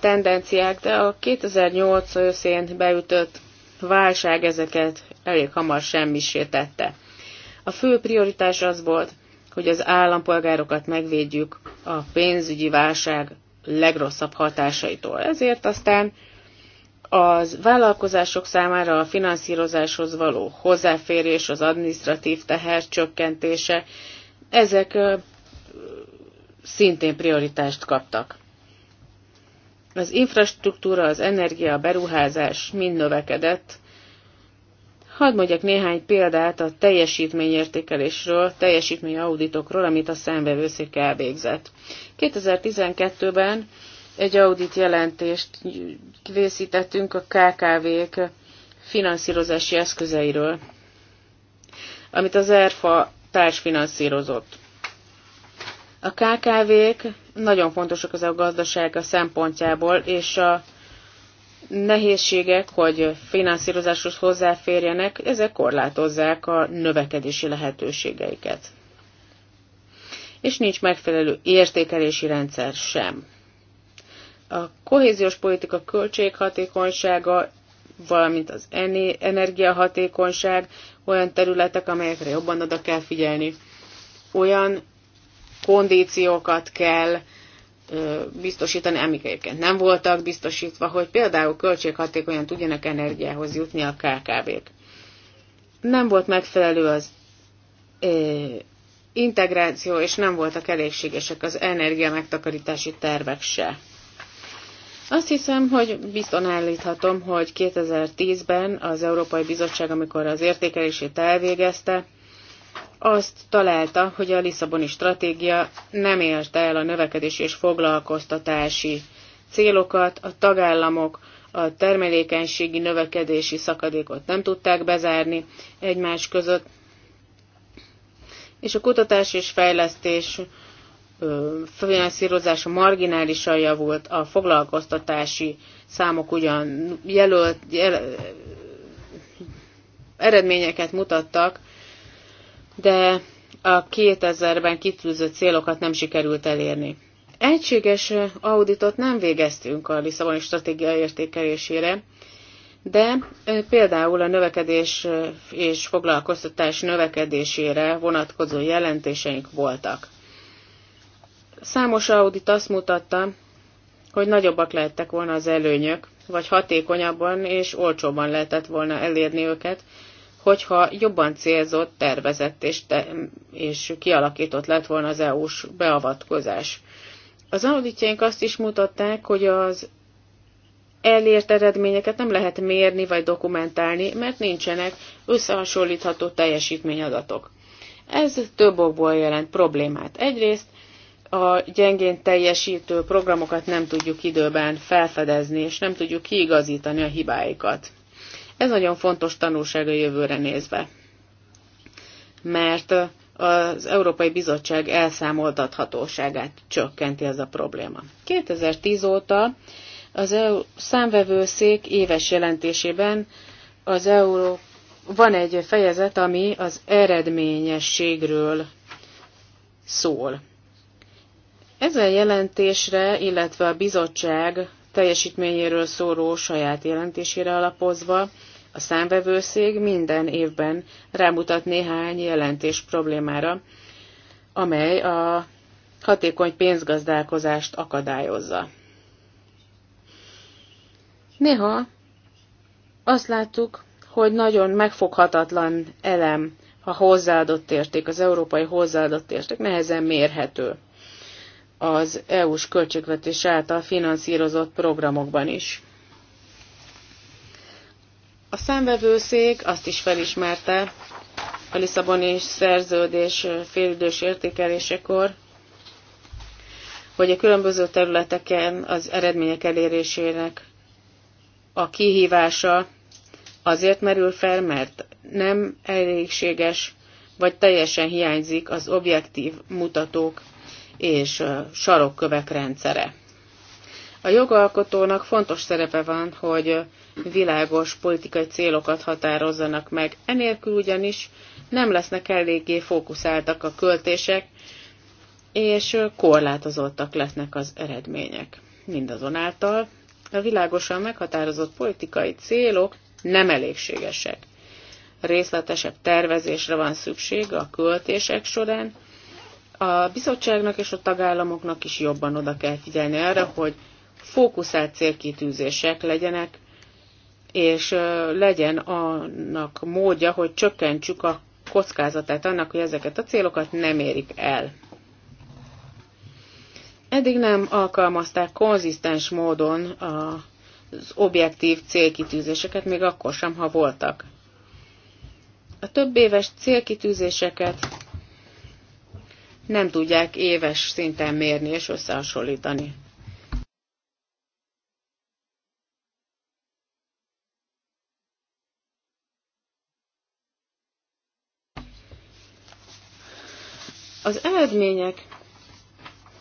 tendenciák, de a 2008 őszén beütött válság ezeket elég hamar semmisé tette. A fő prioritás az volt, hogy az állampolgárokat megvédjük a pénzügyi válság legrosszabb hatásaitól. Ezért aztán az vállalkozások számára a finanszírozáshoz való hozzáférés, az administratív teher csökkentése, ezek szintén prioritást kaptak. Az infrastruktúra, az energia, a beruházás mind növekedett, Hadd mondjak néhány példát a teljesítményértékelésről, teljesítményauditokról, amit a szembevőszék elvégzett. 2012-ben egy audit jelentést készítettünk a KKV-k finanszírozási eszközeiről, amit az ERFA társfinanszírozott. A KKV-k nagyon fontosak az a gazdasága szempontjából, és a nehézségek, hogy finanszírozáshoz hozzáférjenek, ezek korlátozzák a növekedési lehetőségeiket. És nincs megfelelő értékelési rendszer sem. A kohéziós politika költséghatékonysága, valamint az energiahatékonyság olyan területek, amelyekre jobban oda kell figyelni. Olyan kondíciókat kell biztosítani, amik egyébként nem voltak biztosítva, hogy például költséghatékonyan tudjanak energiához jutni a KKV-k. Nem volt megfelelő az ö, integráció, és nem voltak elégségesek az energia megtakarítási tervek se. Azt hiszem, hogy bizton állíthatom, hogy 2010-ben az Európai Bizottság, amikor az értékelését elvégezte, azt találta, hogy a Lisszaboni stratégia nem érte el a növekedési és foglalkoztatási célokat, a tagállamok a termelékenységi növekedési szakadékot nem tudták bezárni egymás között, és a kutatás és fejlesztés finanszírozása marginálisan javult, a foglalkoztatási számok ugyan jelölt, jel, eredményeket mutattak, de a 2000-ben kitűzött célokat nem sikerült elérni. Egységes auditot nem végeztünk a Lisszaboni stratégia értékelésére, de például a növekedés és foglalkoztatás növekedésére vonatkozó jelentéseink voltak. Számos audit azt mutatta, hogy nagyobbak lehettek volna az előnyök, vagy hatékonyabban és olcsóban lehetett volna elérni őket, hogyha jobban célzott, tervezett és, te, és kialakított lett volna az EU-s beavatkozás. Az auditjaink azt is mutatták, hogy az elért eredményeket nem lehet mérni vagy dokumentálni, mert nincsenek összehasonlítható teljesítményadatok. Ez több okból jelent problémát. Egyrészt a gyengén teljesítő programokat nem tudjuk időben felfedezni, és nem tudjuk kiigazítani a hibáikat. Ez nagyon fontos tanulság a jövőre nézve. Mert az Európai Bizottság elszámoltathatóságát csökkenti ez a probléma. 2010 óta az EU számvevőszék éves jelentésében az Euró... van egy fejezet, ami az eredményességről szól. Ezen jelentésre, illetve a bizottság teljesítményéről szóró saját jelentésére alapozva a számvevőszég minden évben rámutat néhány jelentés problémára, amely a hatékony pénzgazdálkozást akadályozza. Néha azt láttuk, hogy nagyon megfoghatatlan elem a hozzáadott érték, az európai hozzáadott érték nehezen mérhető az EU-s költségvetés által finanszírozott programokban is. A számvevőszék azt is felismerte a Lisszaboni szerződés félidős értékelésekor, hogy a különböző területeken az eredmények elérésének a kihívása azért merül fel, mert nem elégséges, vagy teljesen hiányzik az objektív mutatók és sarokkövek rendszere. A jogalkotónak fontos szerepe van, hogy világos politikai célokat határozzanak meg. Enélkül ugyanis nem lesznek eléggé fókuszáltak a költések, és korlátozottak lesznek az eredmények. Mindazonáltal a világosan meghatározott politikai célok nem elégségesek. Részletesebb tervezésre van szükség a költések során. A bizottságnak és a tagállamoknak is jobban oda kell figyelni arra, hogy fókuszált célkitűzések legyenek, és legyen annak módja, hogy csökkentsük a kockázatát annak, hogy ezeket a célokat nem érik el. Eddig nem alkalmazták konzisztens módon az objektív célkitűzéseket, még akkor sem, ha voltak. A több éves célkitűzéseket nem tudják éves szinten mérni és összehasonlítani. Az eredmények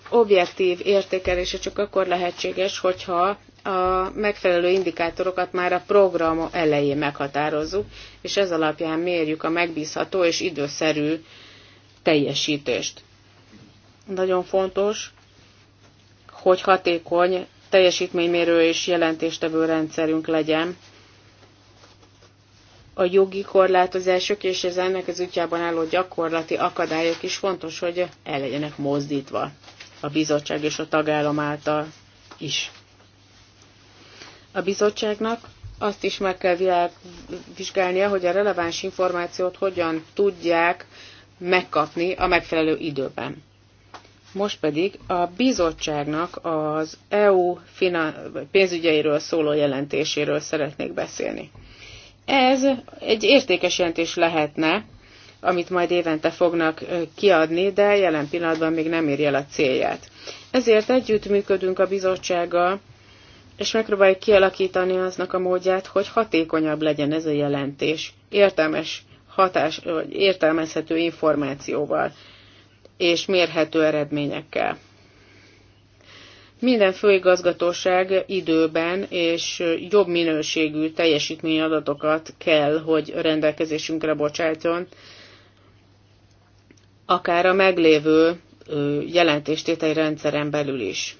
objektív értékelése csak akkor lehetséges, hogyha a megfelelő indikátorokat már a program elején meghatározzuk, és ez alapján mérjük a megbízható és időszerű teljesítést. Nagyon fontos, hogy hatékony teljesítménymérő és jelentéstevő rendszerünk legyen, a jogi korlátozások és az ennek az útjában álló gyakorlati akadályok is fontos, hogy el legyenek mozdítva a bizottság és a tagállam által is. A bizottságnak azt is meg kell vizsgálnia, hogy a releváns információt hogyan tudják megkapni a megfelelő időben. Most pedig a bizottságnak az EU pénzügyeiről szóló jelentéséről szeretnék beszélni. Ez egy értékes jelentés lehetne, amit majd évente fognak kiadni, de jelen pillanatban még nem érje el a célját. Ezért együttműködünk a bizottsággal, és megpróbáljuk kialakítani aznak a módját, hogy hatékonyabb legyen ez a jelentés, értelmes hatás, vagy értelmezhető információval és mérhető eredményekkel. Minden főigazgatóság időben és jobb minőségű teljesítményadatokat kell, hogy rendelkezésünkre bocsájtson, akár a meglévő jelentéstételi rendszeren belül is.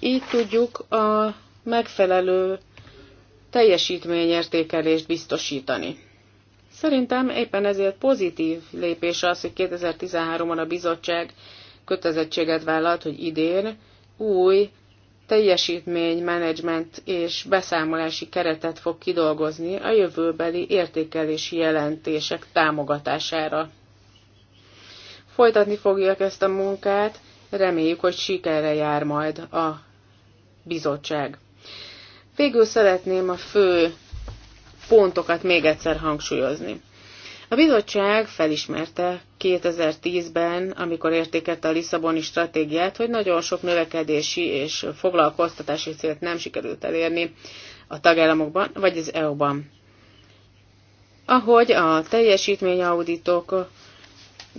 Így tudjuk a megfelelő teljesítményértékelést biztosítani. Szerintem éppen ezért pozitív lépés az, hogy 2013-ban a bizottság kötelezettséget vállalt, hogy idén új teljesítménymenedzsment és beszámolási keretet fog kidolgozni a jövőbeli értékelési jelentések támogatására. Folytatni fogják ezt a munkát, reméljük, hogy sikerre jár majd a bizottság. Végül szeretném a fő pontokat még egyszer hangsúlyozni. A bizottság felismerte 2010-ben, amikor értékelte a Lisszaboni stratégiát, hogy nagyon sok növekedési és foglalkoztatási célt nem sikerült elérni a tagállamokban vagy az EU-ban. Ahogy a teljesítményauditok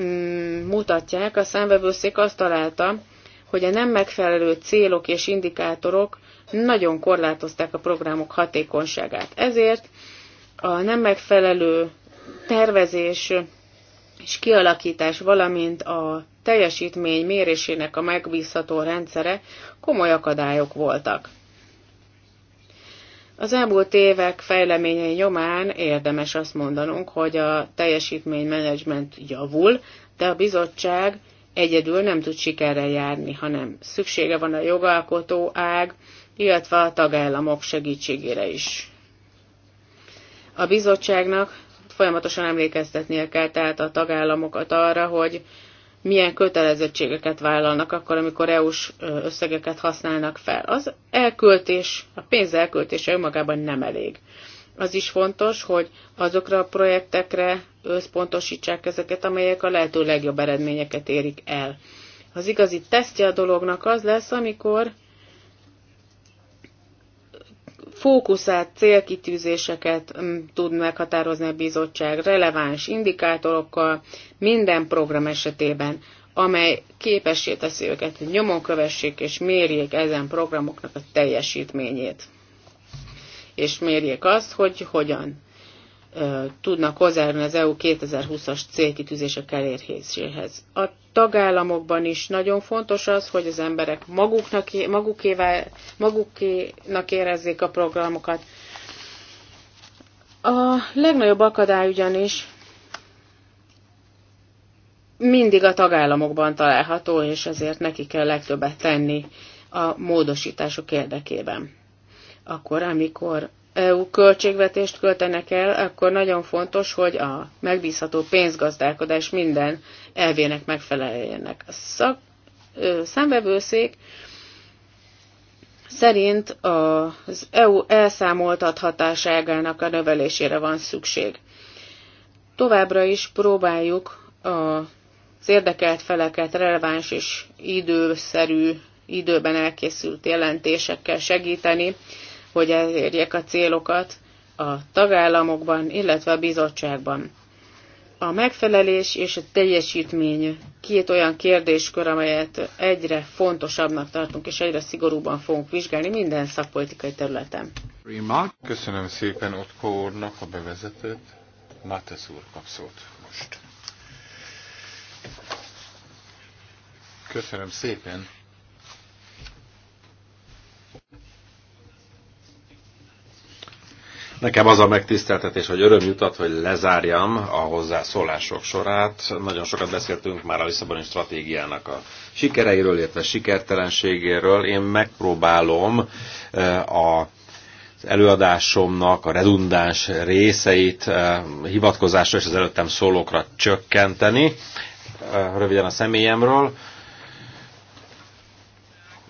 mm, mutatják, a számbevőszék azt találta, hogy a nem megfelelő célok és indikátorok nagyon korlátozták a programok hatékonyságát. Ezért a nem megfelelő tervezés és kialakítás, valamint a teljesítmény mérésének a megbízható rendszere komoly akadályok voltak. Az elmúlt évek fejleményei nyomán érdemes azt mondanunk, hogy a teljesítménymenedzsment javul, de a bizottság egyedül nem tud sikerrel járni, hanem szüksége van a jogalkotó ág, illetve a tagállamok segítségére is. A bizottságnak folyamatosan emlékeztetnie kell tehát a tagállamokat arra, hogy milyen kötelezettségeket vállalnak akkor, amikor EU-s összegeket használnak fel. Az elköltés, a pénz elköltése önmagában nem elég. Az is fontos, hogy azokra a projektekre összpontosítsák ezeket, amelyek a lehető legjobb eredményeket érik el. Az igazi tesztje a dolognak az lesz, amikor fókuszált célkitűzéseket mm, tud meghatározni a bizottság releváns indikátorokkal minden program esetében, amely képessé teszi őket, hogy nyomon kövessék és mérjék ezen programoknak a teljesítményét. És mérjék azt, hogy hogyan tudnak hozzájárulni az EU 2020-as célkitűzések elérhéséhez. A tagállamokban is nagyon fontos az, hogy az emberek maguknak, magukévá, magukénak érezzék a programokat. A legnagyobb akadály ugyanis mindig a tagállamokban található, és ezért neki kell legtöbbet tenni a módosítások érdekében. Akkor, amikor EU költségvetést költenek el, akkor nagyon fontos, hogy a megbízható pénzgazdálkodás minden elvének megfeleljenek. A szak, ö, szerint az EU elszámoltathatáságának a növelésére van szükség. Továbbra is próbáljuk az érdekelt feleket releváns és időszerű, időben elkészült jelentésekkel segíteni, hogy elérjek a célokat a tagállamokban, illetve a bizottságban. A megfelelés és a teljesítmény két olyan kérdéskör, amelyet egyre fontosabbnak tartunk, és egyre szigorúban fogunk vizsgálni minden szakpolitikai területen. Köszönöm szépen Otko úrnak a bevezetőt. Mátesz úr kap szót most. Köszönöm szépen. Nekem az a megtiszteltetés, hogy öröm jutott, hogy lezárjam a hozzászólások sorát. Nagyon sokat beszéltünk már a Lisszaboni stratégiának a sikereiről, illetve sikertelenségéről. Én megpróbálom eh, a az előadásomnak a redundáns részeit eh, hivatkozásra és az előttem szólókra csökkenteni. Eh, röviden a személyemről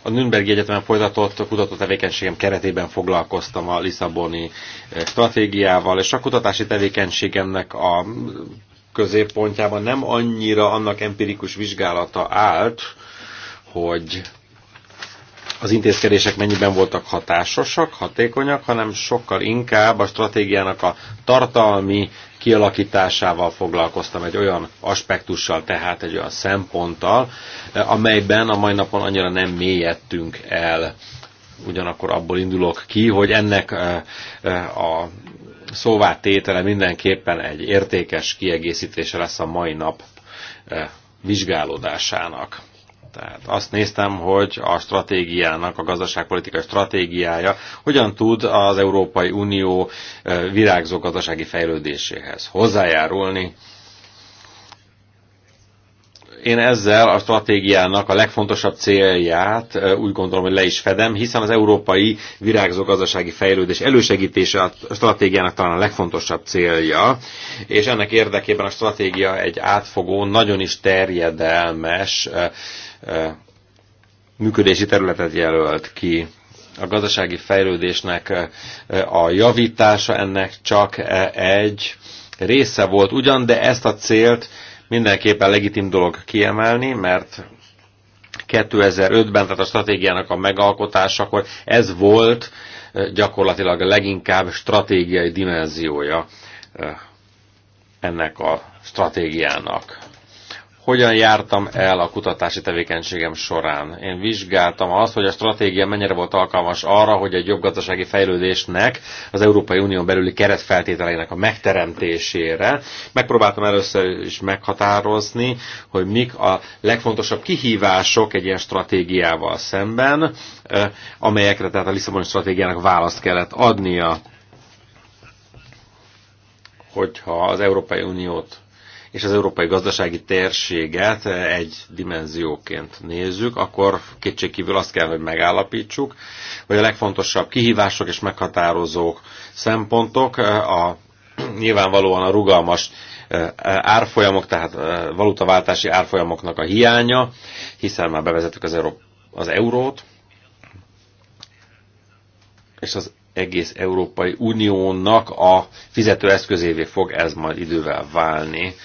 a Nürnbergi Egyetemen folytatott tevékenységem keretében foglalkoztam a Lisszaboni eh, stratégiával, és a kutatási tevékenységemnek a középpontjában nem annyira annak empirikus vizsgálata állt, hogy az intézkedések mennyiben voltak hatásosak, hatékonyak, hanem sokkal inkább a stratégiának a tartalmi kialakításával foglalkoztam, egy olyan aspektussal, tehát egy olyan szemponttal, amelyben a mai napon annyira nem mélyedtünk el. Ugyanakkor abból indulok ki, hogy ennek eh, eh, a szóvá tétele mindenképpen egy értékes kiegészítése lesz a mai nap eh, vizsgálódásának. Tehát azt néztem, hogy a stratégiának, a gazdaságpolitikai stratégiája hogyan tud az Európai Unió virágzó gazdasági fejlődéséhez hozzájárulni. Én ezzel a stratégiának a legfontosabb célját úgy gondolom, hogy le is fedem, hiszen az európai virágzó gazdasági fejlődés elősegítése a stratégiának talán a legfontosabb célja, és ennek érdekében a stratégia egy átfogó, nagyon is terjedelmes működési területet jelölt ki. A gazdasági fejlődésnek a javítása ennek csak e, egy része volt ugyan, de ezt a célt mindenképpen legitim dolog kiemelni, mert 2005-ben, tehát a stratégiának a megalkotásakor ez volt gyakorlatilag a leginkább stratégiai dimenziója ennek a stratégiának hogyan jártam el a kutatási tevékenységem során. Én vizsgáltam azt, hogy a stratégia mennyire volt alkalmas arra, hogy egy jobb gazdasági fejlődésnek, az Európai Unión belüli keretfeltételeinek a megteremtésére. Megpróbáltam először is meghatározni, hogy mik a legfontosabb kihívások egy ilyen stratégiával szemben, amelyekre tehát a Lisszaboni stratégiának választ kellett adnia hogyha az Európai Uniót és az európai gazdasági térséget egy dimenzióként nézzük, akkor kétségkívül azt kell, hogy megállapítsuk, hogy a legfontosabb kihívások és meghatározók szempontok a nyilvánvalóan a rugalmas árfolyamok, tehát valutaváltási árfolyamoknak a hiánya, hiszen már bevezettük az, euró, az eurót, és az egész Európai Uniónak a fizetőeszközévé fog ez majd idővel válni.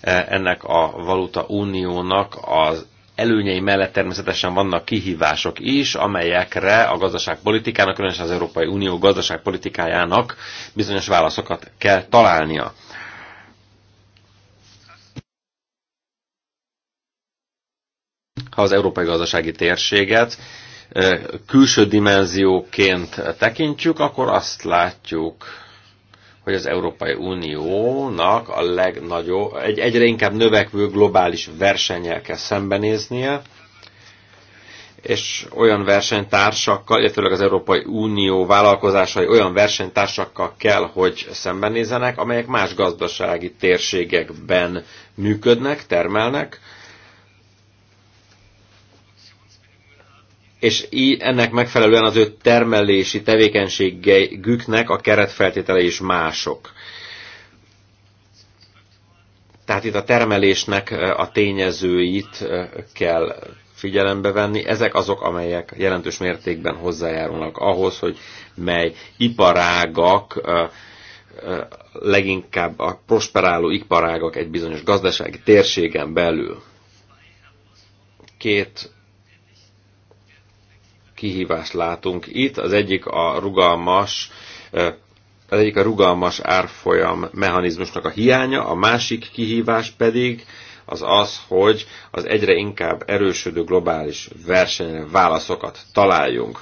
E, ennek a valuta uniónak az előnyei mellett természetesen vannak kihívások is, amelyekre a gazdaságpolitikának, különösen az Európai Unió gazdaságpolitikájának bizonyos válaszokat kell találnia. Ha az európai gazdasági térséget e, külső dimenzióként tekintjük, akkor azt látjuk, hogy az Európai Uniónak a legnagyobb, egy egyre inkább növekvő globális versennyel kell szembenéznie, és olyan versenytársakkal, illetőleg az Európai Unió vállalkozásai olyan versenytársakkal kell, hogy szembenézenek, amelyek más gazdasági térségekben működnek, termelnek, és így ennek megfelelően az ő termelési tevékenységüknek a keretfeltétele is mások. Tehát itt a termelésnek a tényezőit kell figyelembe venni. Ezek azok, amelyek jelentős mértékben hozzájárulnak ahhoz, hogy mely iparágak leginkább a prosperáló iparágak egy bizonyos gazdasági térségen belül. Két kihívást látunk itt. Az egyik a rugalmas az egyik a rugalmas árfolyam mechanizmusnak a hiánya, a másik kihívás pedig az az, hogy az egyre inkább erősödő globális versenyre válaszokat találjunk.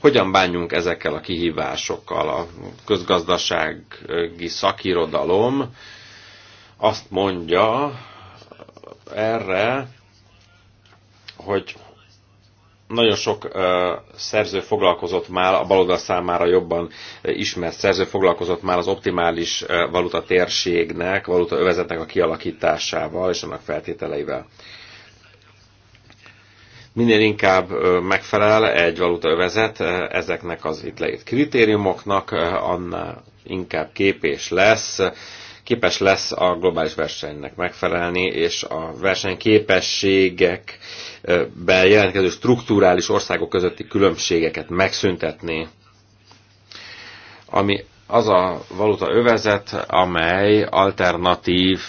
Hogyan bánjunk ezekkel a kihívásokkal? A közgazdasági szakirodalom azt mondja erre, hogy nagyon sok uh, szerző foglalkozott már, a baloldal számára jobban ismert szerző foglalkozott már az optimális uh, valuta térségnek, valuta övezetnek a kialakításával és annak feltételeivel. Minél inkább megfelel egy valuta övezet ezeknek az itt leírt kritériumoknak, annál inkább képés lesz képes lesz a globális versenynek megfelelni, és a versenyképességekben jelentkező strukturális országok közötti különbségeket megszüntetni, ami az a valuta övezet, amely alternatív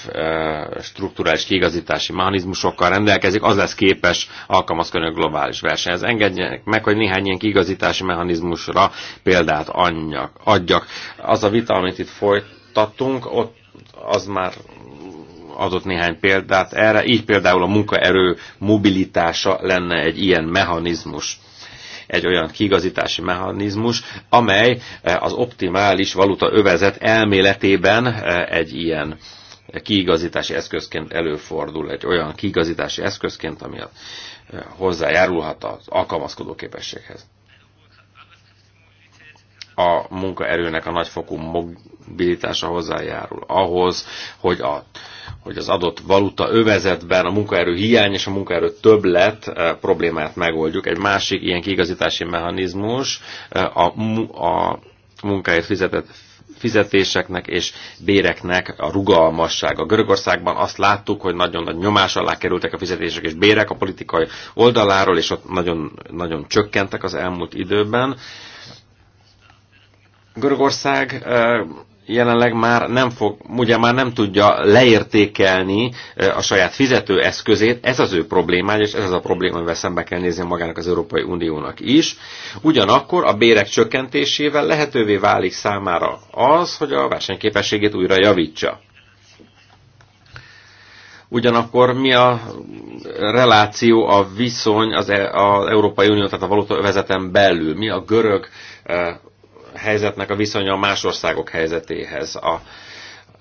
strukturális kiigazítási mechanizmusokkal rendelkezik, az lesz képes alkalmazkodni a globális versenyhez. Engedjenek meg, hogy néhány ilyen kiigazítási mechanizmusra példát adjak. Az a vita, amit itt folytatunk, ott az már adott néhány példát erre, így például a munkaerő mobilitása lenne egy ilyen mechanizmus egy olyan kigazítási mechanizmus, amely eh, az optimális valuta övezet elméletében eh, egy ilyen kiigazítási eszközként előfordul, egy olyan kiigazítási eszközként, ami eh, hozzájárulhat az alkalmazkodó képességhez a munkaerőnek a nagyfokú mobilitása hozzájárul ahhoz, hogy, a, hogy az adott valuta övezetben a munkaerő hiány és a munkaerő többlet eh, problémát megoldjuk. Egy másik ilyen kigazítási mechanizmus eh, a, a munkáért fizetett fizetéseknek és béreknek a rugalmassága. Görögországban azt láttuk, hogy nagyon nagy nyomás alá kerültek a fizetések és bérek a politikai oldaláról, és ott nagyon, nagyon csökkentek az elmúlt időben. Görögország jelenleg már nem fog, ugye már nem tudja leértékelni a saját fizetőeszközét, ez az ő problémája, és ez az a probléma, amivel szembe kell nézni magának az Európai Uniónak is. Ugyanakkor a bérek csökkentésével lehetővé válik számára az, hogy a versenyképességét újra javítsa. Ugyanakkor mi a reláció, a viszony az, e, az Európai Unió, tehát a valóta vezeten belül? Mi a görög helyzetnek a viszonya más országok helyzetéhez, a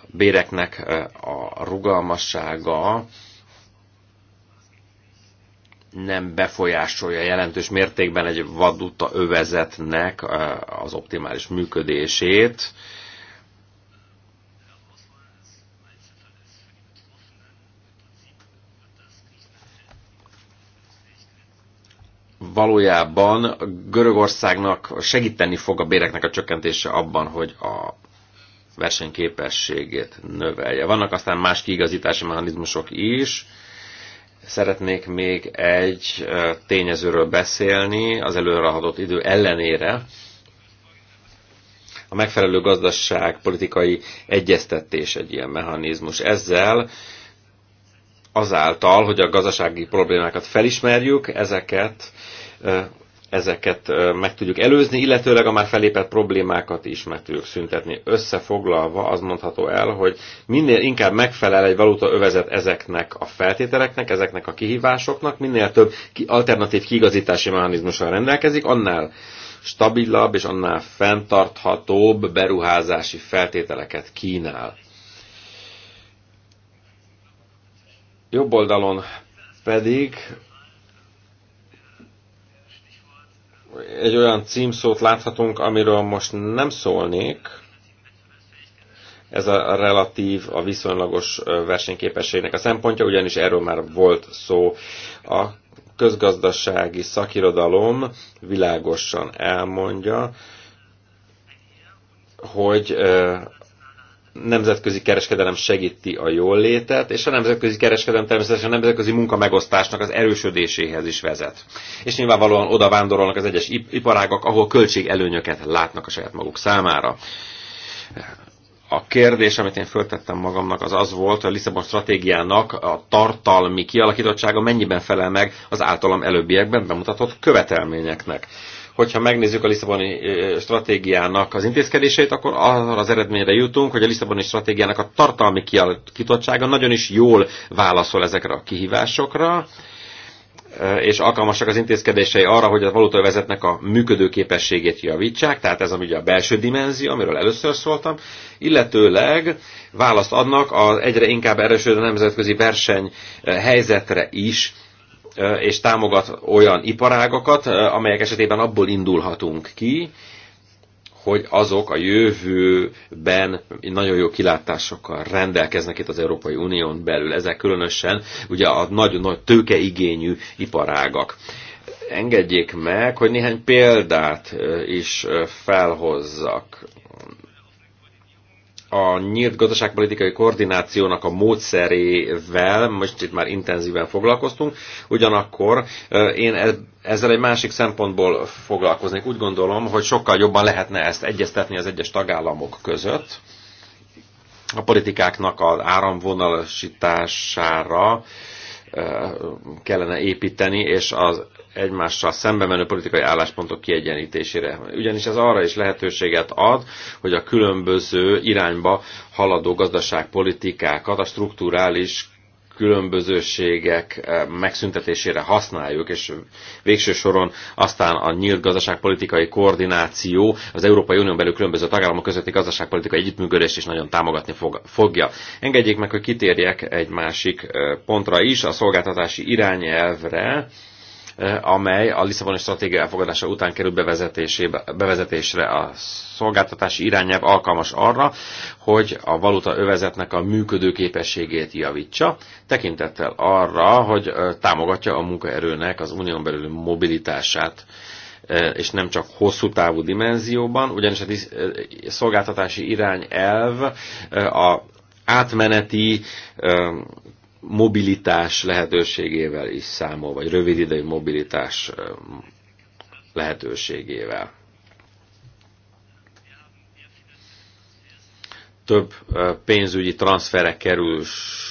béreknek a rugalmassága nem befolyásolja jelentős mértékben egy vaduta övezetnek az optimális működését, valójában Görögországnak segíteni fog a béreknek a csökkentése abban, hogy a versenyképességét növelje. Vannak aztán más kiigazítási mechanizmusok is. Szeretnék még egy tényezőről beszélni az adott idő ellenére. A megfelelő gazdaság politikai egyeztetés egy ilyen mechanizmus. Ezzel azáltal, hogy a gazdasági problémákat felismerjük, ezeket ezeket meg tudjuk előzni, illetőleg a már felépett problémákat is meg tudjuk szüntetni. Összefoglalva az mondható el, hogy minél inkább megfelel egy valuta övezet ezeknek a feltételeknek, ezeknek a kihívásoknak, minél több alternatív kiigazítási mechanizmussal rendelkezik, annál stabilabb és annál fenntarthatóbb beruházási feltételeket kínál. Jobb oldalon pedig egy olyan címszót láthatunk, amiről most nem szólnék, ez a relatív, a viszonylagos versenyképességnek a szempontja, ugyanis erről már volt szó. A közgazdasági szakirodalom világosan elmondja, hogy nemzetközi kereskedelem segíti a jólétet, és a nemzetközi kereskedelem természetesen a nemzetközi munkamegosztásnak az erősödéséhez is vezet. És nyilvánvalóan oda vándorolnak az egyes iparágak, ahol költségelőnyöket látnak a saját maguk számára. A kérdés, amit én föltettem magamnak, az az volt, hogy a Lisszabon stratégiának a tartalmi kialakítottsága mennyiben felel meg az általam előbbiekben bemutatott követelményeknek hogyha megnézzük a Lisszaboni stratégiának az intézkedéseit, akkor arra az eredményre jutunk, hogy a Lisszaboni stratégiának a tartalmi kialakítottsága nagyon is jól válaszol ezekre a kihívásokra, és alkalmasak az intézkedései arra, hogy a valutavezetnek a működőképességét javítsák, tehát ez ugye a belső dimenzió, amiről először szóltam, illetőleg választ adnak az egyre inkább erősödő nemzetközi verseny helyzetre is, és támogat olyan iparágakat, amelyek esetében abból indulhatunk ki, hogy azok a jövőben nagyon jó kilátásokkal rendelkeznek itt az Európai Unión belül. Ezek különösen ugye a nagyon nagy tőkeigényű iparágak. Engedjék meg, hogy néhány példát is felhozzak a nyílt gazdaságpolitikai koordinációnak a módszerével most itt már intenzíven foglalkoztunk, ugyanakkor én e- ezzel egy másik szempontból foglalkoznék. Úgy gondolom, hogy sokkal jobban lehetne ezt egyeztetni az egyes tagállamok között, a politikáknak az áramvonalasítására kellene építeni, és az egymással szembe menő politikai álláspontok kiegyenítésére. Ugyanis ez arra is lehetőséget ad, hogy a különböző irányba haladó gazdaságpolitikákat a strukturális különbözőségek eh, megszüntetésére használjuk, és végső soron aztán a nyílt gazdaságpolitikai koordináció az Európai Unión belül különböző tagállamok közötti gazdaságpolitikai együttműködést is nagyon támogatni fogja. Engedjék meg, hogy kitérjek egy másik eh, pontra is, a szolgáltatási irányelvre, Eh, amely a Lisszaboni stratégia elfogadása után kerül bevezetésre. A szolgáltatási irányelv alkalmas arra, hogy a valuta övezetnek a működő képességét javítsa, tekintettel arra, hogy eh, támogatja a munkaerőnek az unión belüli mobilitását eh, és nem csak hosszú távú dimenzióban, ugyanis a szolgáltatási irányelv a átmeneti mobilitás lehetőségével is számol, vagy rövid idejű mobilitás lehetőségével. Több pénzügyi transzfere kerül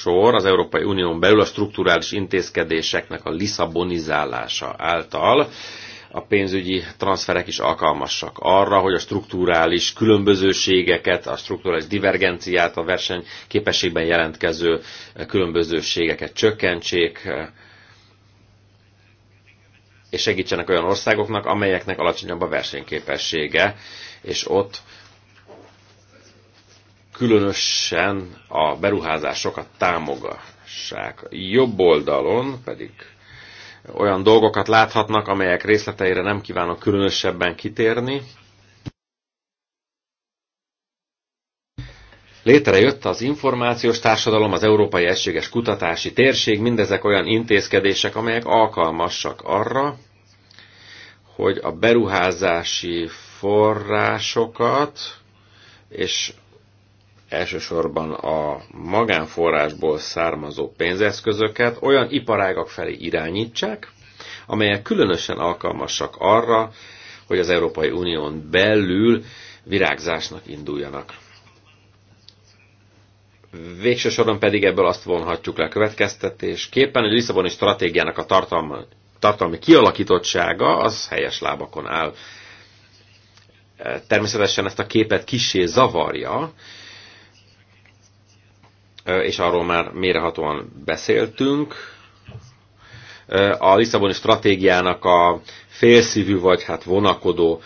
sor az Európai Unión belül a strukturális intézkedéseknek a liszabonizálása által a pénzügyi transferek is alkalmasak arra, hogy a strukturális különbözőségeket, a strukturális divergenciát, a versenyképességben jelentkező különbözőségeket csökkentsék, és segítsenek olyan országoknak, amelyeknek alacsonyabb a versenyképessége, és ott különösen a beruházásokat támogassák. Jobb oldalon pedig olyan dolgokat láthatnak, amelyek részleteire nem kívánok különösebben kitérni. Létrejött az információs társadalom, az Európai Egységes Kutatási Térség, mindezek olyan intézkedések, amelyek alkalmasak arra, hogy a beruházási forrásokat és elsősorban a magánforrásból származó pénzeszközöket olyan iparágak felé irányítsák, amelyek különösen alkalmasak arra, hogy az Európai Unión belül virágzásnak induljanak. Végső soron pedig ebből azt vonhatjuk le a következtetésképpen, hogy a Lisszaboni stratégiának a tartalma, tartalmi kialakítottsága az helyes lábakon áll. Természetesen ezt a képet kisé zavarja, és arról már mérehatóan beszéltünk. A Lisszaboni stratégiának a félszívű vagy hát vonakodó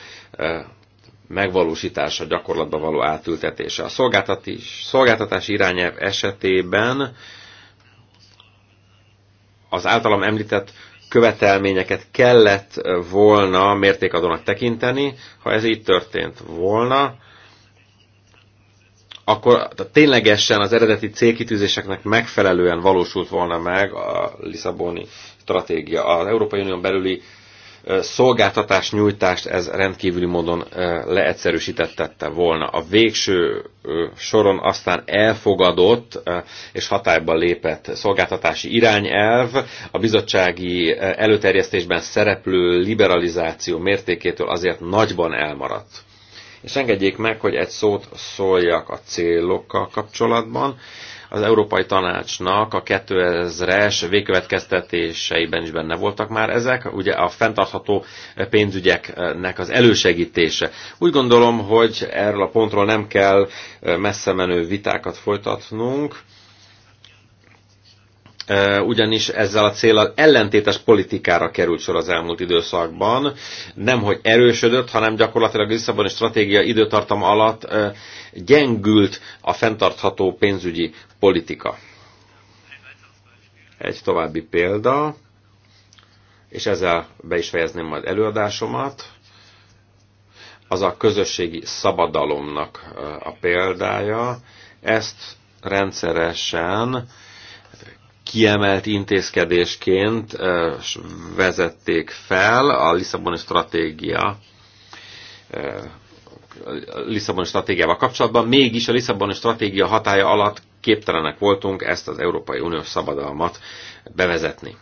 megvalósítása, gyakorlatba való átültetése. A szolgáltatás, szolgáltatás irányelv esetében az általam említett követelményeket kellett volna mértékadónak tekinteni, ha ez így történt volna, akkor ténylegesen az eredeti célkitűzéseknek megfelelően valósult volna meg a Lisszaboni stratégia. Az Európai Unión belüli szolgáltatás nyújtást ez rendkívüli módon leegyszerűsítette volna. A végső soron aztán elfogadott és hatályba lépett szolgáltatási irányelv a bizottsági előterjesztésben szereplő liberalizáció mértékétől azért nagyban elmaradt. És engedjék meg, hogy egy szót szóljak a célokkal kapcsolatban. Az Európai Tanácsnak a 2000-es végkövetkeztetéseiben is benne voltak már ezek, ugye a fenntartható pénzügyeknek az elősegítése. Úgy gondolom, hogy erről a pontról nem kell messze menő vitákat folytatnunk, ugyanis ezzel a célral ellentétes politikára került sor az elmúlt időszakban. Nem, hogy erősödött, hanem gyakorlatilag a Lisszaboni stratégia időtartama alatt gyengült a fenntartható pénzügyi politika. Egy további példa, és ezzel be is fejezném majd előadásomat az a közösségi szabadalomnak a példája. Ezt rendszeresen kiemelt intézkedésként vezették fel a Lisszaboni stratégia a Lisszaboni stratégiával kapcsolatban, mégis a Lisszaboni stratégia hatája alatt képtelenek voltunk ezt az Európai Uniós szabadalmat bevezetni.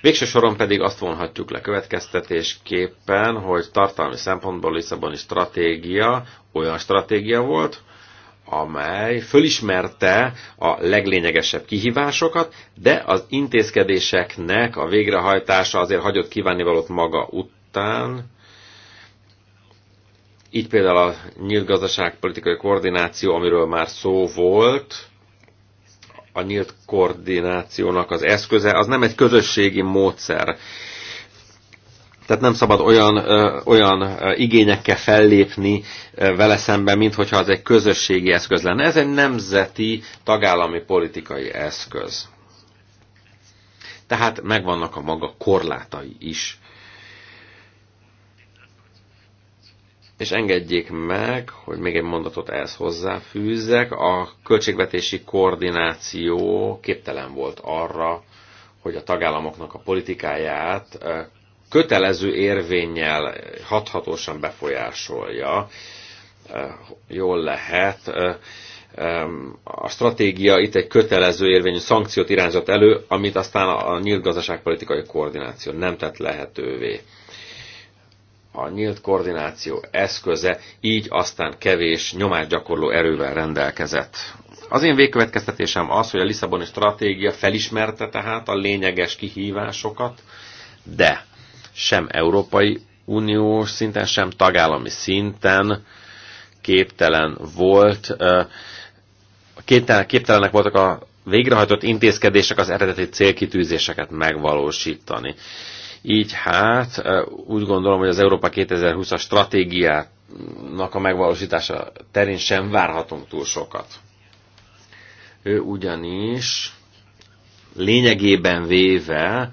Végső soron pedig azt vonhatjuk le következtetésképpen, hogy tartalmi szempontból Lisszaboni stratégia olyan stratégia volt, amely fölismerte a leglényegesebb kihívásokat, de az intézkedéseknek a végrehajtása azért hagyott valót maga után. Így például a nyílt gazdaságpolitikai koordináció, amiről már szó volt, a nyílt koordinációnak az eszköze, az nem egy közösségi módszer. Tehát nem szabad olyan, olyan igényekkel fellépni vele szemben, mint hogyha az egy közösségi eszköz lenne. Ez egy nemzeti, tagállami politikai eszköz. Tehát megvannak a maga korlátai is. És engedjék meg, hogy még egy mondatot ehhez hozzáfűzzek. A költségvetési koordináció képtelen volt arra, hogy a tagállamoknak a politikáját kötelező érvényel hathatósan befolyásolja, eh, jól lehet, eh, eh, a stratégia itt egy kötelező érvényű szankciót irányzott elő, amit aztán a nyílt gazdaságpolitikai koordináció nem tett lehetővé. A nyílt koordináció eszköze így aztán kevés nyomásgyakorló erővel rendelkezett. Az én végkövetkeztetésem az, hogy a Lisszaboni stratégia felismerte tehát a lényeges kihívásokat, de sem Európai Uniós szinten, sem tagállami szinten képtelen volt, képtelen, képtelenek voltak a végrehajtott intézkedések az eredeti célkitűzéseket megvalósítani. Így hát úgy gondolom, hogy az Európa 2020-as stratégiának a megvalósítása terén sem várhatunk túl sokat. Ő ugyanis lényegében véve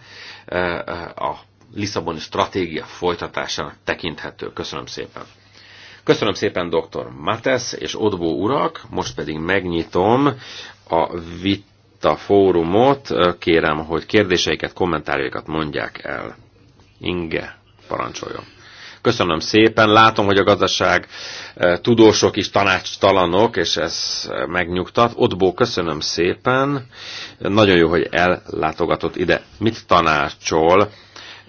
a Lisszaboni stratégia folytatásának tekinthető. Köszönöm szépen. Köszönöm szépen dr. Matesz és Odbó urak, most pedig megnyitom a Vita fórumot. Kérem, hogy kérdéseiket, kommentárjaikat mondják el. Inge, parancsoljon. Köszönöm szépen. Látom, hogy a gazdaság e, tudósok is tanácstalanok, és ez megnyugtat. Ottbó, köszönöm szépen. Nagyon jó, hogy ellátogatott ide. Mit tanácsol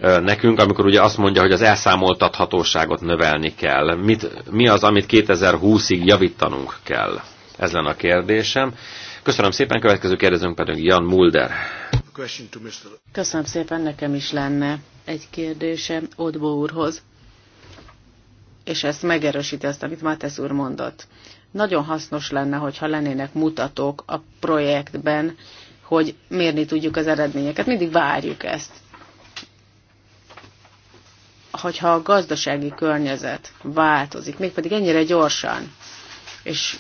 nekünk, amikor ugye azt mondja, hogy az elszámoltathatóságot növelni kell. Mit, mi az, amit 2020-ig javítanunk kell? Ez lenne a kérdésem. Köszönöm szépen, következő kérdezőnk pedig Jan Mulder. Köszönöm szépen, nekem is lenne egy kérdésem Odbó úrhoz, és ezt megerősíti azt, amit Mátesz úr mondott. Nagyon hasznos lenne, hogyha lennének mutatók a projektben, hogy mérni tudjuk az eredményeket. Mindig várjuk ezt hogyha a gazdasági környezet változik, mégpedig ennyire gyorsan, és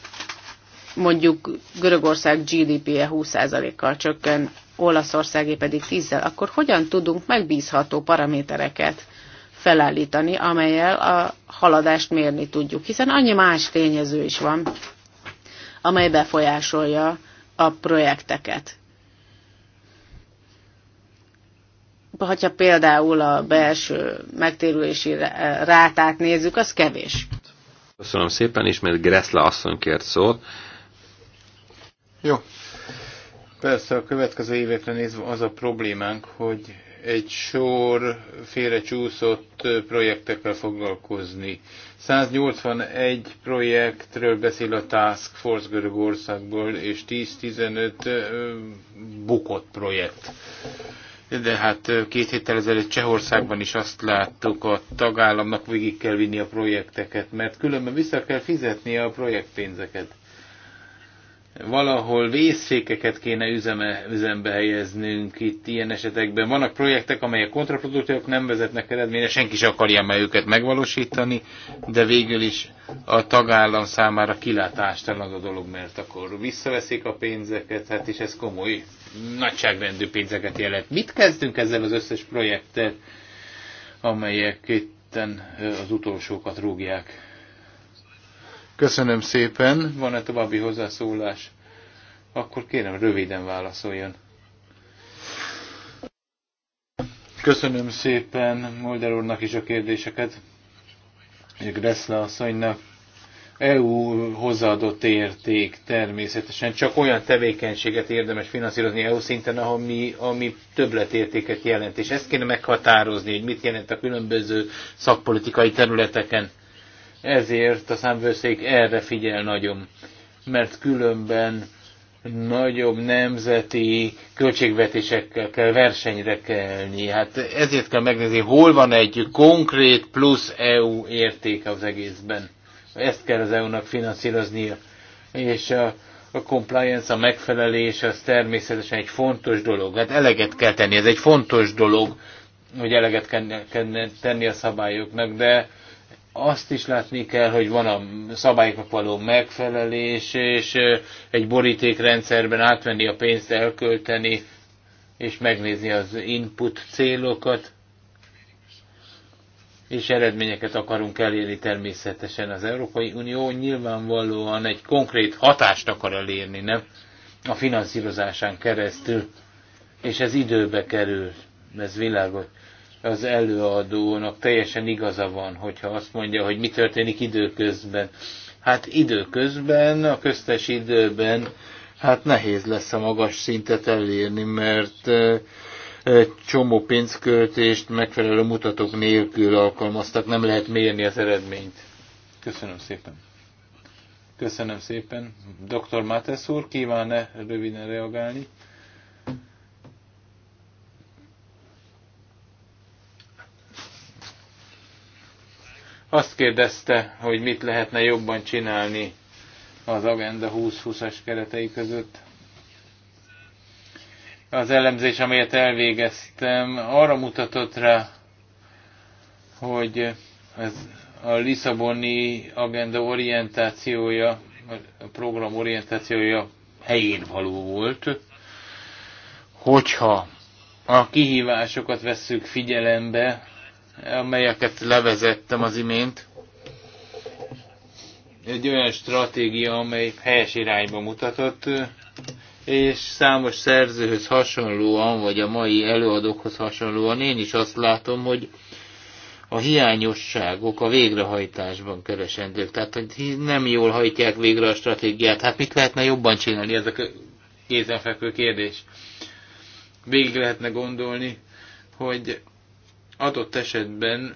mondjuk Görögország gdp e 20%-kal csökken, Olaszországé pedig 10-zel, akkor hogyan tudunk megbízható paramétereket felállítani, amelyel a haladást mérni tudjuk, hiszen annyi más tényező is van, amely befolyásolja a projekteket. hogyha például a belső megtérülési rátát nézzük, az kevés. Köszönöm szépen, ismét Gressle asszony kért szót. Jó. Persze a következő évekre nézve az a problémánk, hogy egy sor félrecsúszott projektekkel foglalkozni. 181 projektről beszél a Task Force Görögországból, és 10-15 bukott projekt de hát két héttel ezelőtt Csehországban is azt láttuk, a tagállamnak végig kell vinni a projekteket, mert különben vissza kell fizetni a projektpénzeket valahol vészfékeket kéne üzeme, üzembe helyeznünk itt ilyen esetekben. Vannak projektek, amelyek kontraproduktívak nem vezetnek eredményre, senki sem akarja meg őket megvalósítani, de végül is a tagállam számára kilátástalan a dolog, mert akkor visszaveszik a pénzeket, hát is ez komoly, nagyságrendű pénzeket jelent. Mit kezdünk ezzel az összes projekttel, amelyek itt az utolsókat rúgják Köszönöm szépen. Van-e további hozzászólás? Akkor kérem, röviden válaszoljon. Köszönöm szépen Molder úrnak is a kérdéseket, és Gressle asszonynak. EU hozzáadott érték természetesen. Csak olyan tevékenységet érdemes finanszírozni EU szinten, ami, ami többletértéket jelent. És ezt kéne meghatározni, hogy mit jelent a különböző szakpolitikai területeken. Ezért a számvőszék erre figyel nagyon, mert különben nagyobb nemzeti költségvetésekkel kell versenyre kelni. Hát ezért kell megnézni, hol van egy konkrét plusz EU érték az egészben. Ezt kell az EU-nak finanszíroznia. És a, a compliance, a megfelelés, az természetesen egy fontos dolog. Hát eleget kell tenni, ez egy fontos dolog, hogy eleget kell tenni a szabályoknak, de azt is látni kell, hogy van a szabályoknak való megfelelés, és egy borítékrendszerben átvenni a pénzt, elkölteni, és megnézni az input célokat, és eredményeket akarunk elérni természetesen. Az Európai Unió nyilvánvalóan egy konkrét hatást akar elérni, nem? A finanszírozásán keresztül, és ez időbe kerül, ez világos az előadónak teljesen igaza van, hogyha azt mondja, hogy mi történik időközben. Hát időközben, a köztes időben, hát nehéz lesz a magas szintet elérni, mert egy csomó pénzköltést megfelelő mutatók nélkül alkalmaztak, nem lehet mérni az eredményt. Köszönöm szépen. Köszönöm szépen. Dr. Mátesz úr, kíván-e röviden reagálni? Azt kérdezte, hogy mit lehetne jobban csinálni az Agenda 2020-as keretei között. Az elemzés, amelyet elvégeztem, arra mutatott rá, hogy ez a Lisszaboni agenda orientációja, a program orientációja helyén való volt, hogyha a kihívásokat vesszük figyelembe, amelyeket levezettem az imént. Egy olyan stratégia, amely helyes irányba mutatott, és számos szerzőhöz hasonlóan, vagy a mai előadókhoz hasonlóan én is azt látom, hogy a hiányosságok a végrehajtásban keresendők. Tehát, hogy nem jól hajtják végre a stratégiát. Hát mit lehetne jobban csinálni? Ez a kézenfekvő kérdés. Végig lehetne gondolni, hogy Adott esetben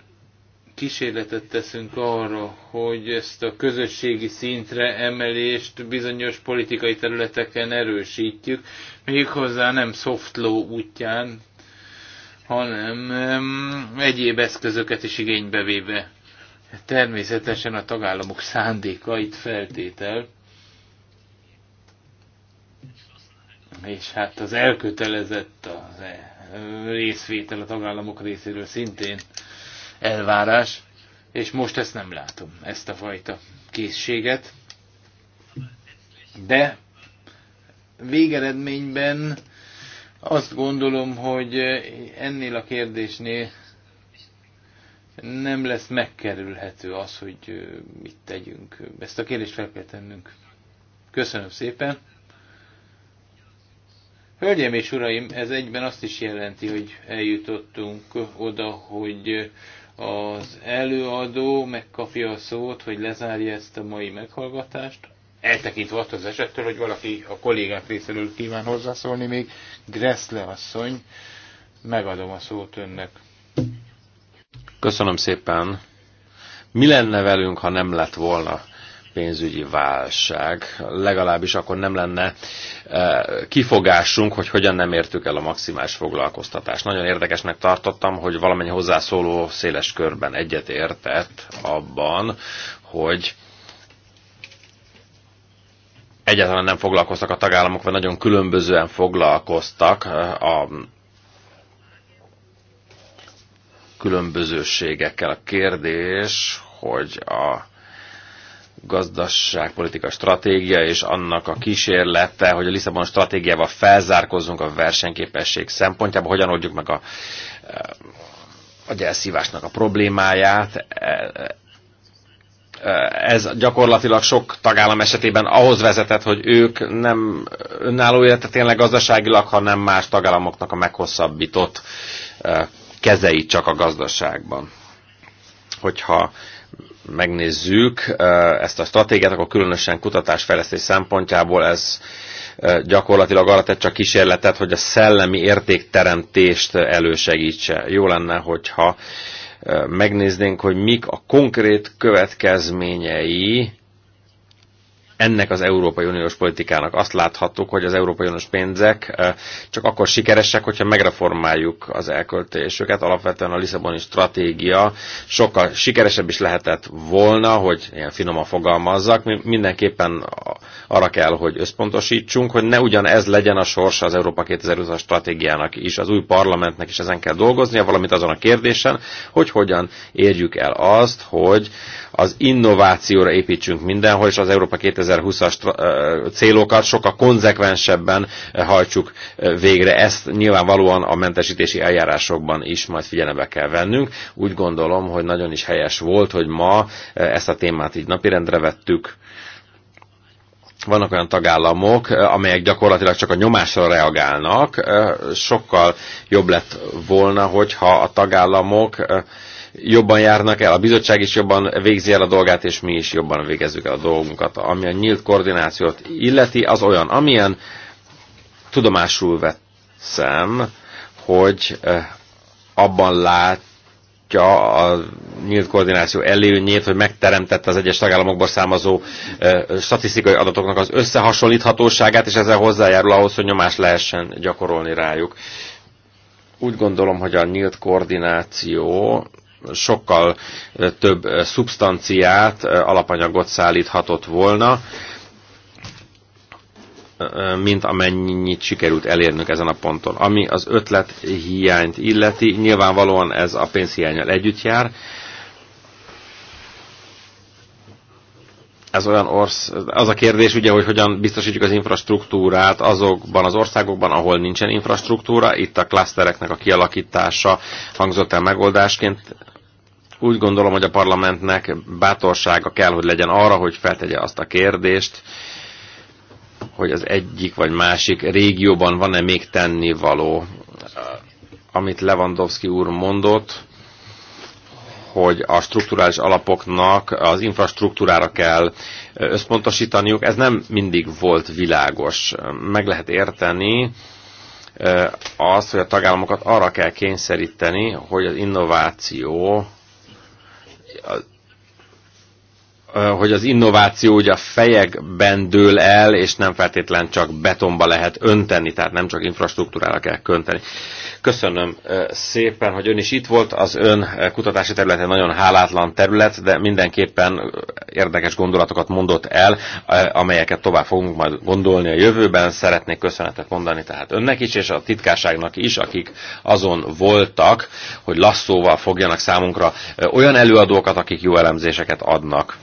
kísérletet teszünk arra, hogy ezt a közösségi szintre emelést bizonyos politikai területeken erősítjük, méghozzá nem soft law útján, hanem um, egyéb eszközöket is igénybe véve. Természetesen a tagállamok szándéka itt feltétel, és hát az elkötelezett az részvétel a tagállamok részéről szintén elvárás, és most ezt nem látom, ezt a fajta készséget. De végeredményben azt gondolom, hogy ennél a kérdésnél nem lesz megkerülhető az, hogy mit tegyünk. Ezt a kérdést fel kell tennünk. Köszönöm szépen! Hölgyeim és uraim, ez egyben azt is jelenti, hogy eljutottunk oda, hogy az előadó megkapja a szót, hogy lezárja ezt a mai meghallgatást. Eltekintve attól az esettől, hogy valaki a kollégák részéről kíván hozzászólni még, Gressle asszony, megadom a szót önnek. Köszönöm szépen. Mi lenne velünk, ha nem lett volna pénzügyi válság, legalábbis akkor nem lenne eh, kifogásunk, hogy hogyan nem értük el a maximális foglalkoztatást. Nagyon érdekesnek tartottam, hogy valamennyi hozzászóló széles körben egyet értett abban, hogy egyáltalán nem foglalkoztak a tagállamok, vagy nagyon különbözően foglalkoztak eh, a különbözőségekkel. A kérdés, hogy a gazdaságpolitika stratégia és annak a kísérlete, hogy a Lisszabon stratégiával felzárkozzunk a versenyképesség szempontjából, hogyan oldjuk meg a, eh, a gyelszívásnak a problémáját. Eh, eh, ez gyakorlatilag sok tagállam esetében ahhoz vezetett, hogy ők nem önálló életet tényleg gazdaságilag, hanem más tagállamoknak a meghosszabbított kezeit csak a gazdaságban. Hogyha megnézzük ezt a stratégiát, akkor különösen kutatásfejlesztés szempontjából ez gyakorlatilag arra tett csak kísérletet, hogy a szellemi értékteremtést elősegítse. Jó lenne, hogyha megnéznénk, hogy mik a konkrét következményei ennek az Európai Uniós politikának. Azt láthattuk, hogy az Európai Uniós pénzek eh, csak akkor sikeresek, hogyha megreformáljuk az elköltésüket. Alapvetően a Lisszaboni stratégia sokkal sikeresebb is lehetett volna, hogy ilyen finoman fogalmazzak. Mi mindenképpen arra kell, hogy összpontosítsunk, hogy ne ugyan ez legyen a sorsa az Európa 2020-as stratégiának is. Az új parlamentnek is ezen kell dolgoznia, valamint azon a kérdésen, hogy hogyan érjük el azt, hogy az innovációra építsünk mindenhol, és az Európa 2020-as célokat sokkal konzekvensebben hajtsuk végre. Ezt nyilvánvalóan a mentesítési eljárásokban is majd figyelembe kell vennünk. Úgy gondolom, hogy nagyon is helyes volt, hogy ma ezt a témát így napirendre vettük, vannak olyan tagállamok, amelyek gyakorlatilag csak a nyomásra reagálnak. Sokkal jobb lett volna, hogyha a tagállamok jobban járnak el, a bizottság is jobban végzi el a dolgát, és mi is jobban végezzük el a dolgunkat. Ami a nyílt koordinációt illeti, az olyan, amilyen tudomásul veszem, hogy eh, abban látja a nyílt koordináció előnyét, hogy megteremtette az egyes tagállamokból származó eh, statisztikai adatoknak az összehasonlíthatóságát, és ezzel hozzájárul ahhoz, hogy nyomást lehessen gyakorolni rájuk. Úgy gondolom, hogy a nyílt koordináció sokkal több eh, szubstanciát, eh, alapanyagot szállíthatott volna, eh, mint amennyit sikerült elérnünk ezen a ponton. Ami az ötlet hiányt illeti, nyilvánvalóan ez a pénzhiányjal együtt jár. Ez olyan orsz... Az a kérdés ugye, hogy hogyan biztosítjuk az infrastruktúrát azokban az országokban, ahol nincsen infrastruktúra. Itt a klasztereknek a kialakítása hangzott el megoldásként úgy gondolom, hogy a parlamentnek bátorsága kell, hogy legyen arra, hogy feltegye azt a kérdést, hogy az egyik vagy másik régióban van-e még tennivaló. Amit Lewandowski úr mondott, hogy a strukturális alapoknak az infrastruktúrára kell összpontosítaniuk, ez nem mindig volt világos. Meg lehet érteni eh, azt, hogy a tagállamokat arra kell kényszeríteni, hogy az innováció hogy az innováció ugye a fejekben dől el, és nem feltétlen csak betonba lehet önteni, tehát nem csak infrastruktúrára kell könteni. Köszönöm szépen, hogy ön is itt volt. Az ön kutatási területe nagyon hálátlan terület, de mindenképpen érdekes gondolatokat mondott el, amelyeket tovább fogunk majd gondolni a jövőben. Szeretnék köszönetet mondani tehát önnek is, és a titkárságnak is, akik azon voltak, hogy lasszóval fogjanak számunkra olyan előadókat, akik jó elemzéseket adnak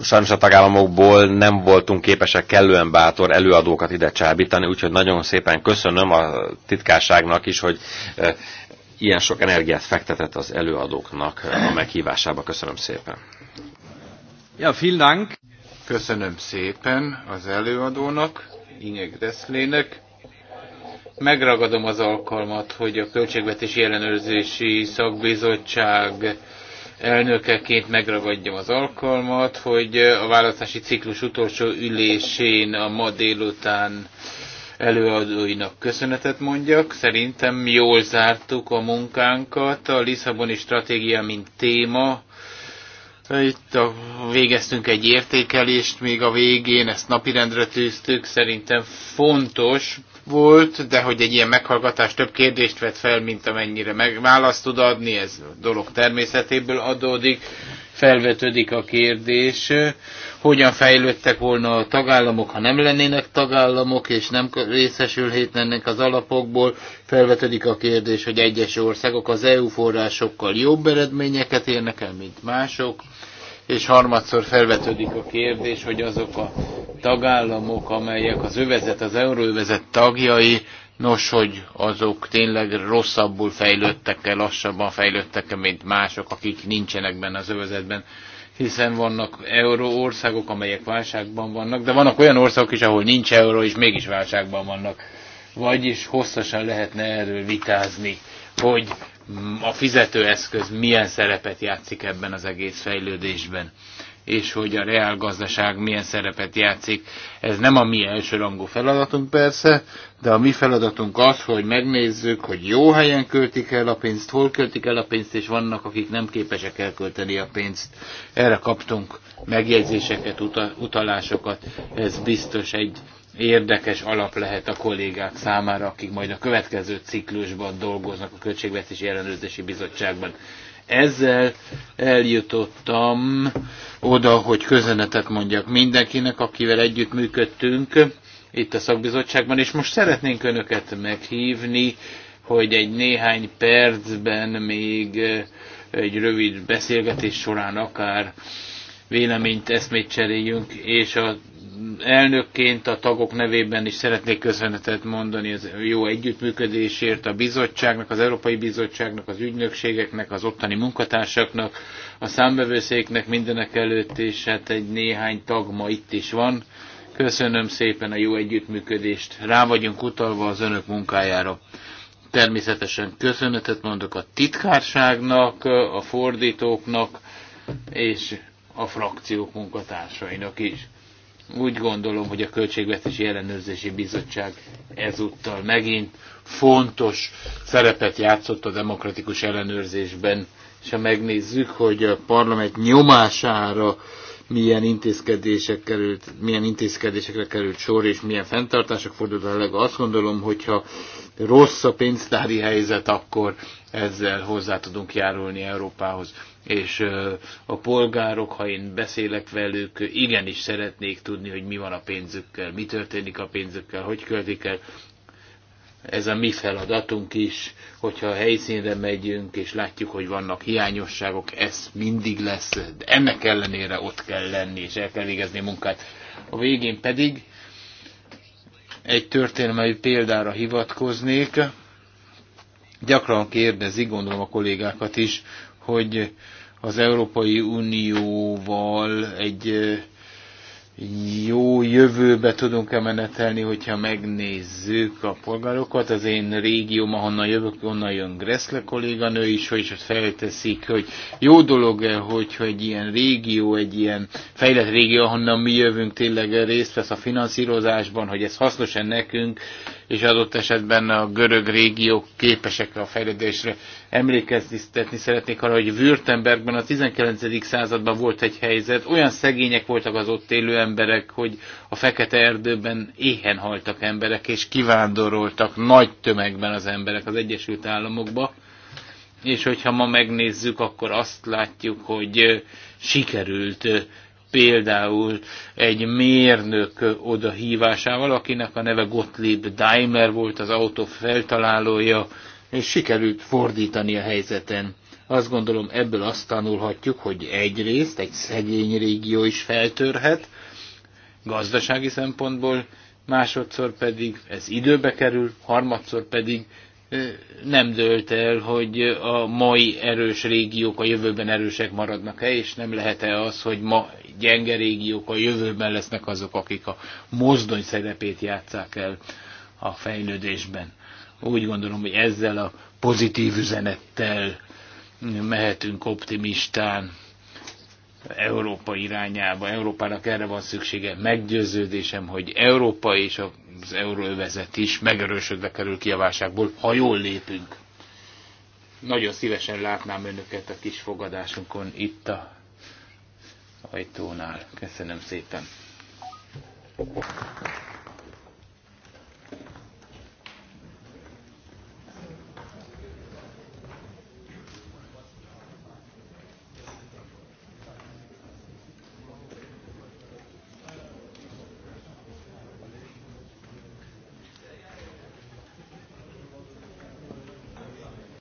sajnos a tagállamokból nem voltunk képesek kellően bátor előadókat ide csábítani, úgyhogy nagyon szépen köszönöm a titkárságnak is, hogy eh, ilyen sok energiát fektetett az előadóknak a meghívásába. Köszönöm szépen. Ja, vielen Dank. Köszönöm szépen az előadónak, Inyeg Deszlének. Megragadom az alkalmat, hogy a Költségvetési Ellenőrzési Szakbizottság elnökeként megragadjam az alkalmat, hogy a választási ciklus utolsó ülésén a ma délután előadóinak köszönetet mondjak. Szerintem jól zártuk a munkánkat. A Lisszaboni stratégia, mint téma, itt a, végeztünk egy értékelést még a végén, ezt napirendre tűztük, szerintem fontos volt, de hogy egy ilyen meghallgatás több kérdést vett fel, mint amennyire megválaszt tud adni, ez a dolog természetéből adódik, felvetődik a kérdés, hogyan fejlődtek volna a tagállamok, ha nem lennének tagállamok, és nem részesülhetnének az alapokból, felvetődik a kérdés, hogy egyes országok az EU forrásokkal jobb eredményeket érnek el, mint mások, és harmadszor felvetődik a kérdés, hogy azok a tagállamok, amelyek az övezet, az euróövezet tagjai, nos, hogy azok tényleg rosszabbul fejlődtek el, lassabban fejlődtek el, mint mások, akik nincsenek benne az övezetben hiszen vannak euró országok, amelyek válságban vannak, de vannak olyan országok is, ahol nincs euró, és mégis válságban vannak. Vagyis hosszasan lehetne erről vitázni, hogy a fizetőeszköz milyen szerepet játszik ebben az egész fejlődésben és hogy a reál gazdaság milyen szerepet játszik. Ez nem a mi elsőrangú feladatunk persze, de a mi feladatunk az, hogy megnézzük, hogy jó helyen költik el a pénzt, hol költik el a pénzt, és vannak, akik nem képesek elkölteni a pénzt. Erre kaptunk megjegyzéseket, utalásokat. Ez biztos egy érdekes alap lehet a kollégák számára, akik majd a következő ciklusban dolgoznak a Költségvetési Ellenőrzési Bizottságban. Ezzel eljutottam oda, hogy köszönetet mondjak mindenkinek, akivel együtt működtünk itt a szakbizottságban, és most szeretnénk önöket meghívni, hogy egy néhány percben még egy rövid beszélgetés során akár véleményt, eszmét cseréljünk, és a elnökként a tagok nevében is szeretnék köszönetet mondani az jó együttműködésért a bizottságnak, az Európai Bizottságnak, az ügynökségeknek, az ottani munkatársaknak, a számbevőszéknek mindenek előtt, és hát egy néhány tag ma itt is van. Köszönöm szépen a jó együttműködést, rá vagyunk utalva az önök munkájára. Természetesen köszönetet mondok a titkárságnak, a fordítóknak, és a frakciók munkatársainak is. Úgy gondolom, hogy a Költségvetési Ellenőrzési Bizottság ezúttal megint fontos szerepet játszott a demokratikus ellenőrzésben, és ha megnézzük, hogy a parlament nyomására milyen, intézkedések került, milyen intézkedésekre került sor, és milyen fenntartások fordultak elő. Azt gondolom, hogyha rossz a pénztári helyzet, akkor ezzel hozzá tudunk járulni Európához és a polgárok, ha én beszélek velük, igenis szeretnék tudni, hogy mi van a pénzükkel, mi történik a pénzükkel, hogy költik el. Ez a mi feladatunk is, hogyha a helyszínre megyünk, és látjuk, hogy vannak hiányosságok, ez mindig lesz, de ennek ellenére ott kell lenni, és el kell végezni a munkát. A végén pedig egy történelmi példára hivatkoznék. Gyakran kérdezik, gondolom a kollégákat is, hogy az Európai Unióval egy jó jövőbe tudunk-e menetelni, hogyha megnézzük a polgárokat. Az én régióm, ahonnan jövök, onnan jön Greszle kolléganő is, hogy felteszik, hogy jó dolog-e, hogyha egy ilyen régió, egy ilyen fejlett régió, ahonnan mi jövünk, tényleg részt vesz a finanszírozásban, hogy ez hasznos-e nekünk, és adott esetben a görög régiók képesek a fejlődésre. Emlékeztetni szeretnék arra, hogy Württembergben a 19. században volt egy helyzet, olyan szegények voltak az ott élő emberek, hogy a fekete erdőben éhen haltak emberek, és kivándoroltak nagy tömegben az emberek az Egyesült Államokba. És hogyha ma megnézzük, akkor azt látjuk, hogy sikerült például egy mérnök odahívásával, akinek a neve Gottlieb Daimler volt az autó feltalálója, és sikerült fordítani a helyzeten. Azt gondolom ebből azt tanulhatjuk, hogy egyrészt egy szegény régió is feltörhet, gazdasági szempontból, másodszor pedig ez időbe kerül, harmadszor pedig nem dőlt el, hogy a mai erős régiók a jövőben erősek maradnak-e, és nem lehet-e az, hogy ma gyenge régiók a jövőben lesznek azok, akik a mozdony szerepét játszák el a fejlődésben. Úgy gondolom, hogy ezzel a pozitív üzenettel mehetünk optimistán Európa irányába. Európának erre van szüksége. Meggyőződésem, hogy Európa és az euróövezet is megerősödve kerül ki a válságból, ha jól lépünk. Nagyon szívesen látnám önöket a kis fogadásunkon itt a ajtónál. Köszönöm szépen.